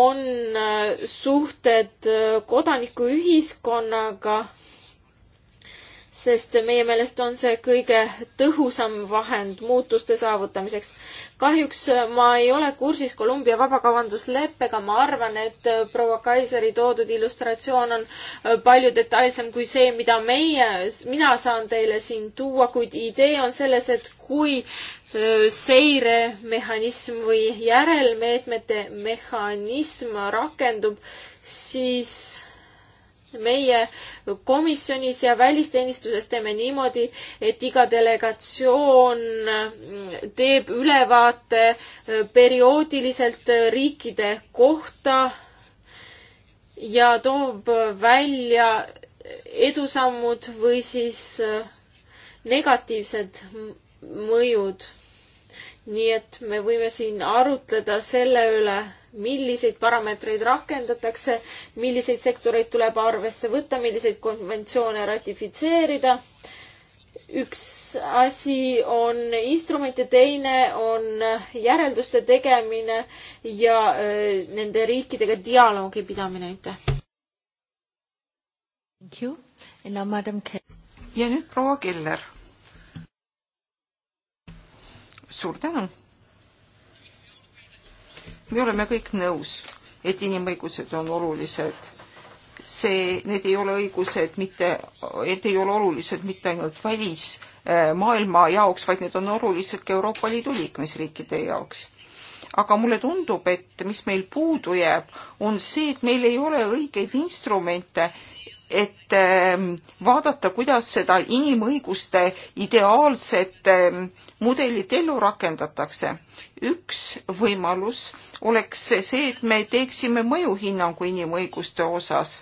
on äh, suhted äh, kodanikuühiskonnaga sest meie meelest on see kõige tõhusam vahend muutuste saavutamiseks. kahjuks ma ei ole kursis Kolumbia vabakaubandusleppega, ma arvan, et proua Kaiseri toodud illustratsioon on äh, palju detailsem kui see, mida meie, mina saan teile siin tuua, kuid idee on selles, et kui äh, seiremehhanism või järelmeetmete mehhanism rakendub, siis meie äh, meie komisjonis ja välisteenistuses teeme niimoodi, et iga delegatsioon teeb ülevaate äh, perioodiliselt äh, riikide kohta ja toob välja edusammud või siis äh, negatiivsed mõjud. nii et me võime siin arutleda selle üle milliseid parameetreid rakendatakse, milliseid sektoreid tuleb arvesse võtta, milliseid konventsioone ratifitseerida. üks asi on instrument ja teine on järelduste tegemine ja äh, nende riikidega dialoogi pidamine, aitäh. ja nüüd proua Keller. suur tänu me oleme kõik nõus, et inimõigused on olulised. see, need ei ole õigused mitte, need ei ole olulised mitte ainult välismaailma äh, jaoks, vaid need on olulised ka Euroopa Liidu liikmesriikide jaoks aga mulle tundub, et mis meil puudu jääb, on see, et meil ei ole õigeid instrumente, et ehm, vaadata, kuidas seda inimõiguste ideaalset ehm, mudelit ellu rakendatakse. üks võimalus oleks see, et me teeksime mõjuhinnangu inimõiguste osas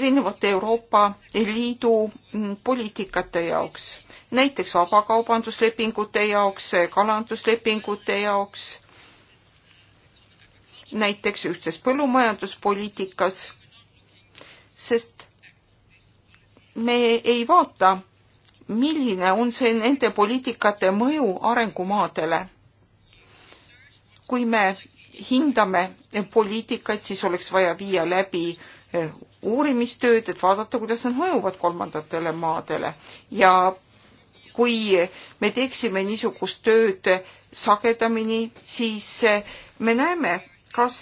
erinevate Euroopa Liidu mm, poliitikate jaoks, näiteks vabakaubanduslepingute jaoks, kalanduslepingute jaoks näiteks ühtses põllumajanduspoliitikas, sest me ei vaata, milline on see nende poliitikate mõju arengumaadele. kui me hindame poliitikaid, siis oleks vaja viia läbi uurimistööd, et vaadata, kuidas nad mõjuvad kolmandatele maadele ja kui me teeksime niisugust tööd sagedamini, siis me näeme, kas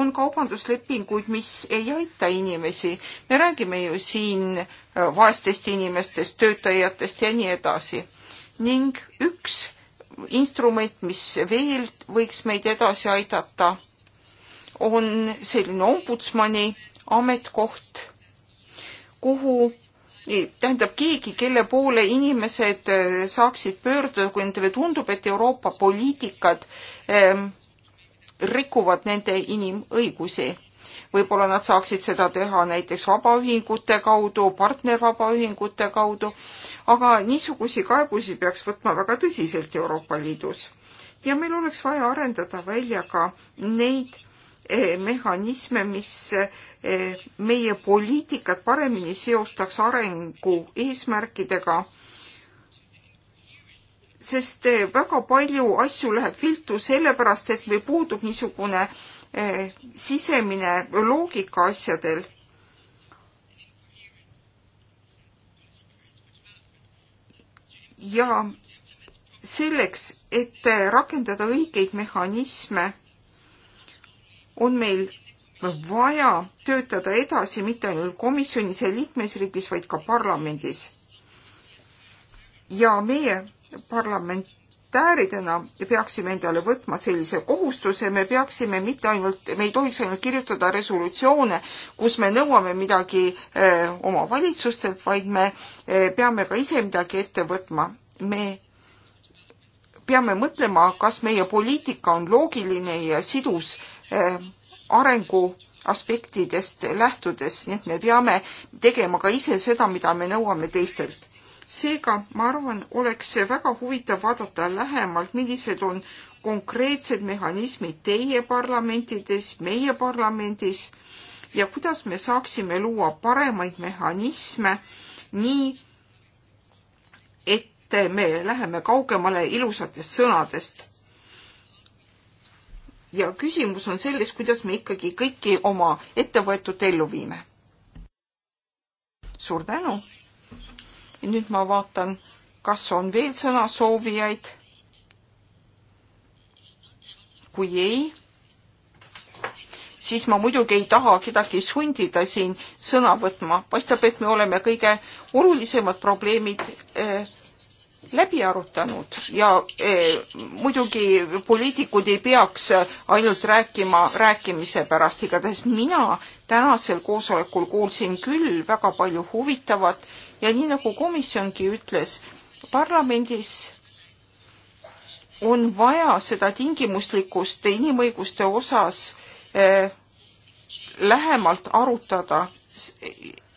on kaubanduslepinguid, mis ei aita inimesi? me räägime ju siin äh, vaestest inimestest, töötajatest ja nii edasi. ning üks instrument, mis veel võiks meid edasi aidata, on selline ombudsmani ametkoht, kuhu eh, tähendab keegi, kelle poole inimesed eh, saaksid pöörduda, kui endale tundub, et Euroopa poliitikad ähm, rikuvad nende inimõigusi. võib-olla nad saaksid seda teha näiteks vabaühingute kaudu, partnervabaühingute kaudu, aga niisugusi kaebusi peaks võtma väga tõsiselt Euroopa Liidus. ja meil oleks vaja arendada välja ka neid eh, mehhanisme, mis eh, meie poliitikat paremini seostaks arengu eesmärkidega sest eh, väga palju asju läheb viltu sellepärast, et meil puudub niisugune eh, sisemine loogika asjadel. ja selleks, et eh, rakendada õigeid mehhanisme, on meil vaja töötada edasi mitte ainult komisjonis ja liikmesriigis, vaid ka parlamendis. ja meie parlamentääridena peaksime endale võtma sellise kohustuse, me peaksime mitte ainult, me ei tohiks ainult kirjutada resolutsioone, kus me nõuame midagi eh, oma valitsustelt, vaid me eh, peame ka ise midagi ette võtma. me peame mõtlema, kas meie poliitika on loogiline ja sidus eh, arengu aspektidest lähtudes, nii et me peame tegema ka ise seda, mida me nõuame teistelt seega ma arvan, oleks väga huvitav vaadata lähemalt, millised on konkreetsed mehhanismid teie parlamentides, meie parlamendis ja kuidas me saaksime luua paremaid mehhanisme nii, et me läheme kaugemale ilusatest sõnadest. ja küsimus on selles, kuidas me ikkagi kõiki oma ettevõetut ellu viime. suur tänu! nüüd ma vaatan, kas on veel sõnasoovijaid. kui ei, siis ma muidugi ei taha kedagi sundida siin sõna võtma. paistab, et me oleme kõige olulisemad probleemid eh, läbi arutanud ja eh, muidugi poliitikud ei peaks ainult rääkima rääkimise pärast, igatahes mina tänasel koosolekul kuulsin küll väga palju huvitavat ja nii nagu komisjongi ütles, parlamendis on vaja seda tingimuslikkust inimõiguste osas eh, lähemalt arutada,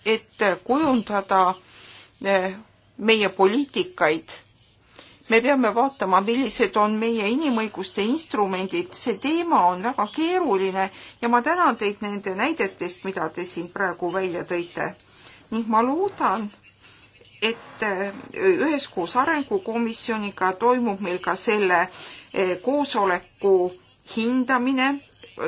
et kujundada eh, meie poliitikaid. me peame vaatama, millised on meie inimõiguste instrumendid, see teema on väga keeruline ja ma tänan teid nende näidetest, mida te siin praegu välja tõite. ning ma loodan, et äh, üheskoos Arengukomisjoniga toimub meil ka selle äh, koosoleku hindamine.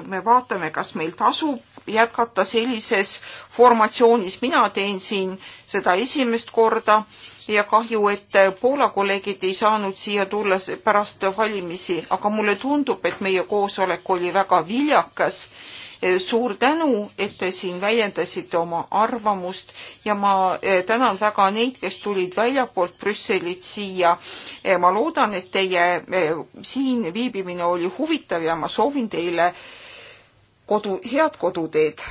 me vaatame, kas meil tasub jätkata sellises formatsioonis. mina teen siin seda esimest korda ja kahju, et äh, Poola kolleegid ei saanud siia tulla pärast valimisi, aga mulle tundub, et meie koosolek oli väga viljakas Eh, suur tänu, et te siin väljendasite oma arvamust ja ma eh, tänan väga neid, kes tulid väljapoolt Brüsselit siia. Eh, ma loodan, et teie siin viibimine oli huvitav ja ma soovin teile kodu, head koduteed.